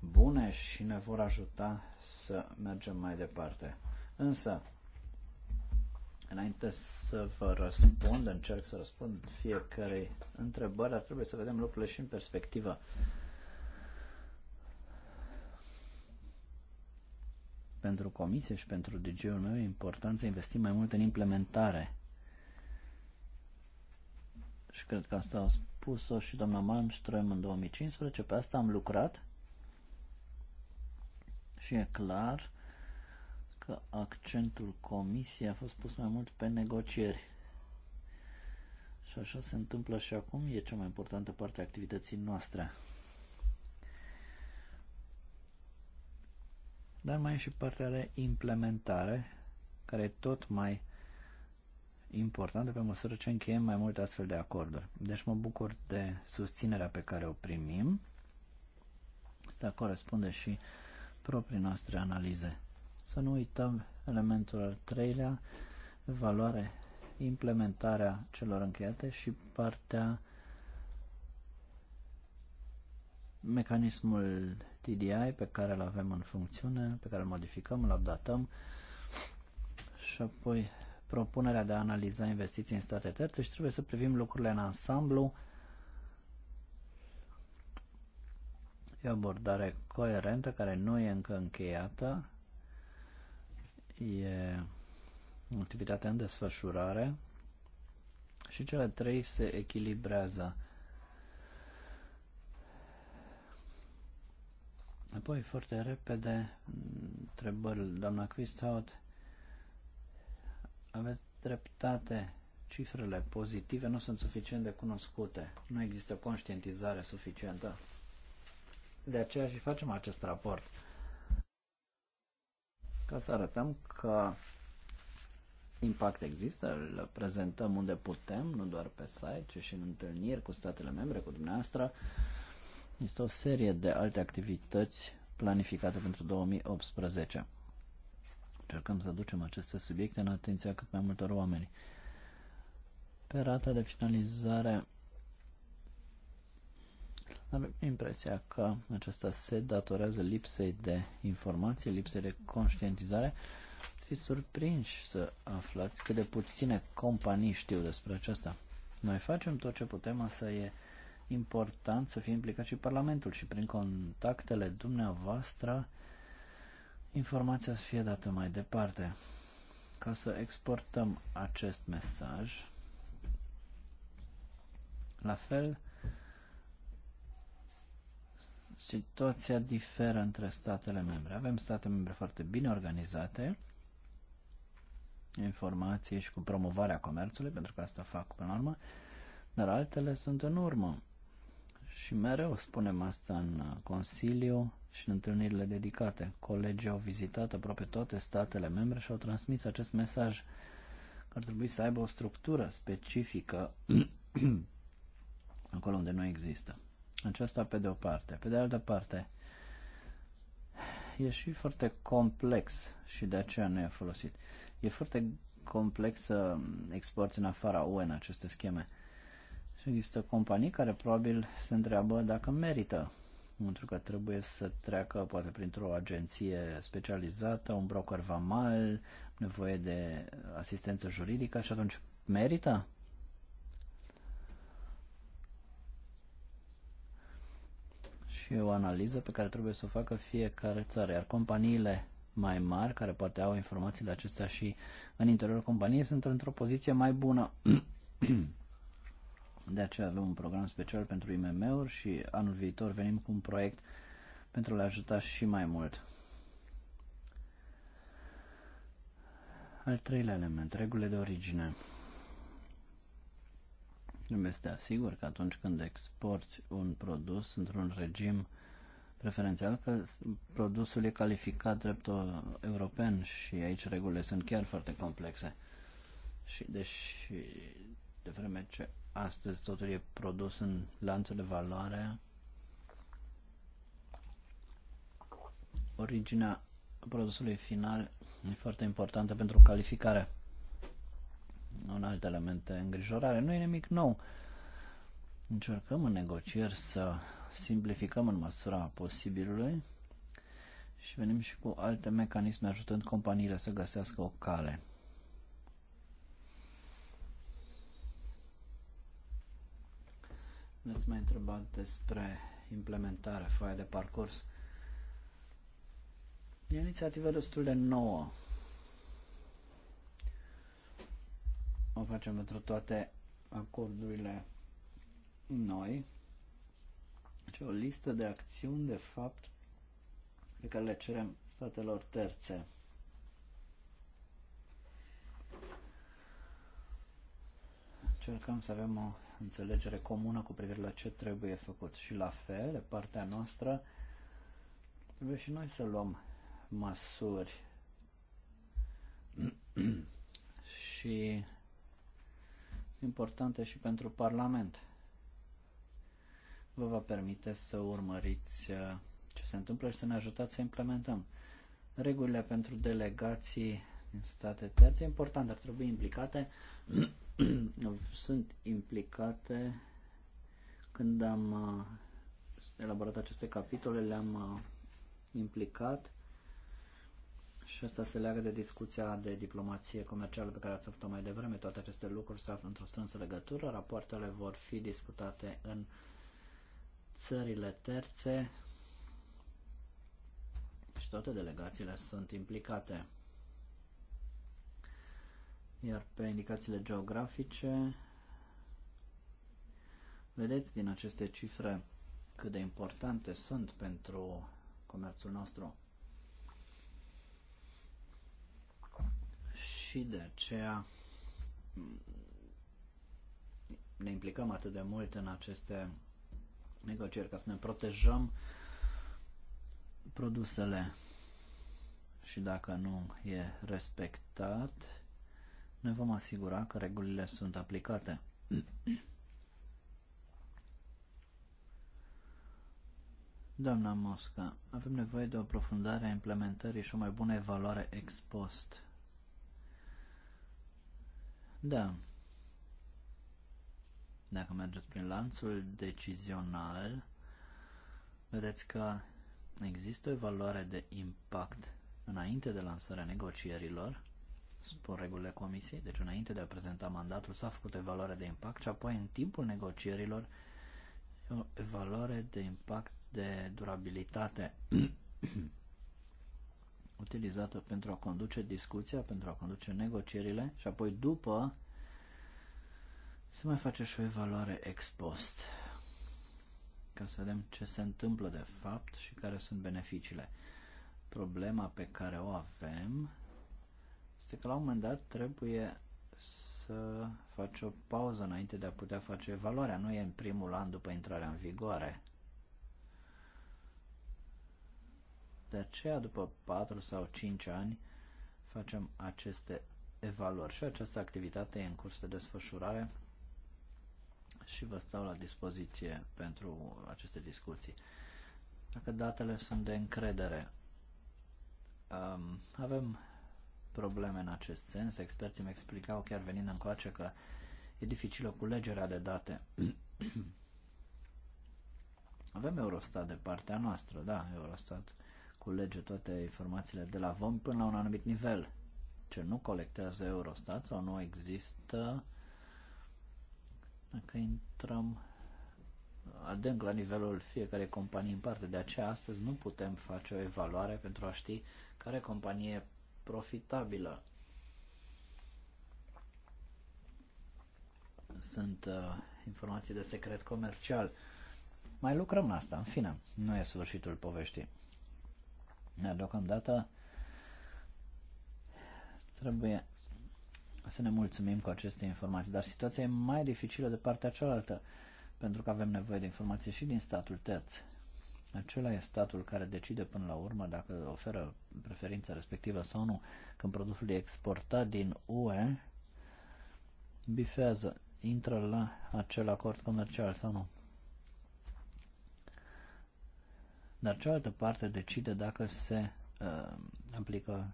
bune și ne vor ajuta să mergem mai departe. Însă, înainte să vă răspund, încerc să răspund fiecarei întrebări, dar trebuie să vedem lucrurile și în perspectivă. Pentru comisie și pentru DG-ul meu e important să investim mai mult în implementare. Și cred că asta a spus-o și doamna Malmström în 2015. Pe asta am lucrat și e clar că accentul comisiei a fost pus mai mult pe negocieri. Și așa se întâmplă și acum, e cea mai importantă parte a activității noastre. Dar mai e și partea de implementare, care e tot mai importantă pe măsură ce încheiem mai multe astfel de acorduri. Deci mă bucur de susținerea pe care o primim. Asta corespunde și uh, proprii noastre analize. Să nu uităm elementul al treilea, valoare, implementarea celor încheiate și partea mecanismul TDI pe care îl avem în funcțiune, pe care îl modificăm, îl updatăm și apoi propunerea de a analiza investiții în state terțe și trebuie să privim lucrurile în ansamblu E o abordare coerentă care nu e încă încheiată. E activitatea în desfășurare și cele trei se echilibrează. Apoi, foarte repede, întrebări, doamna Quisthout, aveți dreptate, cifrele pozitive nu sunt suficient de cunoscute, nu există conștientizare suficientă de aceea și facem acest raport. Ca să arătăm că impact există, îl prezentăm unde putem, nu doar pe site, ci și în întâlniri cu statele membre, cu dumneavoastră. Este o serie de alte activități planificate pentru 2018. Încercăm să ducem aceste subiecte în atenția cât mai multor oameni. Pe rata de finalizare avem impresia că acesta se datorează lipsei de informație, lipsei de conștientizare. Ați fi surprinși să aflați cât de puține companii știu despre aceasta. Noi facem tot ce putem, să e important să fie implicat și Parlamentul și prin contactele dumneavoastră informația să fie dată mai departe. Ca să exportăm acest mesaj, la fel situația diferă între statele membre. Avem state membre foarte bine organizate, informații și cu promovarea comerțului, pentru că asta fac până la urmă, dar altele sunt în urmă. Și mereu spunem asta în Consiliu și în întâlnirile dedicate. Colegii au vizitat aproape toate statele membre și au transmis acest mesaj că ar trebui să aibă o structură specifică acolo unde nu există în aceasta pe de o parte. Pe de altă parte, e și foarte complex și de aceea nu e folosit. E foarte complex să exporți în afara UE în aceste scheme. Și există companii care probabil se întreabă dacă merită, pentru că trebuie să treacă poate printr-o agenție specializată, un broker vamal, nevoie de asistență juridică și atunci merită? și o analiză pe care trebuie să o facă fiecare țară, iar companiile mai mari, care poate au informațiile acestea și în interiorul companiei, sunt într-o poziție mai bună. De aceea avem un program special pentru IMM-uri și anul viitor venim cu un proiect pentru a le ajuta și mai mult. Al treilea element, regulile de origine. Trebuie să te asiguri că atunci când exporti un produs într-un regim preferențial, că produsul e calificat drept european și aici regulile sunt chiar foarte complexe. Și deși de vreme ce astăzi totul e produs în lanțul de valoare, originea produsului final e foarte importantă pentru calificare un alt element de îngrijorare. Nu e nimic nou. Încercăm în negocieri să simplificăm în măsura posibilului și venim și cu alte mecanisme ajutând companiile să găsească o cale. Ne-ați mai întrebat despre implementare, foaia de parcurs. E inițiativă destul de nouă o facem pentru toate acordurile noi. Deci o listă de acțiuni, de fapt, pe care le cerem statelor terțe. Încercăm să avem o înțelegere comună cu privire la ce trebuie făcut. Și la fel, de partea noastră, trebuie și noi să luăm măsuri. și importante și pentru Parlament. Vă va permite să urmăriți uh, ce se întâmplă și să ne ajutați să implementăm. Regulile pentru delegații din state terțe, important, ar trebui implicate, sunt implicate când am uh, elaborat aceste capitole, le-am uh, implicat și asta se leagă de discuția de diplomație comercială pe care ați avut-o mai devreme. Toate aceste lucruri se află într-o strânsă legătură. Rapoartele vor fi discutate în țările terțe și toate delegațiile sunt implicate. Iar pe indicațiile geografice, vedeți din aceste cifre cât de importante sunt pentru comerțul nostru. și de aceea ne implicăm atât de mult în aceste negocieri ca să ne protejăm produsele și dacă nu e respectat, ne vom asigura că regulile sunt aplicate. Doamna Mosca, avem nevoie de o profundare a implementării și o mai bună evaluare ex post. Da. Dacă mergeți prin lanțul decizional, vedeți că există o evaluare de impact înainte de lansarea negocierilor, spun regulile comisiei, deci înainte de a prezenta mandatul s-a făcut o evaluare de impact și apoi în timpul negocierilor o evaluare de impact de durabilitate utilizată pentru a conduce discuția, pentru a conduce negocierile și apoi după se mai face și o evaluare ex post ca să vedem ce se întâmplă de fapt și care sunt beneficiile. Problema pe care o avem este că la un moment dat trebuie să faci o pauză înainte de a putea face evaluarea. Nu e în primul an după intrarea în vigoare. De aceea, după 4 sau 5 ani, facem aceste evaluări și această activitate e în curs de desfășurare și vă stau la dispoziție pentru aceste discuții. Dacă datele sunt de încredere, um, avem probleme în acest sens. Experții mi explicau chiar venind încoace că e dificilă culegerea de date. avem Eurostat de partea noastră, da, Eurostat culege toate informațiile de la VOM până la un anumit nivel. Ce nu colectează Eurostat sau nu există dacă intrăm adânc la nivelul fiecare companie în parte. De aceea astăzi nu putem face o evaluare pentru a ști care companie e profitabilă. Sunt uh, informații de secret comercial. Mai lucrăm la asta, în fine, nu e sfârșitul poveștii. Deocamdată trebuie să ne mulțumim cu aceste informații, dar situația e mai dificilă de partea cealaltă, pentru că avem nevoie de informații și din statul terț. Acela e statul care decide până la urmă dacă oferă preferința respectivă sau nu. Când produsul e exportat din UE, bifează, intră la acel acord comercial sau nu. dar cealaltă parte decide dacă se uh, aplică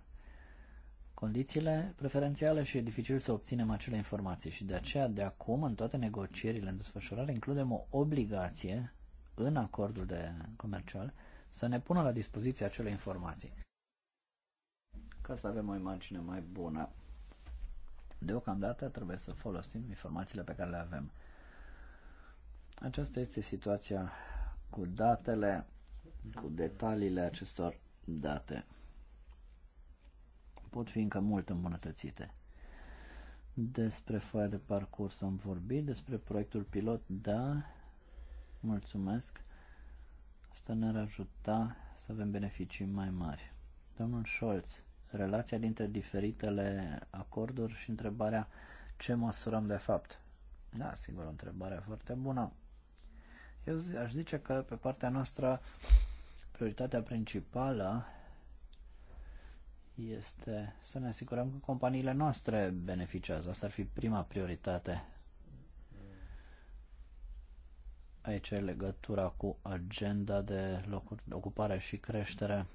condițiile preferențiale și e dificil să obținem acele informații și de aceea de acum în toate negocierile în desfășurare includem o obligație în acordul de comercial să ne pună la dispoziție acele informații ca să avem o imagine mai bună. Deocamdată trebuie să folosim informațiile pe care le avem. Aceasta este situația cu datele cu detaliile acestor date. Pot fi încă mult îmbunătățite. Despre foaia de parcurs am vorbit, despre proiectul pilot, da, mulțumesc. Asta ne-ar ajuta să avem beneficii mai mari. Domnul Scholz, relația dintre diferitele acorduri și întrebarea ce măsurăm de fapt. Da, sigur, o întrebare foarte bună. Eu aș zice că pe partea noastră prioritatea principală este să ne asigurăm că companiile noastre beneficiază. Asta ar fi prima prioritate. Aici e legătura cu agenda de locuri de ocupare și creștere,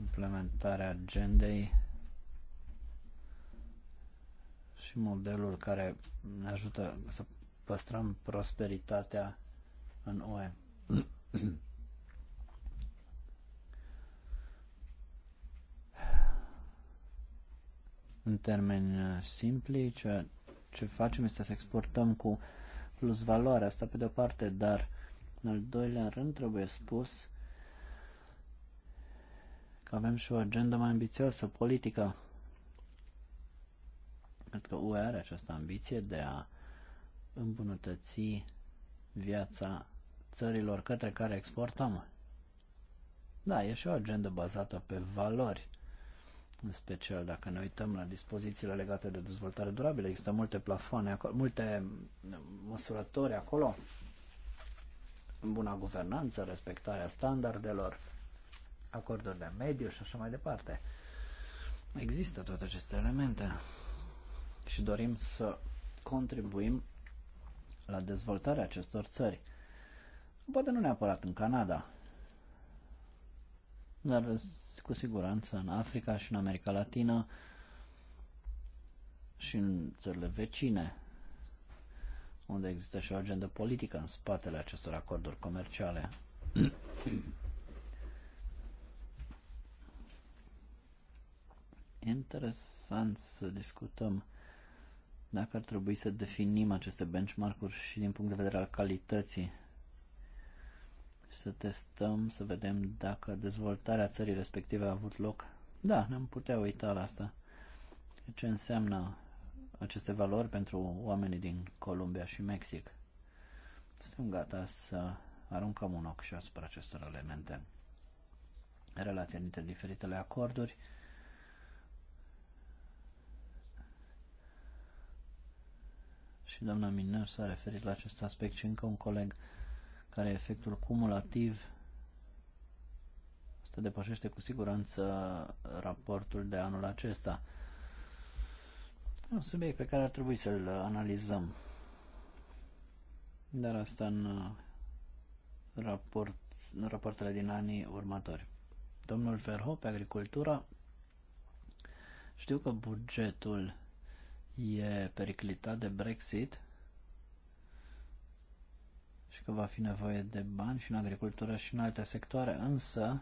implementarea agendei și modelul care ne ajută să păstrăm prosperitatea în OE. În termeni uh, simpli, ceea ce facem este să exportăm cu plus valoare, asta pe de-o parte, dar în al doilea rând trebuie spus că avem și o agendă mai ambițioasă politică. Cred că UE are această ambiție de a îmbunătăți viața țărilor către care exportăm. Da, e și o agendă bazată pe valori, în special dacă ne uităm la dispozițiile legate de dezvoltare durabilă. Există multe plafoane acolo, multe mm, măsurători acolo, buna guvernanță, respectarea standardelor, acorduri de mediu și așa mai departe. Există toate aceste elemente și dorim să contribuim la dezvoltarea acestor țări. Poate nu neapărat în Canada, dar cu siguranță în Africa și în America Latină și în țările vecine, unde există și o agendă politică în spatele acestor acorduri comerciale. Interesant să discutăm dacă ar trebui să definim aceste benchmark-uri și din punct de vedere al calității să testăm, să vedem dacă dezvoltarea țării respective a avut loc. Da, ne-am putea uita la asta. Ce înseamnă aceste valori pentru oamenii din Columbia și Mexic. Suntem gata să aruncăm un ochi și asupra acestor elemente. Relația dintre diferitele acorduri, și doamna Miner s-a referit la acest aspect și încă un coleg care efectul cumulativ. Asta depășește cu siguranță raportul de anul acesta. un subiect pe care ar trebui să-l analizăm. Dar asta în, uh, raport, în raportele din anii următori. Domnul Ferho, pe agricultura, știu că bugetul e periclitat de Brexit, și că va fi nevoie de bani și în agricultură și în alte sectoare, însă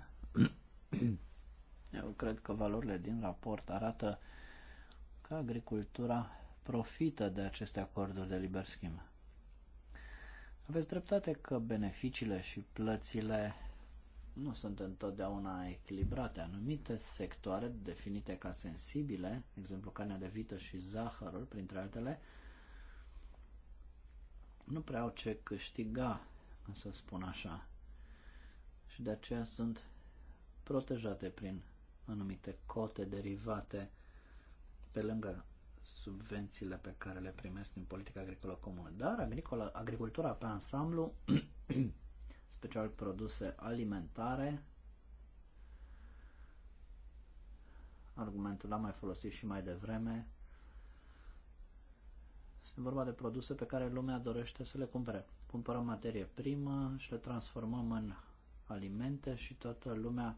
eu cred că valorile din raport arată că agricultura profită de aceste acorduri de liber schimb. Aveți dreptate că beneficiile și plățile nu sunt întotdeauna echilibrate. Anumite sectoare definite ca sensibile, exemplu carnea de vită și zahărul, printre altele, nu prea au ce câștiga, ca să spun așa. Și de aceea sunt protejate prin anumite cote derivate pe lângă subvențiile pe care le primesc din politica agricolă comună. Dar agricola, agricultura pe ansamblu, special produse alimentare, argumentul l-am mai folosit și mai devreme, este vorba de produse pe care lumea dorește să le cumpere. Cumpărăm materie primă și le transformăm în alimente și toată lumea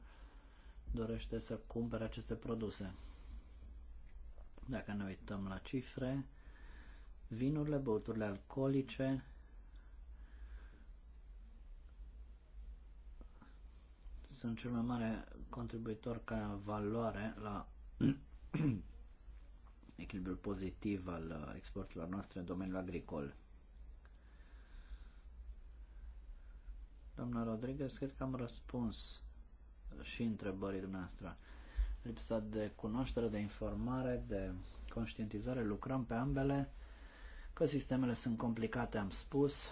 dorește să cumpere aceste produse. Dacă ne uităm la cifre, vinurile, băuturile alcoolice, sunt cel mai mare contribuitor ca valoare la echilibrul pozitiv al uh, exporturilor noastre în domeniul agricol. Doamna Rodriguez, cred că am răspuns și întrebării dumneavoastră. Lipsa de cunoaștere, de informare, de conștientizare, lucrăm pe ambele, că sistemele sunt complicate, am spus,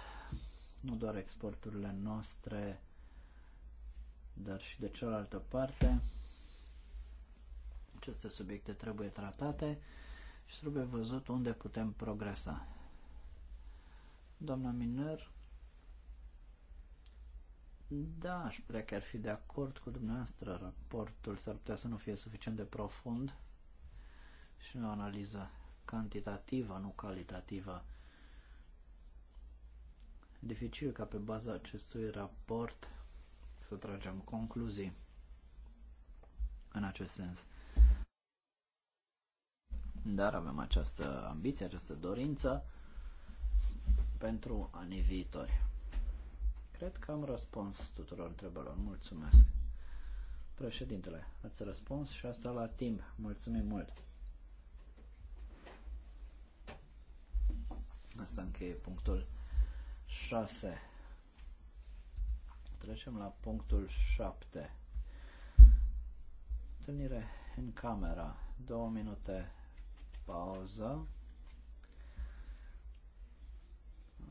nu doar exporturile noastre, dar și de cealaltă parte. Aceste subiecte trebuie tratate și trebuie văzut unde putem progresa. Doamna Miner, da, aș putea chiar fi de acord cu dumneavoastră. Raportul s-ar putea să nu fie suficient de profund și o analiză cantitativă, nu calitativă. Dificil ca pe baza acestui raport să tragem concluzii în acest sens dar avem această ambiție, această dorință pentru anii viitori. Cred că am răspuns tuturor întrebărilor. Mulțumesc. Președintele, ați răspuns și asta la timp. Mulțumim mult. Asta încheie punctul 6. Trecem la punctul 7. Întâlnire în camera. Două minute pauză,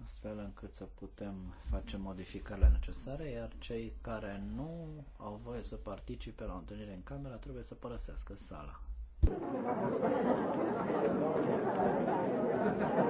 astfel încât să putem face modificările necesare, iar cei care nu au voie să participe la întâlnire în camera trebuie să părăsească sala.